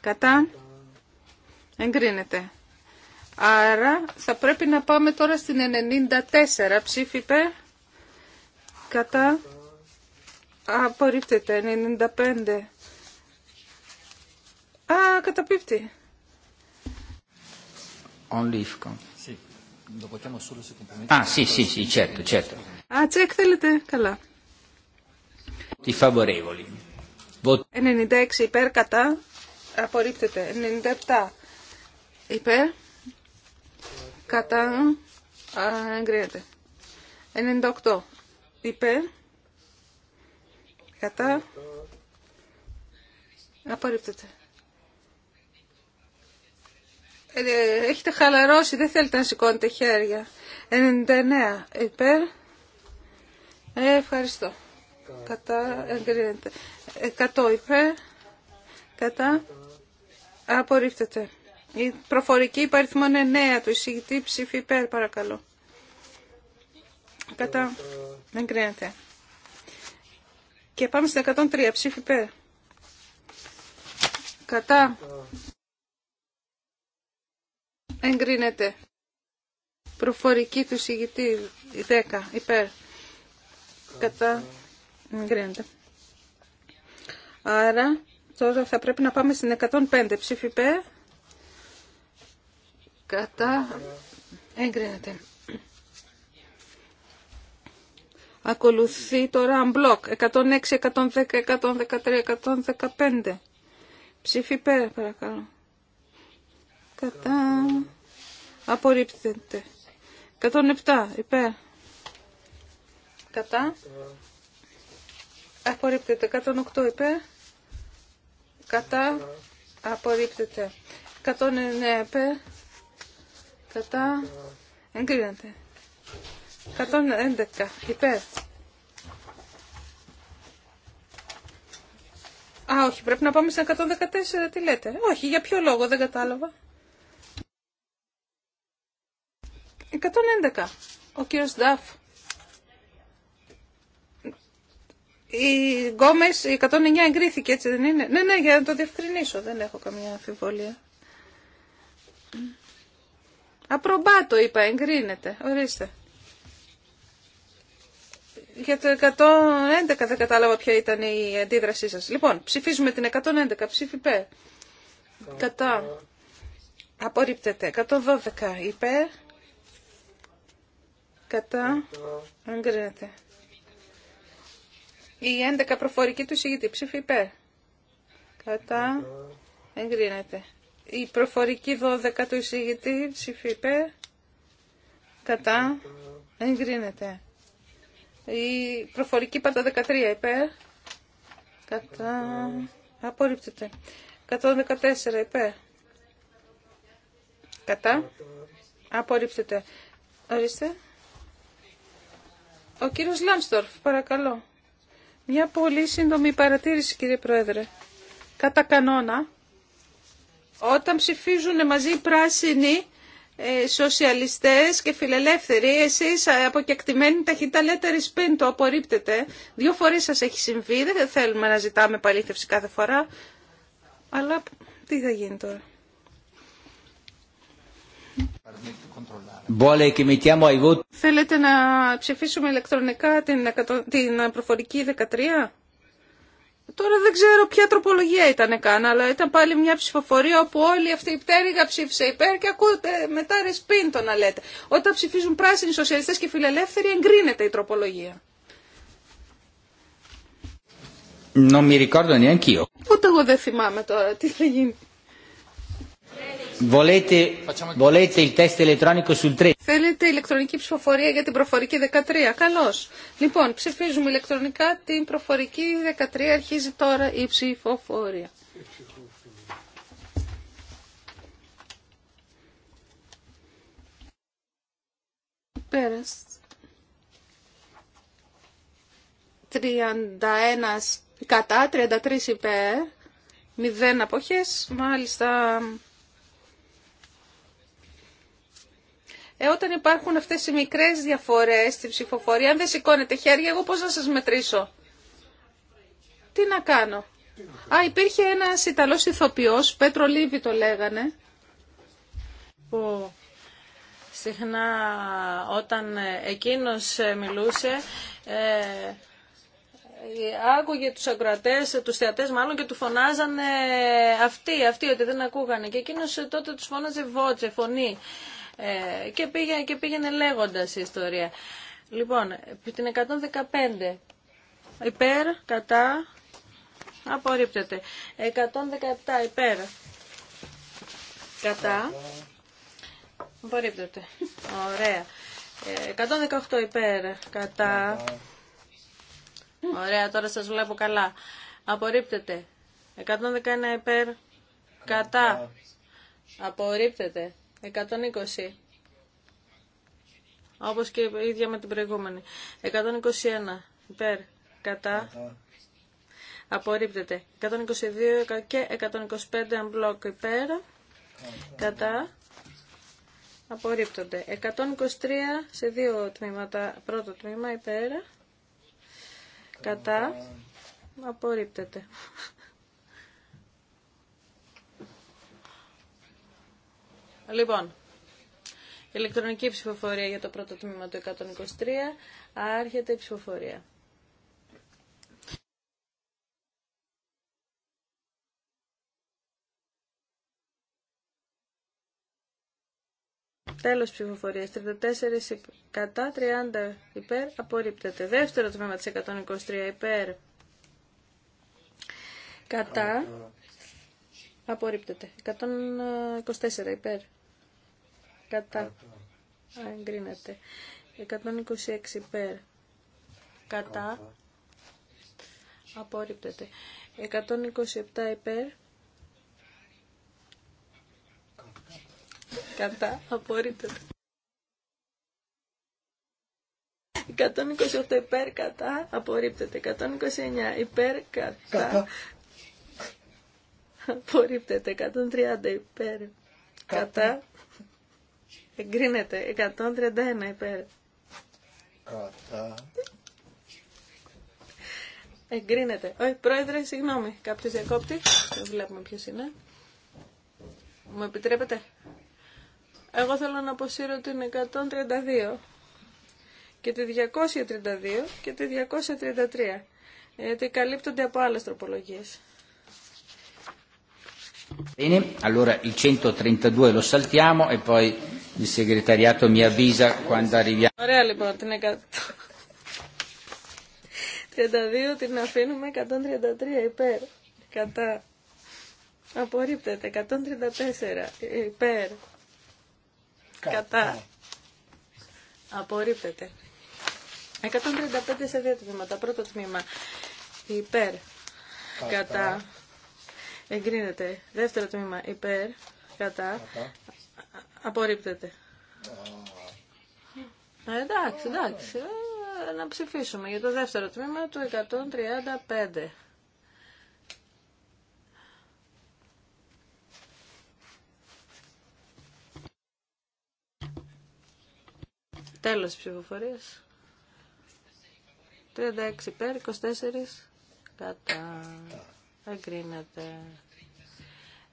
Κατά εγκρίνεται. Άρα θα πρέπει να πάμε τώρα στην 94 ψήφι υπέρ. Κατά απορρίπτεται 95. Α, καταπίπτει sì, sì, sì, certo, certo. Α, τσεκ θέλετε. Καλά. Τι favorevoli. 96 υπέρ κατά. Απορρίπτεται. 97 υπέρ. Κατά. Εγκρίνεται. 98 υπέρ. Κατά. Απορρίπτεται. Ε, έχετε χαλαρώσει, δεν θέλετε να σηκώνετε χέρια. 99 υπέρ. Ε, ευχαριστώ. Κατά, εγκρίνεται. 100 υπέρ. Κατά. Απορρίφτεται. Η προφορική υπαριθμό είναι 9 του εισηγητή ψήφι υπέρ, παρακαλώ. Κατά. Εγκρίνεται. Και πάμε στην 103 ψήφι υπέρ. Κατά. Εγκρίνεται. Προφορική του συγητή 10 υπέρ. Κατά. Εγκρίνεται. Άρα τώρα θα πρέπει να πάμε στην 105 ψήφι υπέρ. Κατά. Εγκρίνεται. Ακολουθεί τώρα block. 106, 110, 113, 115. Ψήφι υπέρ παρακαλώ κατά απορρίπτεται 107 υπέρ κατά απορρίπτεται 108 υπέρ κατά απορρίπτεται 109 υπέρ κατά εγκρίνεται 111 υπέρ Α, όχι, πρέπει να πάμε σε 114, τι λέτε. Όχι, για ποιο λόγο, δεν κατάλαβα. 111. Ο κύριος Νταφ. Η γκόμε, η 109 εγκρίθηκε, έτσι δεν είναι. Ναι, ναι, για να το διευκρινίσω, δεν έχω καμία αμφιβολία. Απρομπάτο είπα, εγκρίνεται. Ορίστε. Για το 111 δεν κατάλαβα ποια ήταν η αντίδρασή σας. Λοιπόν, ψηφίζουμε την 111, ψήφι υπέρ. Κατά. Απορρίπτεται. 112 υπέρ. Κατά. Εγκρίνεται. Η 11 προφορική του εισηγητή. Ψήφι υπέρ. Κατά. Εγκρίνεται. Η προφορική 12 του εισηγητή. Ψήφι υπέρ. Κατά. Εγκρίνεται. Η προφορική πάντα 13 υπέρ. Κατά. Απορρίπτεται. 114 υπέρ. Κατά. Απορρίπτεται. Ορίστε. Ο κύριος Λάμστορφ, παρακαλώ. Μια πολύ σύντομη παρατήρηση, κύριε Πρόεδρε. Κατά κανόνα, όταν ψηφίζουν μαζί οι πράσινοι, ε, σοσιαλιστές και φιλελεύθεροι, εσείς ε, αποκεκτημένοι ταχύτητα λέτε ρησπίν, το απορρίπτετε. Δύο φορές σας έχει συμβεί, δεν θέλουμε να ζητάμε παλήθευση κάθε φορά. Αλλά τι θα γίνει τώρα. Θέλετε να ψηφίσουμε ηλεκτρονικά την, την προφορική 13. Τώρα δεν ξέρω ποια τροπολογία ήταν καν, αλλά ήταν πάλι μια ψηφοφορία όπου όλη αυτή η πτέρυγα ψήφισε υπέρ και ακούτε μετά ρεσπίν το να λέτε. Όταν ψηφίζουν πράσινοι σοσιαλιστές και φιλελεύθεροι εγκρίνεται η τροπολογία. Non ε, Ούτε εγώ δεν θυμάμαι τώρα τι θα γίνει. Θέλετε ηλεκτρονική ψηφοφορία για την προφορική 13. Καλώ. Λοιπόν, ψηφίζουμε ηλεκτρονικά την προφορική 13. Αρχίζει τώρα η ψηφοφορία. Πέρα. 31 κατά, 33 υπέρ, 0 αποχές, μάλιστα Ε, όταν υπάρχουν αυτές οι μικρές διαφορές στην ψηφοφορία, αν δεν σηκώνετε χέρια, εγώ πώς να σας μετρήσω. Τι να κάνω. Α, υπήρχε ένας Ιταλό ηθοποιό, Πέτρο Λίβι το λέγανε, που συχνά όταν εκείνος μιλούσε, ε, άκουγε τους ακροατές, τους θεατές μάλλον και του φωνάζανε αυτοί, αυτοί ότι δεν ακούγανε και εκείνος τότε τους φώναζε βότσε, φωνή. Ε, και, πήγαινε, και πήγαινε λέγοντας η ιστορία. Λοιπόν, την 115 υπέρ, κατά, απορρίπτεται. 117 υπέρ, κατά, απορρίπτεται. Ωραία. 118 ε, υπέρ, κατά. Ωραία, τώρα σας βλέπω καλά. Απορρίπτεται. 119 υπέρ, κατά. Απορρίπτεται. 120. Όπως και η ίδια με την προηγούμενη. 121. Υπέρ. Κατά. Απορρίπτεται. 122 και 125 μπλοκ υπέρ. Κατά. Απορρίπτονται. 123 σε δύο τμήματα. Πρώτο τμήμα υπέρ. Κατά. Απορρίπτεται. Λοιπόν, ηλεκτρονική ψηφοφορία για το πρώτο τμήμα του 123. Άρχεται η ψηφοφορία. Τέλος ψηφοφορίας. 34 κατά, 30 υπέρ, απορρίπτεται. Δεύτερο τμήμα της 123 υπέρ, κατά, απορρίπτεται. 124 υπέρ, κατά εγκρίνεται 126 υπέρ κατά απορρίπτεται 127 υπέρ κατά απορρίπτεται 128 υπέρ κατά απορρίπτεται 129 υπέρ κατά, απορρίπτεται 130 υπέρ κατά. Εγκρίνεται. 131 υπέρ. Κατά. Εγκρίνεται. Όχι, πρόεδρε, συγγνώμη. Κάποιο διακόπτη. Δεν βλέπουμε ποιο είναι. Μου επιτρέπετε. Εγώ θέλω να αποσύρω την 132 και τη 232 και τη 233. Γιατί καλύπτονται από άλλες τροπολογίες. Bene, allora 132 lo saltiamo e poi Ωραία λοιπόν, την 132 την αφήνουμε, 133 υπέρ, κατά. Απορρίπτεται, 134 υπέρ, κατά. Απορρίπτεται. 135 σε δύο τμήματα. Πρώτο τμήμα υπέρ, κατά. Εγκρίνεται. Δεύτερο τμήμα υπέρ, κατά. Απορρίπτεται. Ε, εντάξει, εντάξει. Ε, να ψηφίσουμε για το δεύτερο τμήμα του 135. Τέλος ψηφοφορίας. 36 υπέρ, 24 κατά. Εγκρίνεται.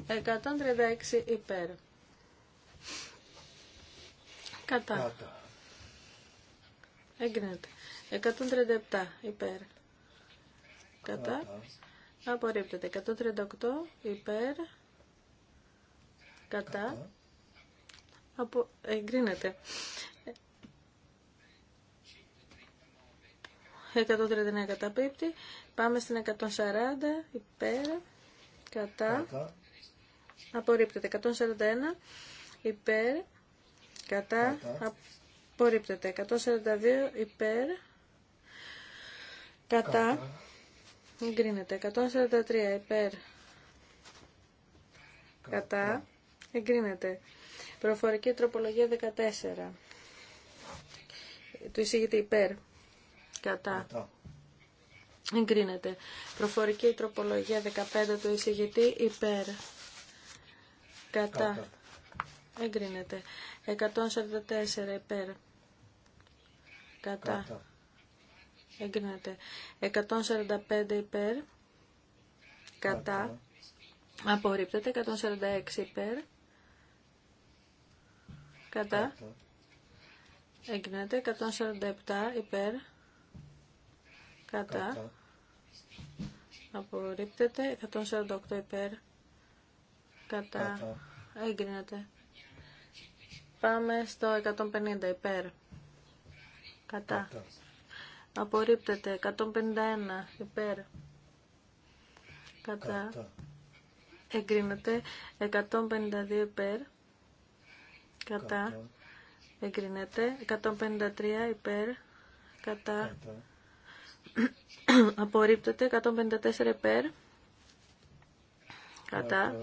136 υπέρ. Κατά. Εγκρίνεται. 137 υπέρ. Κατά. Απορρίπτεται. 138 υπέρ. Κατά. Απο... Εγκρίνεται. 139 καταπίπτει. Πάμε στην 140 υπέρ. Κατά. Απορρίπτεται. 141 υπέρ. Κατά. Απορρίπτεται. 142 υπέρ. Κατά. Εγκρίνεται. 143 υπέρ. Κατά. Εγκρίνεται. Προφορική τροπολογία 14. Του εισηγητή υπέρ. Κατά. Εγκρίνεται. Προφορική τροπολογία 15 του εισηγητή υπέρ. Κατά. Εγκρίνεται. 144 υπέρ. Κατά. Εγκρίνεται. 145 υπέρ. Κατά. Απορρίπτεται. 146 υπέρ. Κατά. Εγκρίνεται. 147 υπέρ. Κατά. Απορρίπτεται. 148 υπέρ. Κατά. Εγκρίνεται. Πάμε στο 150 υπέρ. Κατά. Απορρίπτεται. 151 υπέρ. Κατά. Εγκρίνεται. 152 υπέρ. Κατά. Εγκρίνεται. 153 υπέρ. Κατά. *clears throat* Απορρίπτεται. 154 υπέρ. Κατά.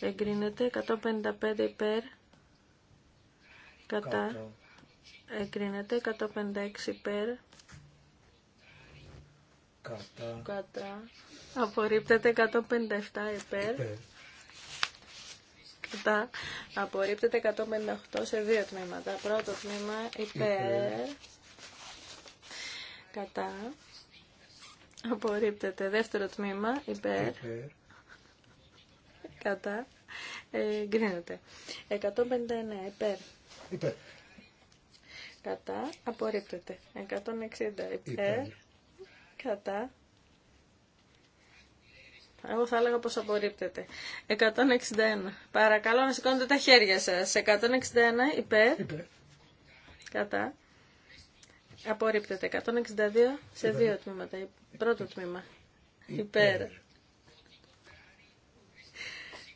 Εγκρίνεται. 155 υπέρ κατά εκρινέται 156 υπέρ κατά, κατά. απορρίπτεται 157 υπέρ, Κατά. Απορρίπτεται 158 σε δύο τμήματα. Πρώτο τμήμα υπέρ. Κατά. Απορρίπτεται. Δεύτερο τμήμα υπέρ. υπέρ. Κατά. Εγκρίνεται. 159 υπέρ. Υπέρ. Κατά. Απορρίπτεται. 160. Υπέρ. Κατά. Εγώ θα έλεγα πως απορρίπτεται. 161. Παρακαλώ να σηκώνετε τα χέρια σας. 161 υπέρ. Κατά. Απορρίπτεται. 162 σε δύο τμήματα. Πρώτο τμήμα. Υπέρ. υπέρ.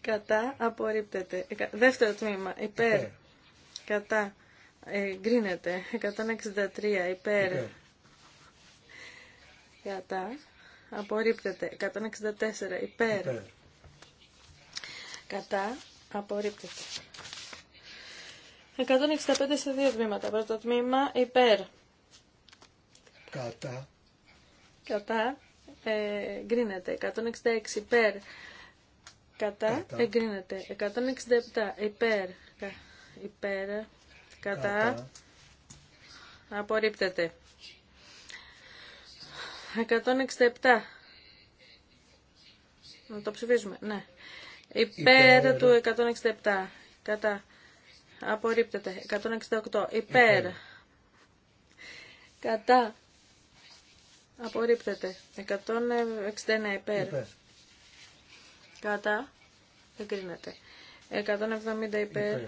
Κατά. Απορρίπτεται. Δεύτερο τμήμα. Υπέρ κατά γκρίνεται. 163 υπέρ κατά απορρίπτεται 164 υπέρ κατά απορρίπτεται 165 σε δύο τμήματα πρώτο τμήμα υπέρ κατά κατά Γκρίνεται. 166 υπέρ κατά, κατά. εγκρίνεται 167 υπέρ κατά υπέρ, κατά, απορρίπτεται. 167. Να το ψηφίζουμε, ναι. Υπέρ, του 167, κατά, απορρίπτεται. 168, υπέρ, υπέρ. κατά, απορρίπτεται. 161, υπέρ. υπέρ. Κατά, εγκρίνεται. 170 υπέρ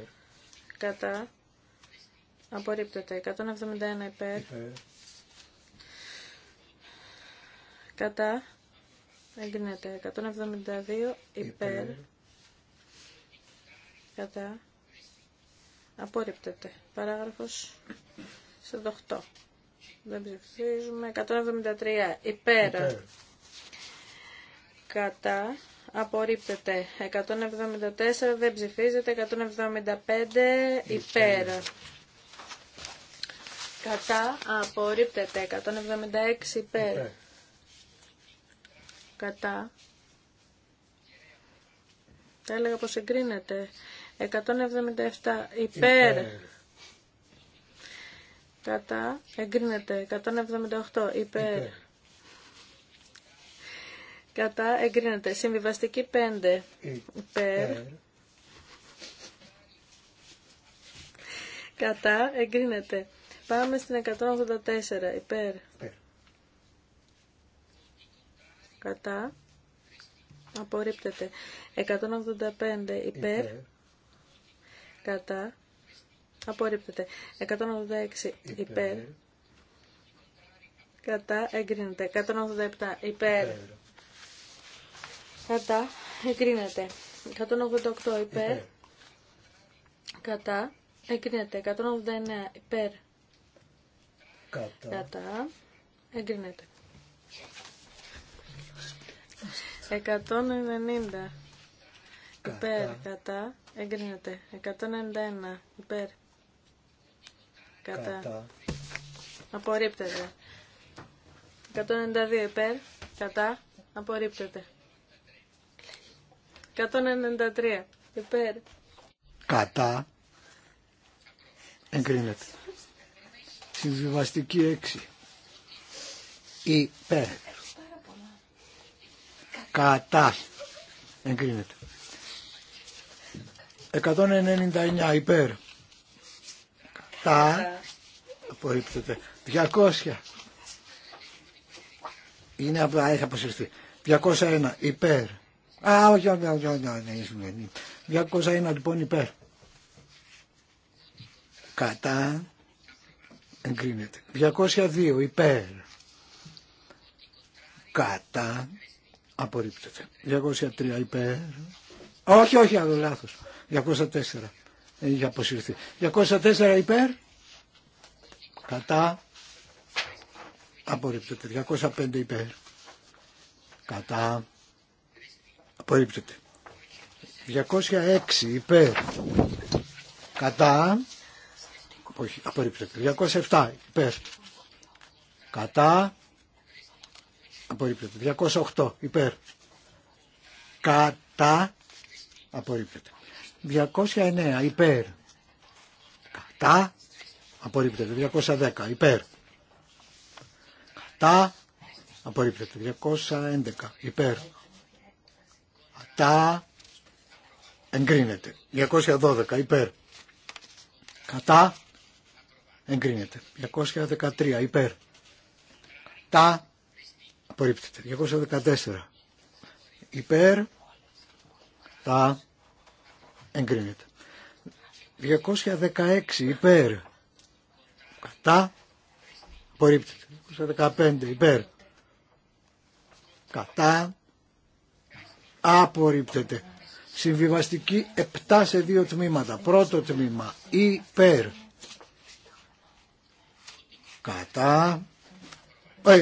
κατά απορρίπτεται 171 υπέρ κατά εγκρίνεται 172 υπέρ κατά απορρίπτεται παράγραφος 48 δεν ψηφίζουμε 173 υπέρ κατά απορρίπτεται. 174 δεν ψηφίζεται, 175 υπέρ. Κατά απορρίπτεται, 176 υπέρ. Κατά. Θα έλεγα πως εγκρίνεται. 177 υπέρ. υπέρ. Κατά εγκρίνεται. 178 υπέρ. υπέρ κατά εγκρίνεται. Συμβιβαστική 5 υπέρ κατά εγκρίνεται. Πάμε στην 184 υπέρ κατά απορρίπτεται. 185 υπέρ κατά απορρίπτεται. 186 υπέρ κατά εγκρίνεται. 187 υπέρ κατά εγκρίνεται 188 υπέρ κατά εγκρίνεται 189 υπέρ κατά, κατά εγκρίνεται 190 υπέρ κατά εγκρίνεται 191 υπέρ κατά, κατά. απορρίπτεται 192 υπέρ κατά απορρίπτεται 193. Υπέρ. Κατά. Εγκρίνεται. Συμβιβαστική 6. Υπέρ. Κατά. Εγκρίνεται. 199 υπέρ. Κατά. Απορρίπτεται. 200. Είναι απλά, έχει αποσυρθεί. 201 υπέρ Α, όχι, όχι, όχι, όχι, όχι, 201 λοιπόν υπέρ. Κατά. Εγκρίνεται. 202 υπέρ. Κατά. Απορρίπτεται. 203 υπέρ. Όχι, όχι, άλλο λάθος. 204. Έχει ε, αποσυρθεί. 204 υπέρ. Κατά. Απορρίπτεται. 205 υπέρ. Κατά. Απορρίπτεται. 206 υπέρ. Κατά. Όχι, 207 υπέρ. Κατά. Απορρίπτεται. 208 υπέρ. Κατά. Απορρίπτεται. 209 υπέρ. Κατά. Απορρίπτεται. 210 υπέρ. Κατά. Απορρίπτεται. 211 υπέρ. Κατά. Εγκρίνεται. 212 υπέρ. Κατά. Εγκρίνεται. 213 υπέρ. Κατά. Απορρίπτεται. 214 υπέρ. Κατά. Εγκρίνεται. 216 υπέρ. Κατά. Απορρίπτεται. 215 υπέρ. Κατά απορρίπτεται. Συμβιβαστική 7 σε δύο τμήματα. Πρώτο τμήμα υπέρ κατά ε,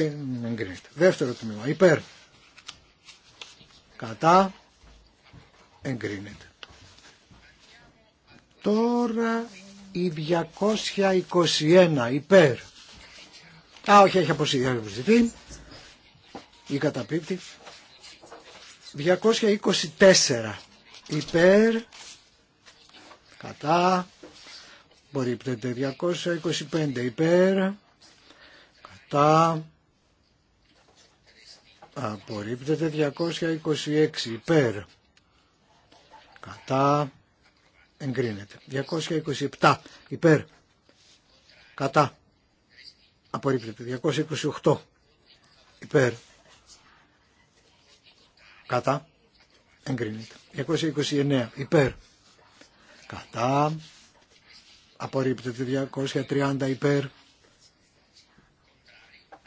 εγκρίνεται. Δεύτερο τμήμα υπέρ κατά εγκρίνεται. Τώρα η 221 υπέρ. Α, όχι, έχει αποσυγχωρηθεί. Η καταπίπτει. 224 υπέρ, κατά, απορρίπτεται 225 υπέρ, κατά, απορρίπτεται 226 υπέρ, κατά, εγκρίνεται 227 υπέρ, κατά, απορρίπτεται 228 υπέρ, Κατά. Εγκρίνεται. 229 υπέρ. Κατά. Απορρίπτεται. 230 υπέρ.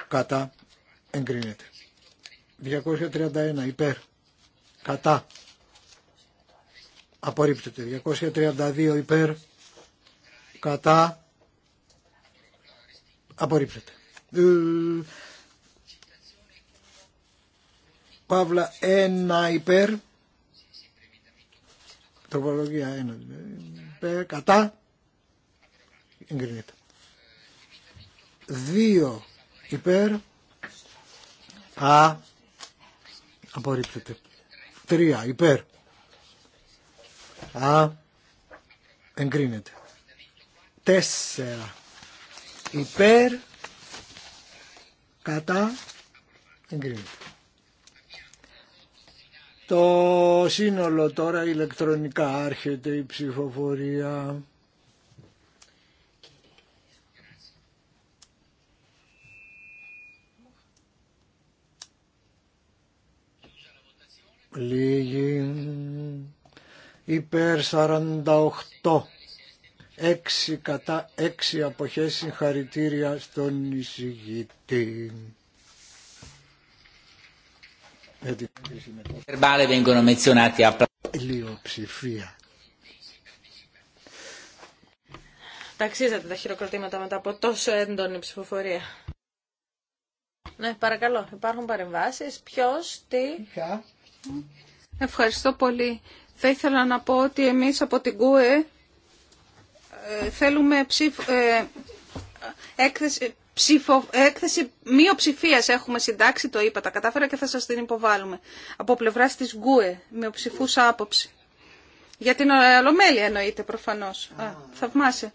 Κατά. Εγκρίνεται. 231 υπέρ. Κατά. Απορρίπτεται. 232 υπέρ. Κατά. Απορρίπτεται. Ε, Παύλα 1 υπέρ. Τροπολογία 1 υπέρ. Κατά. Εγκρίνεται. 2 υπέρ. Α. Απορρίπτεται. 3 υπέρ. Α. Εγκρίνεται. 4 υπέρ. Κατά. Εγκρίνεται. Το σύνολο τώρα ηλεκτρονικά άρχεται η ψηφοφορία. Λίγη υπέρ 48, 6 κατά 6 αποχές συγχαρητήρια στον εισηγητή. Λιοψηφία. Ταξίζατε τα χειροκροτήματα μετά από τόσο έντονη ψηφοφορία. Ναι, παρακαλώ. Υπάρχουν παρεμβάσεις. Ποιος, τι... Ευχαριστώ πολύ. Θα ήθελα να πω ότι εμείς από την ΚΟΕ ε, θέλουμε ψήφ, ε, ψηφο, έκθεση μειοψηφία έχουμε συντάξει, το είπα, τα κατάφερα και θα σας την υποβάλουμε. Από πλευρά της ΓΚΟΕ, μειοψηφούσα άποψη. Για την Ολομέλεια εννοείται προφανώς. Α, θαυμάσαι.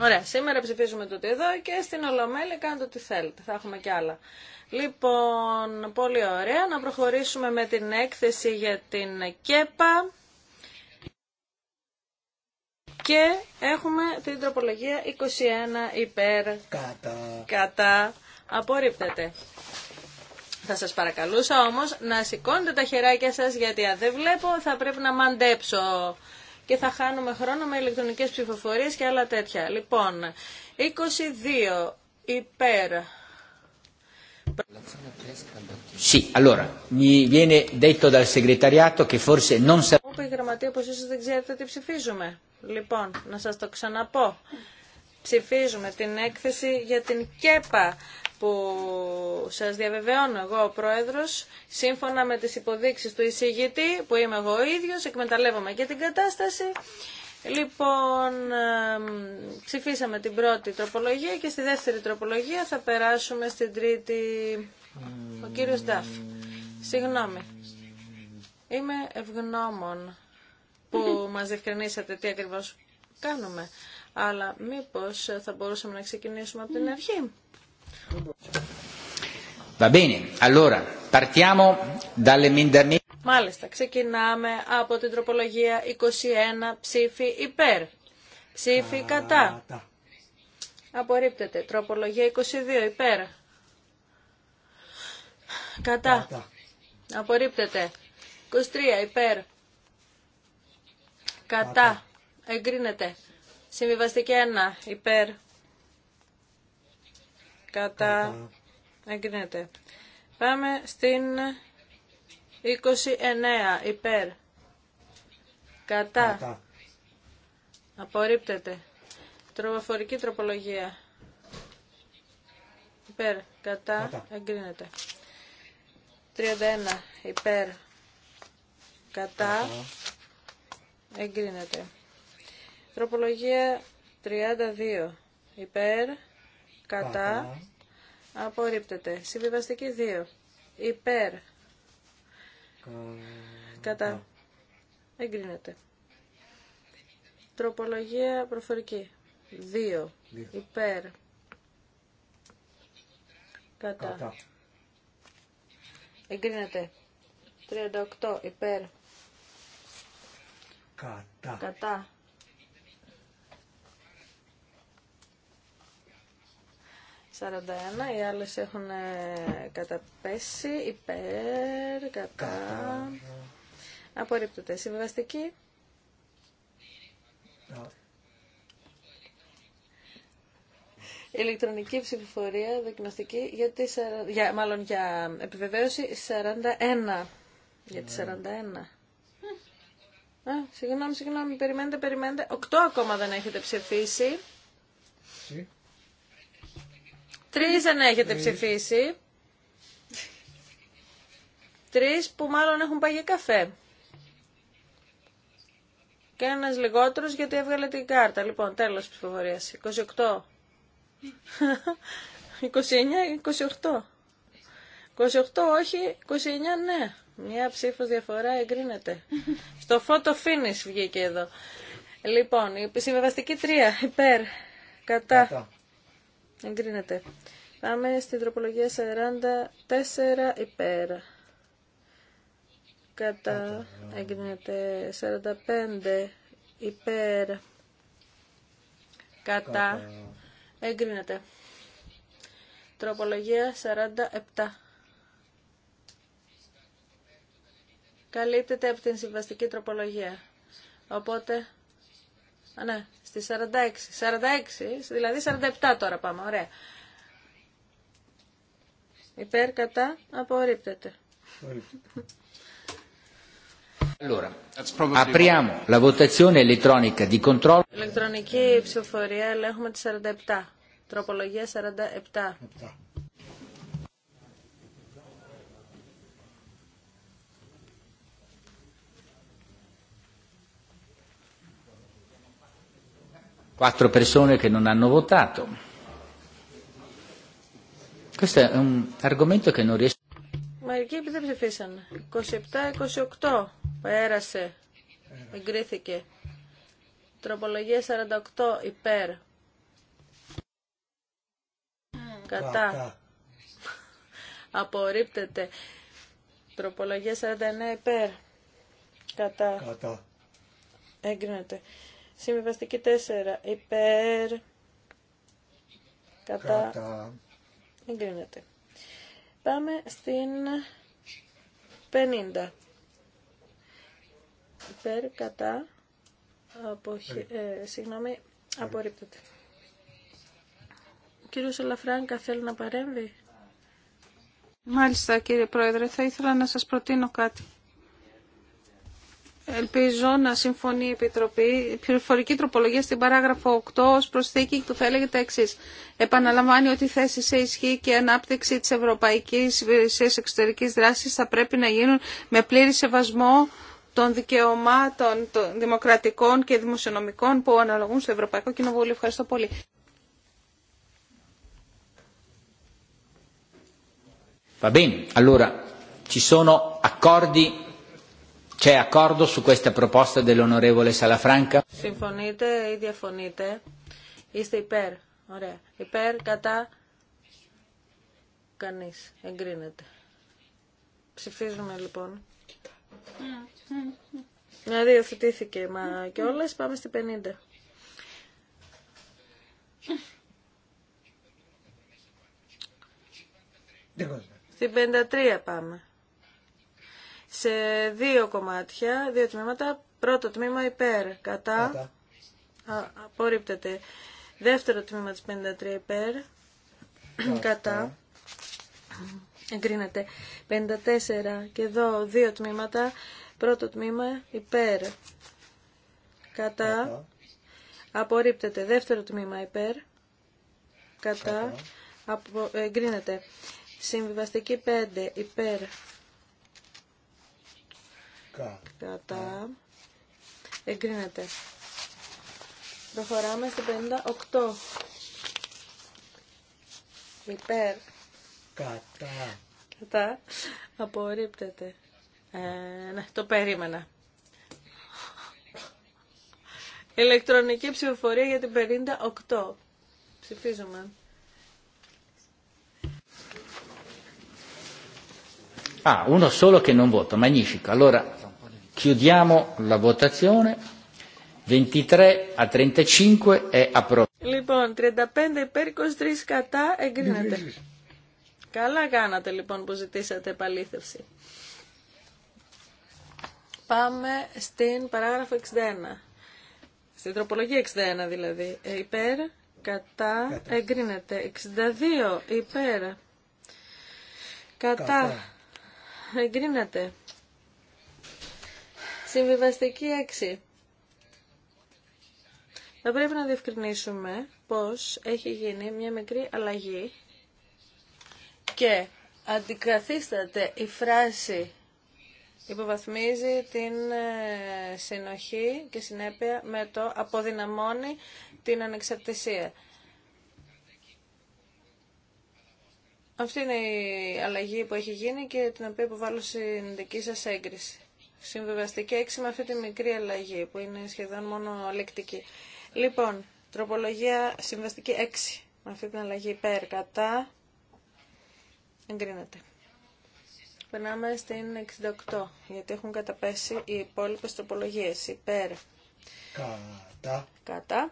Ωραία, σήμερα ψηφίζουμε το εδώ και στην Ολομέλη κάντε ό,τι θέλετε. Θα έχουμε κι άλλα. Λοιπόν, πολύ ωραία. Να προχωρήσουμε με την έκθεση για την ΚΕΠΑ. Και έχουμε την τροπολογία 21 υπέρ κατά, κατά απορρίπτεται. Θα σας παρακαλούσα όμως να σηκώνετε τα χεράκια σας γιατί αν δεν βλέπω θα πρέπει να μαντέψω και θα χάνουμε χρόνο με ηλεκτρονικές ψηφοφορίες και άλλα τέτοια. Λοιπόν, 22 υπέρ. Sì, allora, mi viene detto dal segretariato che forse non δεν ξέρετε τι ψηφίζουμε. Λοιπόν, να σας το ξαναπώ. Ψηφίζουμε την έκθεση για την ΚΕΠΑ που σας διαβεβαιώνω εγώ ο Πρόεδρος, σύμφωνα με τις υποδείξεις του εισηγητή, που είμαι εγώ ο ίδιος, εκμεταλλεύομαι και την κατάσταση. Λοιπόν, ψηφίσαμε την πρώτη τροπολογία και στη δεύτερη τροπολογία θα περάσουμε στην τρίτη... Ο κύριος Νταφ. Συγγνώμη. Είμαι ευγνώμων που μας διευκρινίσατε τι ακριβώς κάνουμε. Αλλά μήπως θα μπορούσαμε να ξεκινήσουμε από την mm. αρχή. Μάλιστα, ξεκινάμε από την τροπολογία 21 ψήφι υπέρ. Ψήφι κατά. Απορρίπτεται. Τροπολογία 22 υπέρ. Κατά. Απορρίπτεται. 23 υπέρ. Κατά. Εγκρίνεται. Συμβιβαστική 1. Υπέρ. Κατά. Εγκρίνεται. Πάμε στην 29. Υπέρ. Κατά. Απορρίπτεται. Τροποφορική τροπολογία. Υπέρ. Κατά. Εγκρίνεται. 31. Υπέρ. Κατά εγκρίνεται. Τροπολογία 32 υπέρ, κατά, απορρίπτεται. Συμβιβαστική 2 υπέρ, κατά, εγκρίνεται. Τροπολογία προφορική 2 υπέρ, κατά, εγκρίνεται. 38 υπέρ, Κατά. Κατά. Σαρανταένα, οι άλλες έχουν ε, καταπέσει, υπέρ, κατά. κατά. Απορρίπτωτε, Συμβαστική. Ηλεκτρονική ψηφοφορία δοκιμαστική για τη για, μάλλον για επιβεβαίωση 41. Για τη 41. Ναι συγγνώμη, συγγνώμη, περιμένετε, περιμένετε. Οκτώ ακόμα δεν έχετε ψηφίσει. Τρει δεν έχετε ψηφίσει. Τρει που μάλλον έχουν πάει για καφέ. Και ένα λιγότερο γιατί έβγαλε την κάρτα. Λοιπόν, τέλος ψηφοφορίας. 28. 29, 28. 28 όχι, 29 ναι. Μία ψήφο διαφορά εγκρίνεται. Στο photo finish βγήκε εδώ. Λοιπόν, η συμβεβαστική 3 υπέρ κατά. κατά. Εγκρίνεται. Πάμε στην τροπολογία 44 υπέρ. Κατά εγκρίνεται 45 υπέρ. Κατά εγκρίνεται. Τροπολογία 47 καλύπτεται από την συμβαστική τροπολογία. Οπότε, α, ναι, στις 46, 46, δηλαδή 47 τώρα πάμε, ωραία. Υπέρ, κατά, απορρίπτεται. Allora, apriamo la votazione elettronica di controllo. Ηλεκτρονική ψηφοφορία, ελέγχουμε τη 47. Τροπολογία 47. Quattro persone che non hanno votato. Questo è un argomento che non riesco. Μερικοί δεν ψηφίσαν. 27-28 πέρασε. Εγκρίθηκε. Τροπολογία 48 υπέρ. Κατά. Απορρίπτεται. Τροπολογία 49 υπέρ. Κατά. Κατά. Έγκρινεται. Συμβιβαστική 4 υπέρ κατά, εγκρίνεται. Πάμε στην 50. Υπέρ κατά ε, συγγνώμη, απορρίπτεται. Ο κύριος θέλει να παρέμβει. Μάλιστα κύριε Πρόεδρε, θα ήθελα να σας προτείνω κάτι. Ελπίζω να συμφωνεί η Επιτροπή. Η πληροφορική τροπολογία στην παράγραφο 8 ως προσθήκη του θα έλεγε τα εξή. Επαναλαμβάνει ότι η θέση σε ισχύ και η ανάπτυξη της Ευρωπαϊκής Υπηρεσία εξωτερική δράση θα πρέπει να γίνουν με πλήρη σεβασμό των δικαιωμάτων των δημοκρατικών και δημοσιονομικών που αναλογούν στο Ευρωπαϊκό Κοινοβούλιο. Ευχαριστώ πολύ. C'è Συμφωνείτε ή διαφωνείτε. Είστε υπέρ. Ωραία. Υπέρ, κατά. Κανείς. Εγκρίνεται. Ψηφίζουμε λοιπόν. Μια δηλαδή, διοθετήθηκε μα και όλες πάμε στη 50. Στην 53 πάμε σε δύο κομμάτια, δύο τμήματα. Πρώτο τμήμα υπέρ, κατά, κατά. Δεύτερο τμήμα της 53 υπέρ, κατά. Εγκρίνεται. 54 και εδώ δύο τμήματα. Πρώτο τμήμα υπέρ. Κατά. κατά. Απορρίπτεται. Δεύτερο τμήμα υπέρ. Κατά. Απο... Εγκρίνεται. Συμβιβαστική 5 υπέρ. Κατά. Εγκρίνεται. Προχωράμε στο 58. Υπέρ. Κατά. Κατά. Απορρίπτεται. Ε, ναι, το περίμενα. Ηλεκτρονική ψηφοφορία για την 58. Ψηφίζουμε. Α, ένα μόνο che δεν vota, magnifico. Allora Chiudiamo la votazione. 23 a 35 è approvato. Λοιπόν, 35 υπέρ 23 κατά εγκρίνεται. Καλά κάνατε λοιπόν που ζητήσατε επαλήθευση. Πάμε στην παράγραφο 61. Στην τροπολογία 61 δηλαδή. Ε, υπέρ, κατά, εγκρίνεται. 62 υπέρ, κατά, εγκρίνεται. Συμβιβαστική έξι. Θα πρέπει να διευκρινίσουμε πως έχει γίνει μια μικρή αλλαγή και αντικαθίσταται η φράση υποβαθμίζει την ε, συνοχή και συνέπεια με το αποδυναμώνει την ανεξαρτησία. Αυτή είναι η αλλαγή που έχει γίνει και την οποία υποβάλλω στην δική σας έγκριση. Συμβιβαστική 6 με αυτή τη μικρή αλλαγή που είναι σχεδόν μόνο λεκτική. Λοιπόν, τροπολογία συμβαστική 6 με αυτή την αλλαγή υπέρ, κατά, εγκρίνεται. Περνάμε στην 68, γιατί έχουν καταπέσει οι υπόλοιπες τροπολογίες. Υπέρ. Κατά. Κατά.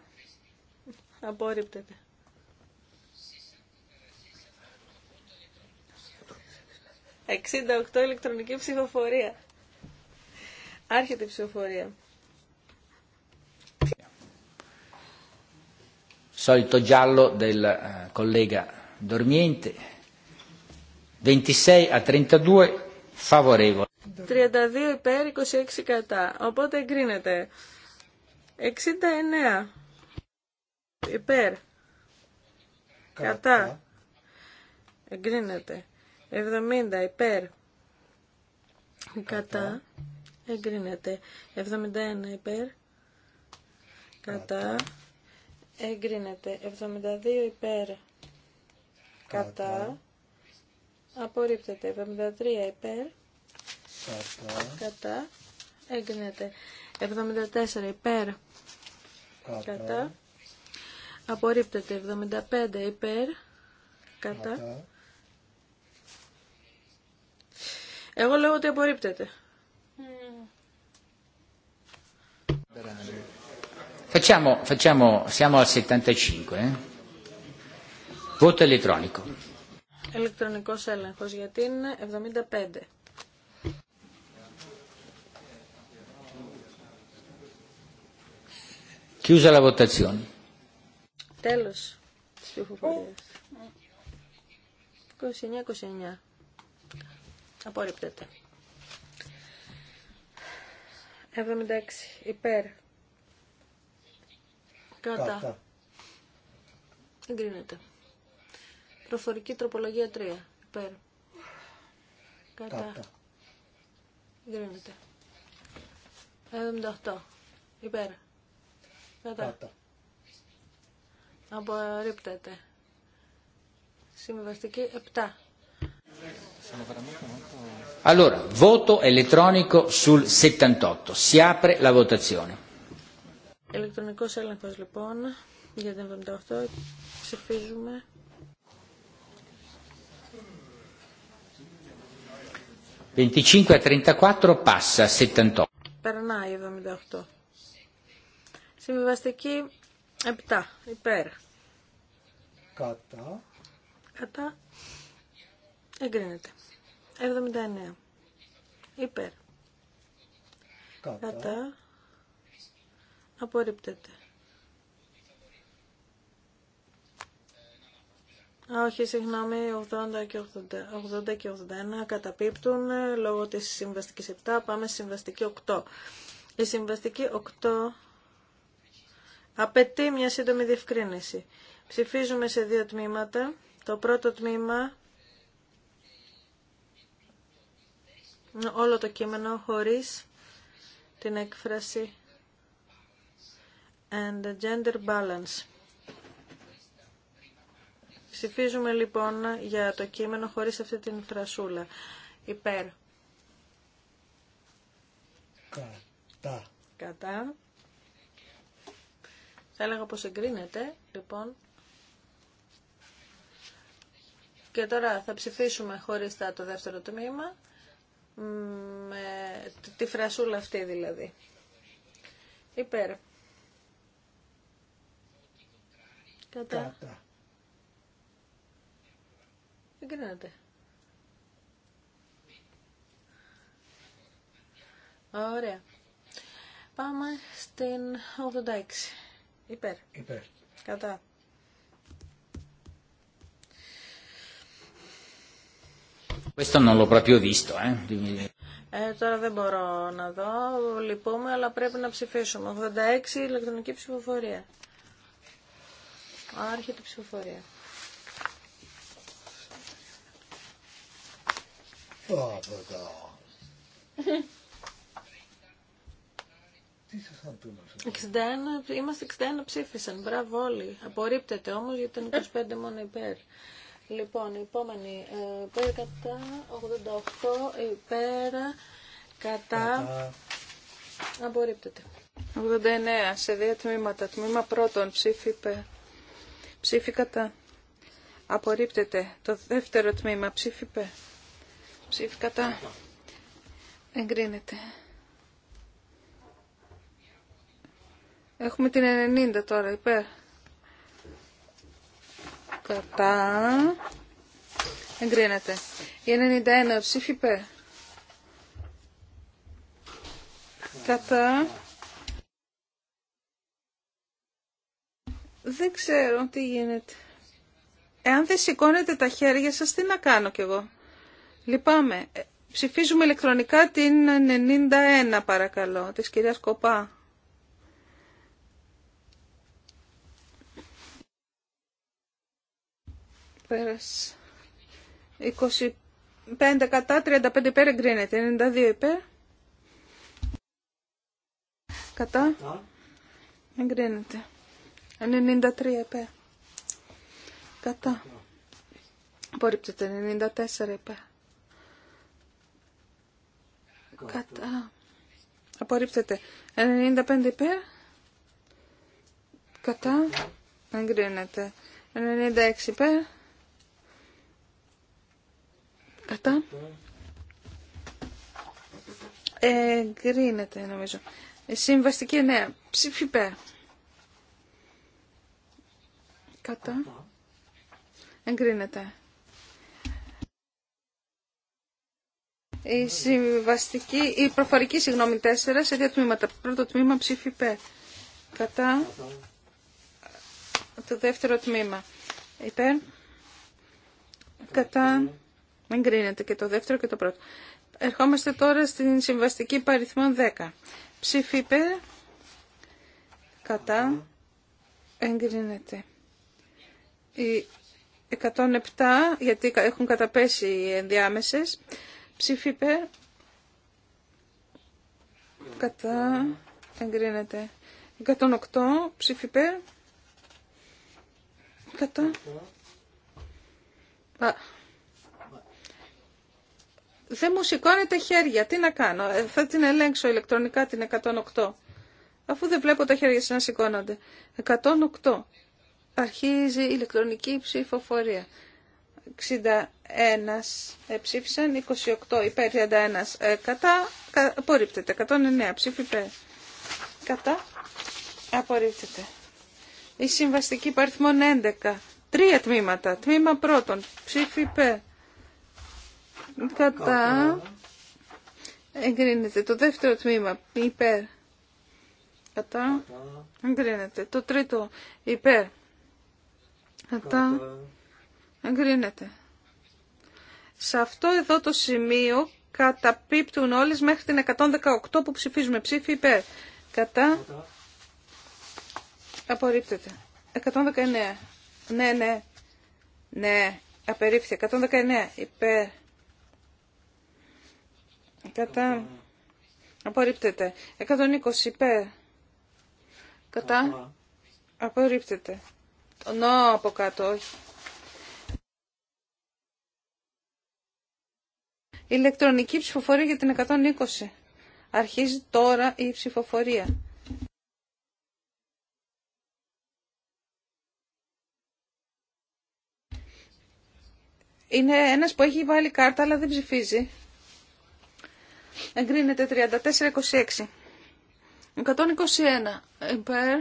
Απορρίπτεται. 68 ηλεκτρονική ψηφοφορία. Άρχεται η ψηφοφορία. Solito giallo del eh, collega Dormiente. 26 a 32 favorevole. 32 υπέρ, 26 κατά. Οπότε εγκρίνεται. 69 υπέρ. Κατά. Εγκρίνεται. 70 υπέρ. Κατά εγκρίνεται. 71 υπέρ, κατά, εγκρίνεται. 72 υπέρ, κατά, απορρίπτεται. 73 υπέρ, κατά, κατά εγκρίνεται. 74 υπέρ, κατά, απορρίπτεται. 75 υπέρ, κατά. Εγώ λέω ότι απορρίπτεται. Facciamo, facciamo, siamo al 75, eh? Voto elettronico. Elettronico έλεγχος για την 75. Chiusa la votazione. Τέλος της 29 29-29. Απορρίπτεται. 76. Υπέρ. Κατά. Εγκρίνεται. Προφορική τροπολογία 3. Υπέρ. Κατά. Εγκρίνεται. 78. Υπέρ. Κατά. Απορρίπτεται. Συμβαστική 7. Allora, voto elettronico sul 78. Si apre la votazione. Ηλεκτρονικός έλεγχος λοιπόν για την 78 ψηφίζουμε. passa 78. Περνάει 78. Συμβιβαστική 7 υπέρ. Κατά. Κατά. Εγκρίνεται. 79. Υπέρ. Κατά. Κατά. Απορρίπτεται. Α, όχι, συγγνώμη, 80 και, 80, 80 και 81 καταπίπτουν ε, λόγω της συμβαστικής 7. Πάμε στη συμβαστική 8. Η συμβαστική 8 απαιτεί μια σύντομη διευκρίνηση. Ψηφίζουμε σε δύο τμήματα. Το πρώτο τμήμα, όλο το κείμενο χωρίς την έκφραση and Gender Balance. Ψηφίζουμε λοιπόν για το κείμενο χωρίς αυτή την φρασούλα. Υπέρ. Κατά. Κατά. Θα έλεγα πως εγκρίνεται, λοιπόν. Και τώρα θα ψηφίσουμε χωρίς τα το δεύτερο τμήμα, με τη φρασούλα αυτή δηλαδή. Υπέρ. Κατά. Κατά. Εγκρίνεται. Ωραία. Πάμε στην 86. Υπέρ. Υπέρ. Κατά. Questo non l'ho proprio visto, eh. Ε, τώρα δεν μπορώ να δω, λυπούμε, αλλά πρέπει να ψηφίσουμε. 86 ηλεκτρονική ψηφοφορία. Άρχεται η ψηφοφορία. είμαστε 61 ψήφισαν, μπράβο όλοι. Απορρίπτεται όμως γιατί ήταν 25 μόνο υπέρ. Λοιπόν, η επόμενη, ε, υπέρ κατά, 88 υπέρ κατά, απορρίπτεται. 89 σε δύο τμήματα, τμήμα πρώτον ψήφι υπέρ. Ψήφι κατά. Απορρίπτεται. Το δεύτερο τμήμα. Ψήφι πέ. Ψήφι κατά. Εγκρίνεται. Έχουμε την 90 τώρα. Υπέρ. Κατά. Εγκρίνεται. Η 91. Ψήφι πέ. Κατά. Δεν ξέρω τι γίνεται. Εάν δεν σηκώνετε τα χέρια σας, τι να κάνω κι εγώ. Λυπάμαι. Ε, ψηφίζουμε ηλεκτρονικά την 91, παρακαλώ, της κυρίας Κοπά. Πέρασε. 25 κατά, 35 υπέρ εγκρίνεται. 92 υπέρ. Κατά. Εγκρίνεται. 93 επέ. Κατά. Απορρίπτεται 94 επέ. Κατά. Απορρίπτεται 95 επέ, Κατά. Εγκρίνεται. 96 επέ, Κατά. Εγκρίνεται νομίζω. Συμβαστική νέα, Ψήφι υπέρ. Κατά. Εγκρίνεται. Η συμβαστική, η προφορική συγγνώμη 4 σε δύο τμήματα. Πρώτο τμήμα ψήφι Κατά το δεύτερο τμήμα. Υπέρ. Κατά. Εγκρίνεται και το δεύτερο και το πρώτο. Ερχόμαστε τώρα στην συμβαστική παριθμό 10. Ψήφι Κατά. Εγκρίνεται. Οι 107, γιατί έχουν καταπέσει οι ενδιάμεσες, ψήφι περ. κατά, εγκρίνεται. 108, ψήφι κατά. Α. Δεν μου σηκώνεται χέρια. Τι να κάνω. Ε, θα την ελέγξω ηλεκτρονικά την 108. Αφού δεν βλέπω τα χέρια σας να σηκώνονται. 108. Αρχίζει η ηλεκτρονική ψηφοφορία. 61 ε, ψήφισαν, 28 υπέρ, 31 ε, κατά, απορρίπτεται. 109 ψήφι υπέρ, κατά, απορρίπτεται. Η συμβαστική παριθμών 11, τρία τμήματα. Τμήμα πρώτον, ψήφι υπέρ, κατά, εγκρίνεται. Το δεύτερο τμήμα, υπέρ, κατά, εγκρίνεται. Το τρίτο, υπέρ Κατά. Εγκρίνεται. Σε αυτό εδώ το σημείο καταπίπτουν όλες μέχρι την 118 που ψηφίζουμε. Ψήφι υπέρ. Κατά. Απορρίπτεται. 119. Ναι, ναι. Ναι. Απερίφθη. 119. Υπέρ. Κατά. Απορρίπτεται. 120. Υπέρ. Κατά. Απορρίπτεται. Νο από κάτω, όχι. Ηλεκτρονική ψηφοφορία για την 120. Αρχίζει τώρα η ψηφοφορία. Είναι ένας που έχει βάλει κάρτα αλλά δεν ψηφίζει. Εγκρίνεται 34-26. 121 υπέρ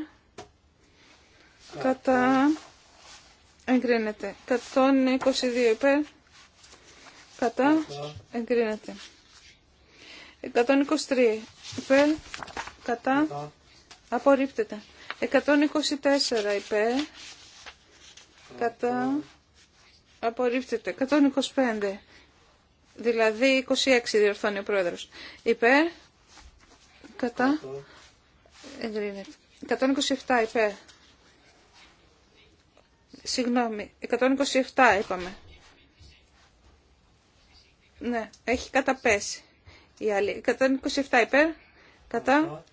κατά εγκρίνεται. 122 υπέρ κατά εγκρίνεται. 123 υπέρ κατά απορρίπτεται. 124 υπέρ κατά απορρίπτεται. 125 δηλαδή 26 διορθώνει ο πρόεδρος. Υπέρ κατά εγκρίνεται. 127 υπέρ Συγγνώμη, 127 είπαμε. Ναι, έχει καταπέσει η άλλη. 127 υπέρ, κατά,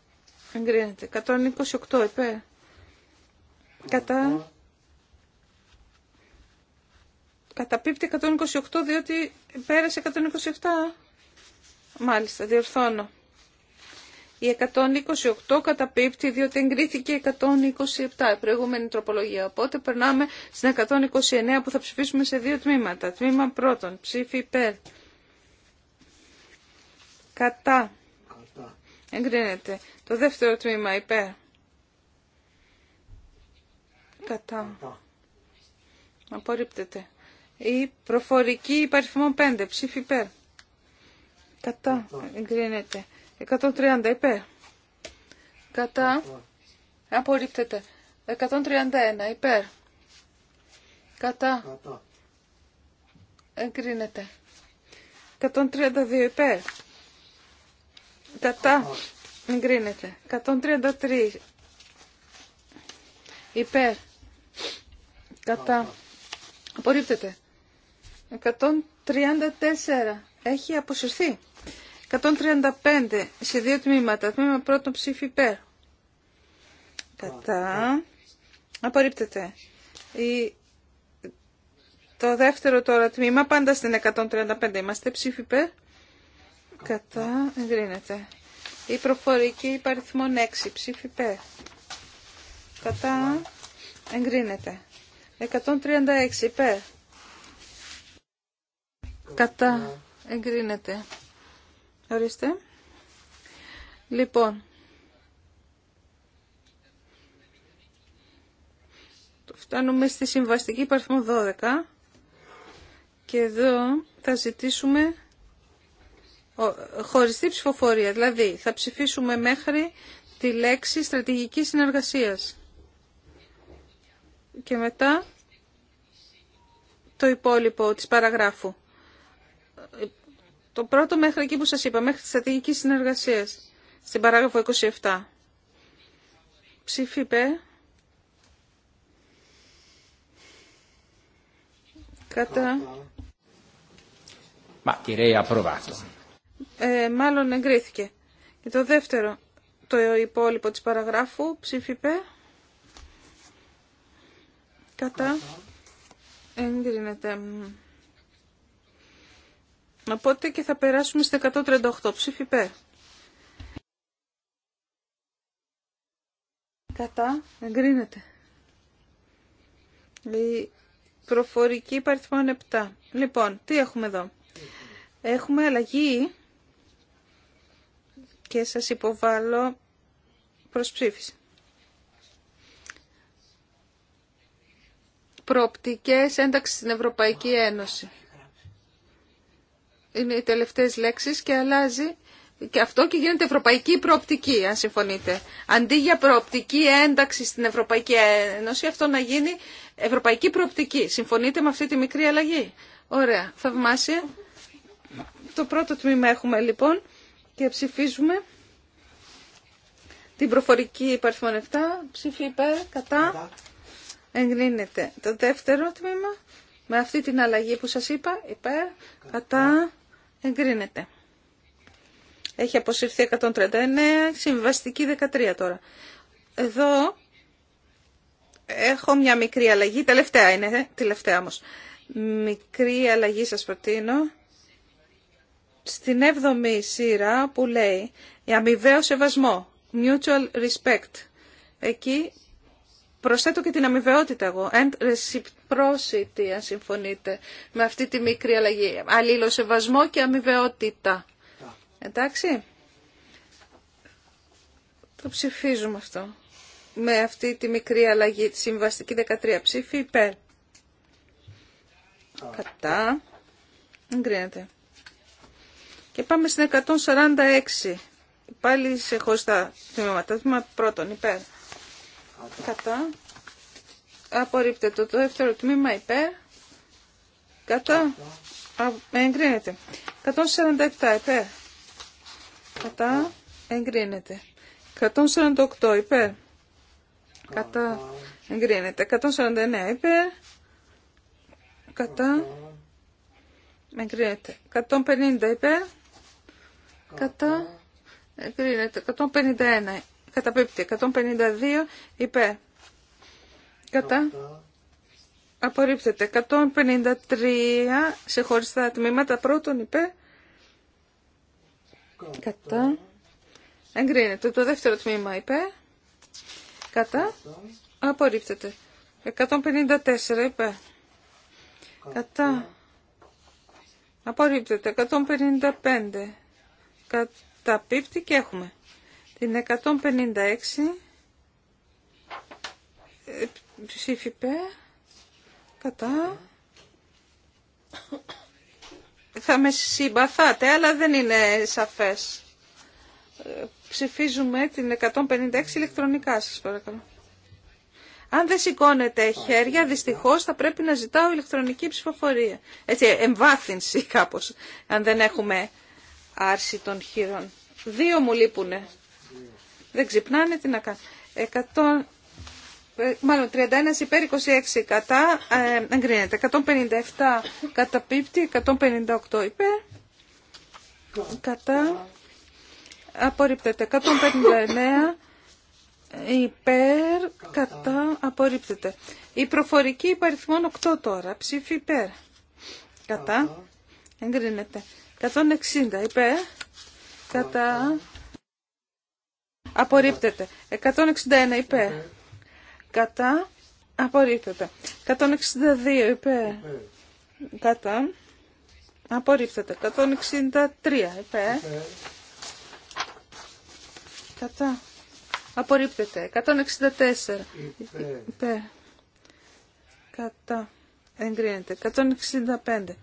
εγκρίνεται. 128 υπέρ, κατά, καταπίπτει 128 διότι πέρασε 127. Μάλιστα, διορθώνω. Η 128 καταπίπτει διότι εγκρίθηκε 127 η προηγούμενη τροπολογία. Οπότε περνάμε στην 129 που θα ψηφίσουμε σε δύο τμήματα. Τμήμα πρώτον, ψήφι υπέρ. Κατά. Εγκρίνεται. Το δεύτερο τμήμα υπέρ. Κατά. Κατά. Απορρίπτεται. Η προφορική υπαριθμό 5. Ψήφι υπέρ. Κατά. Εγκρίνεται. 130 είπε. Κατά. Απορρίπτεται. 131 υπέρ. Κατά. Κατά. Εγκρίνεται. 132 υπέρ. Κατά. Εγκρίνεται. 133 υπέρ. Κατά. Απορρίπτεται. 134. Έχει αποσυρθεί. 135 σε δύο τμήματα. Τμήμα πρώτο ψήφι υπέρ. Κατά. Απορρίπτεται. Η... Το δεύτερο τώρα τμήμα, πάντα στην 135 είμαστε ψήφι υπέρ. Κατά. Εγκρίνεται. Η προφορική υπαριθμών 6 ψήφι υπέρ. Κατά. Εγκρίνεται. 136 υπέρ. Κατά. Εγκρίνεται. Ορίστε. Λοιπόν, φτάνουμε στη συμβαστική υπαρθμό 12 και εδώ θα ζητήσουμε χωριστή ψηφοφορία. Δηλαδή, θα ψηφίσουμε μέχρι τη λέξη στρατηγική συνεργασίας. Και μετά το υπόλοιπο της παραγράφου. Το πρώτο μέχρι εκεί που σας είπα, μέχρι τη στρατηγική συνεργασία, στην παράγραφο 27. ψήφιπε Κατά. Μα κυρία, ε, μάλλον εγκρίθηκε. Και το δεύτερο, το υπόλοιπο της παραγράφου, ψήφιπε Κατά. Εγκρίνεται. Οπότε και θα περάσουμε στα 138 ψήφι πέρα. Κατά, εγκρίνεται. Η προφορική παριθμόν 7. Λοιπόν, τι έχουμε εδώ. Έχουμε αλλαγή και σας υποβάλλω προς ψήφιση. Προοπτικές ένταξη στην Ευρωπαϊκή Ένωση είναι οι τελευταίες λέξεις και αλλάζει και αυτό και γίνεται ευρωπαϊκή προοπτική, αν συμφωνείτε. Αντί για προοπτική ένταξη στην Ευρωπαϊκή Ένωση, αυτό να γίνει ευρωπαϊκή προοπτική. Συμφωνείτε με αυτή τη μικρή αλλαγή. Ωραία, θαυμάσια. Το πρώτο τμήμα έχουμε λοιπόν και ψηφίζουμε την προφορική υπαρθμονευτά. 7, ψήφι υπέρ, κατά, εγκρίνεται. Το δεύτερο τμήμα, με αυτή την αλλαγή που σας είπα, υπέρ, κατά, Εγκρίνεται. Έχει αποσυρθεί 139, συμβαστική 13 τώρα. Εδώ έχω μια μικρή αλλαγή, τελευταία είναι, ε, τελευταία όμως. Μικρή αλλαγή σας προτείνω. Στην 7η σειρά που λέει «Η αμοιβαίο σεβασμό», «mutual respect», εκεί προσθέτω και την αμοιβαιότητα εγώ, «and πρόσιτη, αν συμφωνείτε, με αυτή τη μικρή αλλαγή. σεβασμό και αμοιβαιότητα. Εντάξει. Το ψηφίζουμε αυτό. Με αυτή τη μικρή αλλαγή, τη συμβαστική 13 ψήφι, υπέρ. Κατά. Εγκρίνεται. Και πάμε στην 146. Πάλι σε χωριστά τμήματα. Τμήμα πρώτον, υπέρ. Κατά. Απορρίπτε Το δεύτερο τμήμα υπέρ. Κατά. Εγκρίνεται. 147 υπέρ. Κατά. Εγκρίνεται. 148 υπέρ. Κατά. Εγκρίνεται. 149 υπέρ. Κατά. Εγκρίνεται. 150 υπέρ. Κατά. Εγκρίνεται. 151. Καταπίπτει. 152 υπέρ. Κατά. Απορρίπτεται. 153 σε χωριστά τμήματα. Πρώτον υπέρ. Κατά. Εγκρίνεται. Το δεύτερο τμήμα είπε. Κατά. Απορρίπτεται. 154 είπε. Κατά. Απορρίπτεται. 155. κατά, πίπτη και έχουμε. Την 156 ψηφιπέ, Κατά. Θα με συμπαθάτε, αλλά δεν είναι σαφές. Ψηφίζουμε την 156 ηλεκτρονικά, σας παρακαλώ. Αν δεν σηκώνετε χέρια, δυστυχώς θα πρέπει να ζητάω ηλεκτρονική ψηφοφορία. Έτσι, εμβάθυνση κάπως, αν δεν έχουμε άρση των χείρων. Δύο μου λείπουνε. Δεν ξυπνάνε, τι να κάνω μάλλον 31 υπέρ 26 κατά, ε, εγκρίνεται. 157 πίπτη, 158 υπέρ, κατά, απορρίπτεται. 159 υπέρ, κατά, απορρίπτεται. Η προφορική υπαριθμών 8 τώρα, ψήφι υπέρ, κατά, εγκρίνεται. 160 υπέρ, κατά, απορρίπτεται. 161 υπέρ. Κατά. Απορρίπτεται. 162 υπέρ. Κατά. Απορρίπτεται. 163 υπέρ. Κατά. Απορρίπτεται. 164 υπέρ. Κατά. Εγκρίνεται. 165.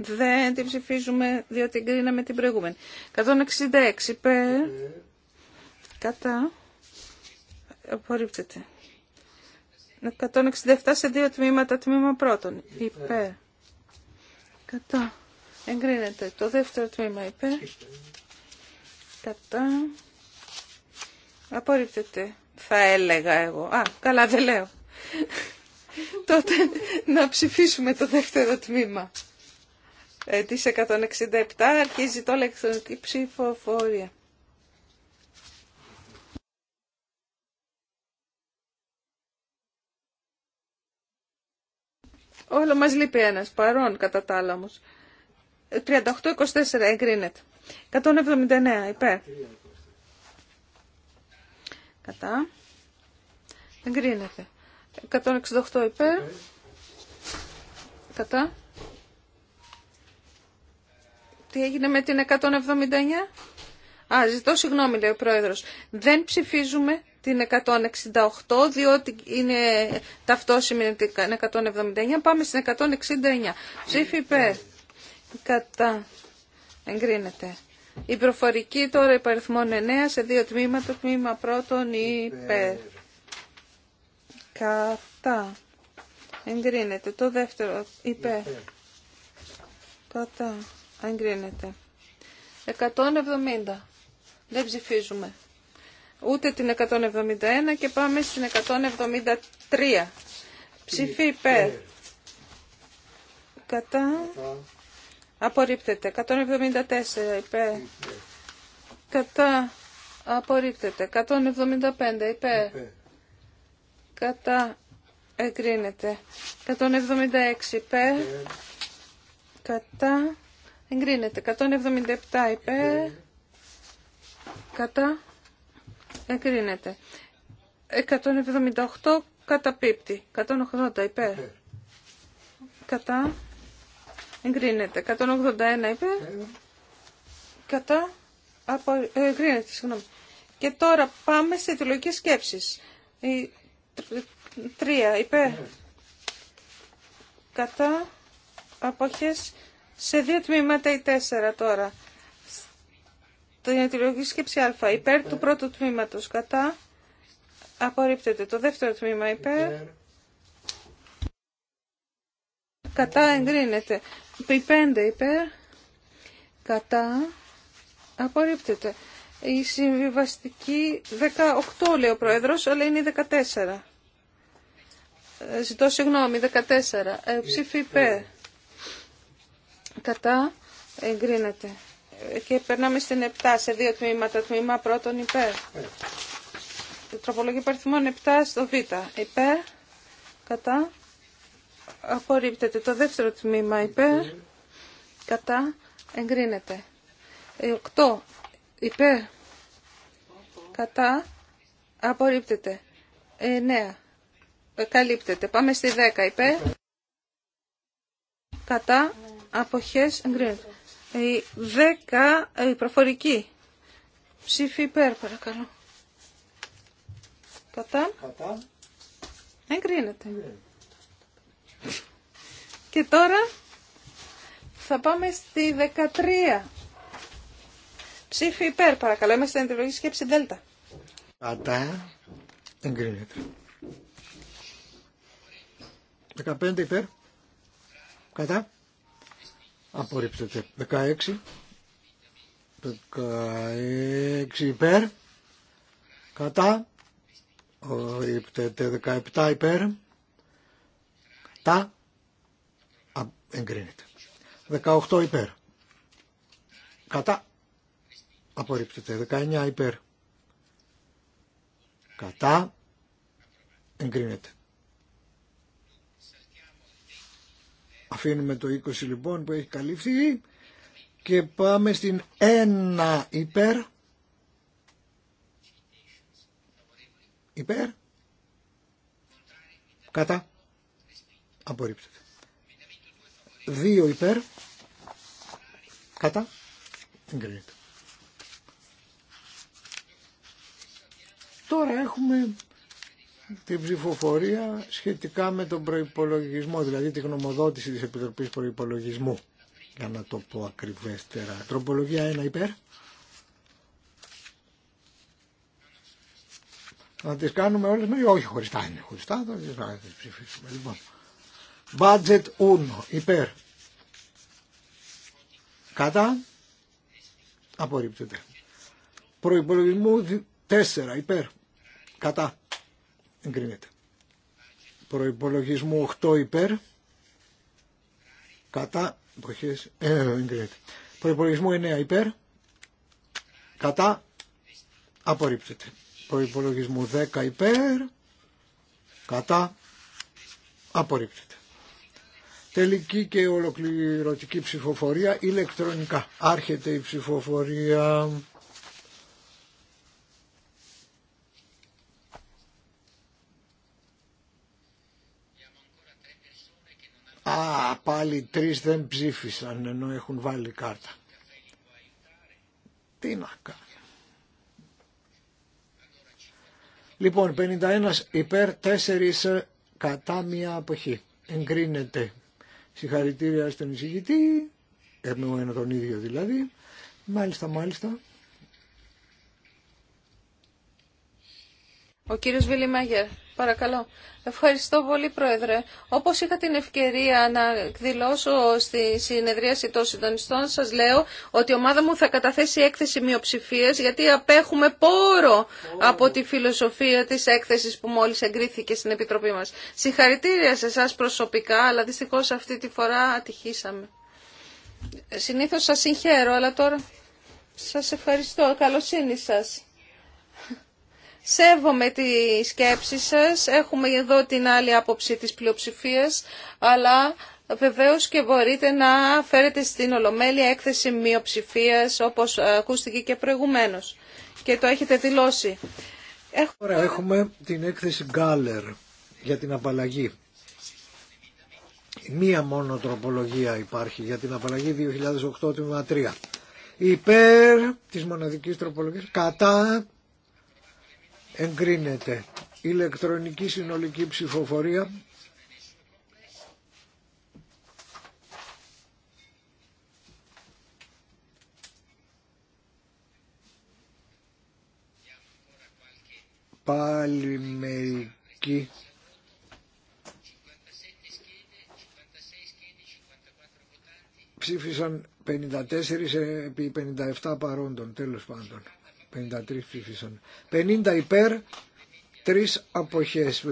Δεν την ψηφίζουμε διότι εγκρίναμε την προηγούμενη. 166 υπέρ. Κατά. Απορρίπτεται. 167 σε δύο τμήματα, τμήμα πρώτον. Υπέρ. Κατά. Εγκρίνεται. Το δεύτερο τμήμα υπέρ. Κατά. Απορρίπτεται. Θα έλεγα εγώ. Α, καλά δεν λέω. Τότε να ψηφίσουμε το δεύτερο τμήμα. Ε, της 167 αρχίζει το ηλεκτρονική ψηφοφορία. Όλο μας λείπει ένας παρόν κατά τα άλλα όμως. 38-24 ε, εγκρίνεται. 179 υπέρ. Κατά. Εγκρίνεται. 168 υπέρ. Κατά. Τι έγινε με την 179. Α, ζητώ συγγνώμη λέει ο πρόεδρος. Δεν ψηφίζουμε την 168 διότι είναι ταυτόσημη με την 179. Πάμε στην 169. Ψήφι υπέρ. Κατά. Εγκρίνεται. Η προφορική τώρα υπαριθμών 9 σε δύο τμήματα. Τμήμα πρώτον υπέρ. Κατά. Εγκρίνεται. Το δεύτερο υπέρ. Κατά. Εγκρίνεται. 170. Δεν ψηφίζουμε ούτε την 171 και πάμε στην 173. Ψηφί υπέρ. Κατά. Απορρίπτεται. 174 υπέρ. Κατά. Απορρίπτεται. 175 υπέρ. Κατά. Εγκρίνεται. 176 υπέρ. Κατά. Εγκρίνεται. 177 υπέρ. Κατά. Εγκρίνεται. 178 κατά πίπτη. 180 υπέρ. Κατά. Εγκρίνεται. 181 υπέρ. Ε. Κατά. Απο... Ε, εγκρίνεται, συγγνώμη. Και τώρα πάμε σε αιτιολογικές σκέψεις. Η... Τρία υπέρ. Ε. Κατά. Αποχές. Σε δύο τμήματα ή τέσσερα τώρα. Το διατηρητική σκέψη α. Υπέρ του πρώτου τμήματο. Κατά. Απορρίπτεται. Το δεύτερο τμήμα υπέρ. Κατά εγκρίνεται. Η πέντε υπέρ. Κατά. Απορρίπτεται. Η συμβιβαστική 18 λέει ο Πρόεδρος, αλλά είναι 14. Ε, ζητώ συγγνώμη, 14. Ε, ψήφι υπέρ. Κατά εγκρίνεται και περνάμε στην 7 σε δύο τμήματα. Τμήμα πρώτον υπέρ. Τροπολογία παριθμών 7 στο Β. Υπέρ. Κατά. Απορρίπτεται. Το δεύτερο τμήμα υπέρ. Κατά. Εγκρίνεται. 8 υπέρ. Κατά. Απορρίπτεται. 9. Ε, καλύπτεται. Πάμε στη 10 υπέρ. Κατά. Αποχές εγκρίνεται. Η 10, προφορική. Ψήφι υπέρ, παρακαλώ. Κατά. Κατά. Εγκρίνεται. Ναι. Και τώρα θα πάμε στη 13. Ψήφι υπέρ, παρακαλώ. Είμαστε στην εντυπωσιακή σκέψη Δέλτα. Κατά. Εγκρίνεται. 15 υπέρ. Κατά. Απορρίπτεται. 16. 16 υπέρ. Κατά. Απορρίπτεται. 17 υπέρ. Κατά. εγκρίνεται. 18 υπέρ. Κατά. Απορρίπτεται. 19 υπέρ. Κατά. Εγκρίνεται. Αφήνουμε το 20 λοιπόν που έχει καλυφθεί και πάμε στην 1 υπέρ. Υπέρ. Κατά. Απορρίπτεται. 2 υπέρ. Κατά. Εγκρίνεται. Τώρα έχουμε την ψηφοφορία σχετικά με τον προϋπολογισμό, δηλαδή τη γνωμοδότηση της Επιτροπής Προϋπολογισμού, για να το πω ακριβέστερα. Τροπολογία 1 υπέρ. Να τις κάνουμε όλες, ναι, όχι χωριστά είναι χωριστά, θα τις, τις ψηφίσουμε. Λοιπόν, budget 1 υπέρ. Κατά. Απορρίπτεται. Προϋπολογισμού 4 υπέρ. Κατά. Εγκρίνεται. Προϋπολογισμού 8 υπέρ. Κατά. Εποχές. Ε, εγκρίνεται. Προϋπολογισμού 9 υπέρ. Κατά. Απορρίπτεται. Προϋπολογισμού 10 υπέρ. Κατά. Απορρίπτεται. Τελική και ολοκληρωτική ψηφοφορία ηλεκτρονικά. Άρχεται η ψηφοφορία. πάλι τρει δεν ψήφισαν ενώ έχουν βάλει κάρτα. Τι να κάνω. Λοιπόν, 51 υπέρ, 4 κατά μία αποχή. Εγκρίνεται. Συγχαρητήρια στον εισηγητή, ε, ένα τον ίδιο δηλαδή. Μάλιστα, μάλιστα. Ο κύριος Βίλι Μάγερ, παρακαλώ. Ευχαριστώ πολύ, Πρόεδρε. Όπως είχα την ευκαιρία να εκδηλώσω στη συνεδρίαση των συντονιστών, σας λέω ότι η ομάδα μου θα καταθέσει έκθεση μειοψηφία, γιατί απέχουμε πόρο από τη φιλοσοφία της έκθεσης που μόλις εγκρίθηκε στην Επιτροπή μας. Συγχαρητήρια σε εσά προσωπικά, αλλά δυστυχώς αυτή τη φορά ατυχήσαμε. Συνήθως σας συγχαίρω, αλλά τώρα σας ευχαριστώ. Καλοσύνη σας. Σέβομαι τη σκέψη σας, έχουμε εδώ την άλλη άποψη της πλειοψηφίας, αλλά βεβαίως και μπορείτε να φέρετε στην Ολομέλεια έκθεση μειοψηφίας, όπως ακούστηκε και προηγουμένως και το έχετε δηλώσει. έχουμε... την έκθεση Γκάλερ για την απαλλαγή. Μία μόνο τροπολογία υπάρχει για την απαλλαγή 2008 2008-2003. Υπέρ της μοναδικής τροπολογίας, κατά εγκρίνεται. Ηλεκτρονική συνολική ψηφοφορία. Πάλι μερικοί. ψήφισαν 54 επί 57 παρόντων, τέλος πάντων. 53 ψήφισαν. 50 υπέρ, 3 αποχές,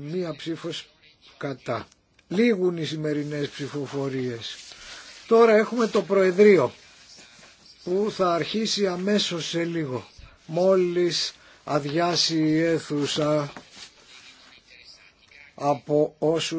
μία ψήφος κατά. Λίγουν οι σημερινές ψηφοφορίες. Τώρα έχουμε το Προεδρείο που θα αρχίσει αμέσως σε λίγο. Μόλις αδειάσει η αίθουσα από όσους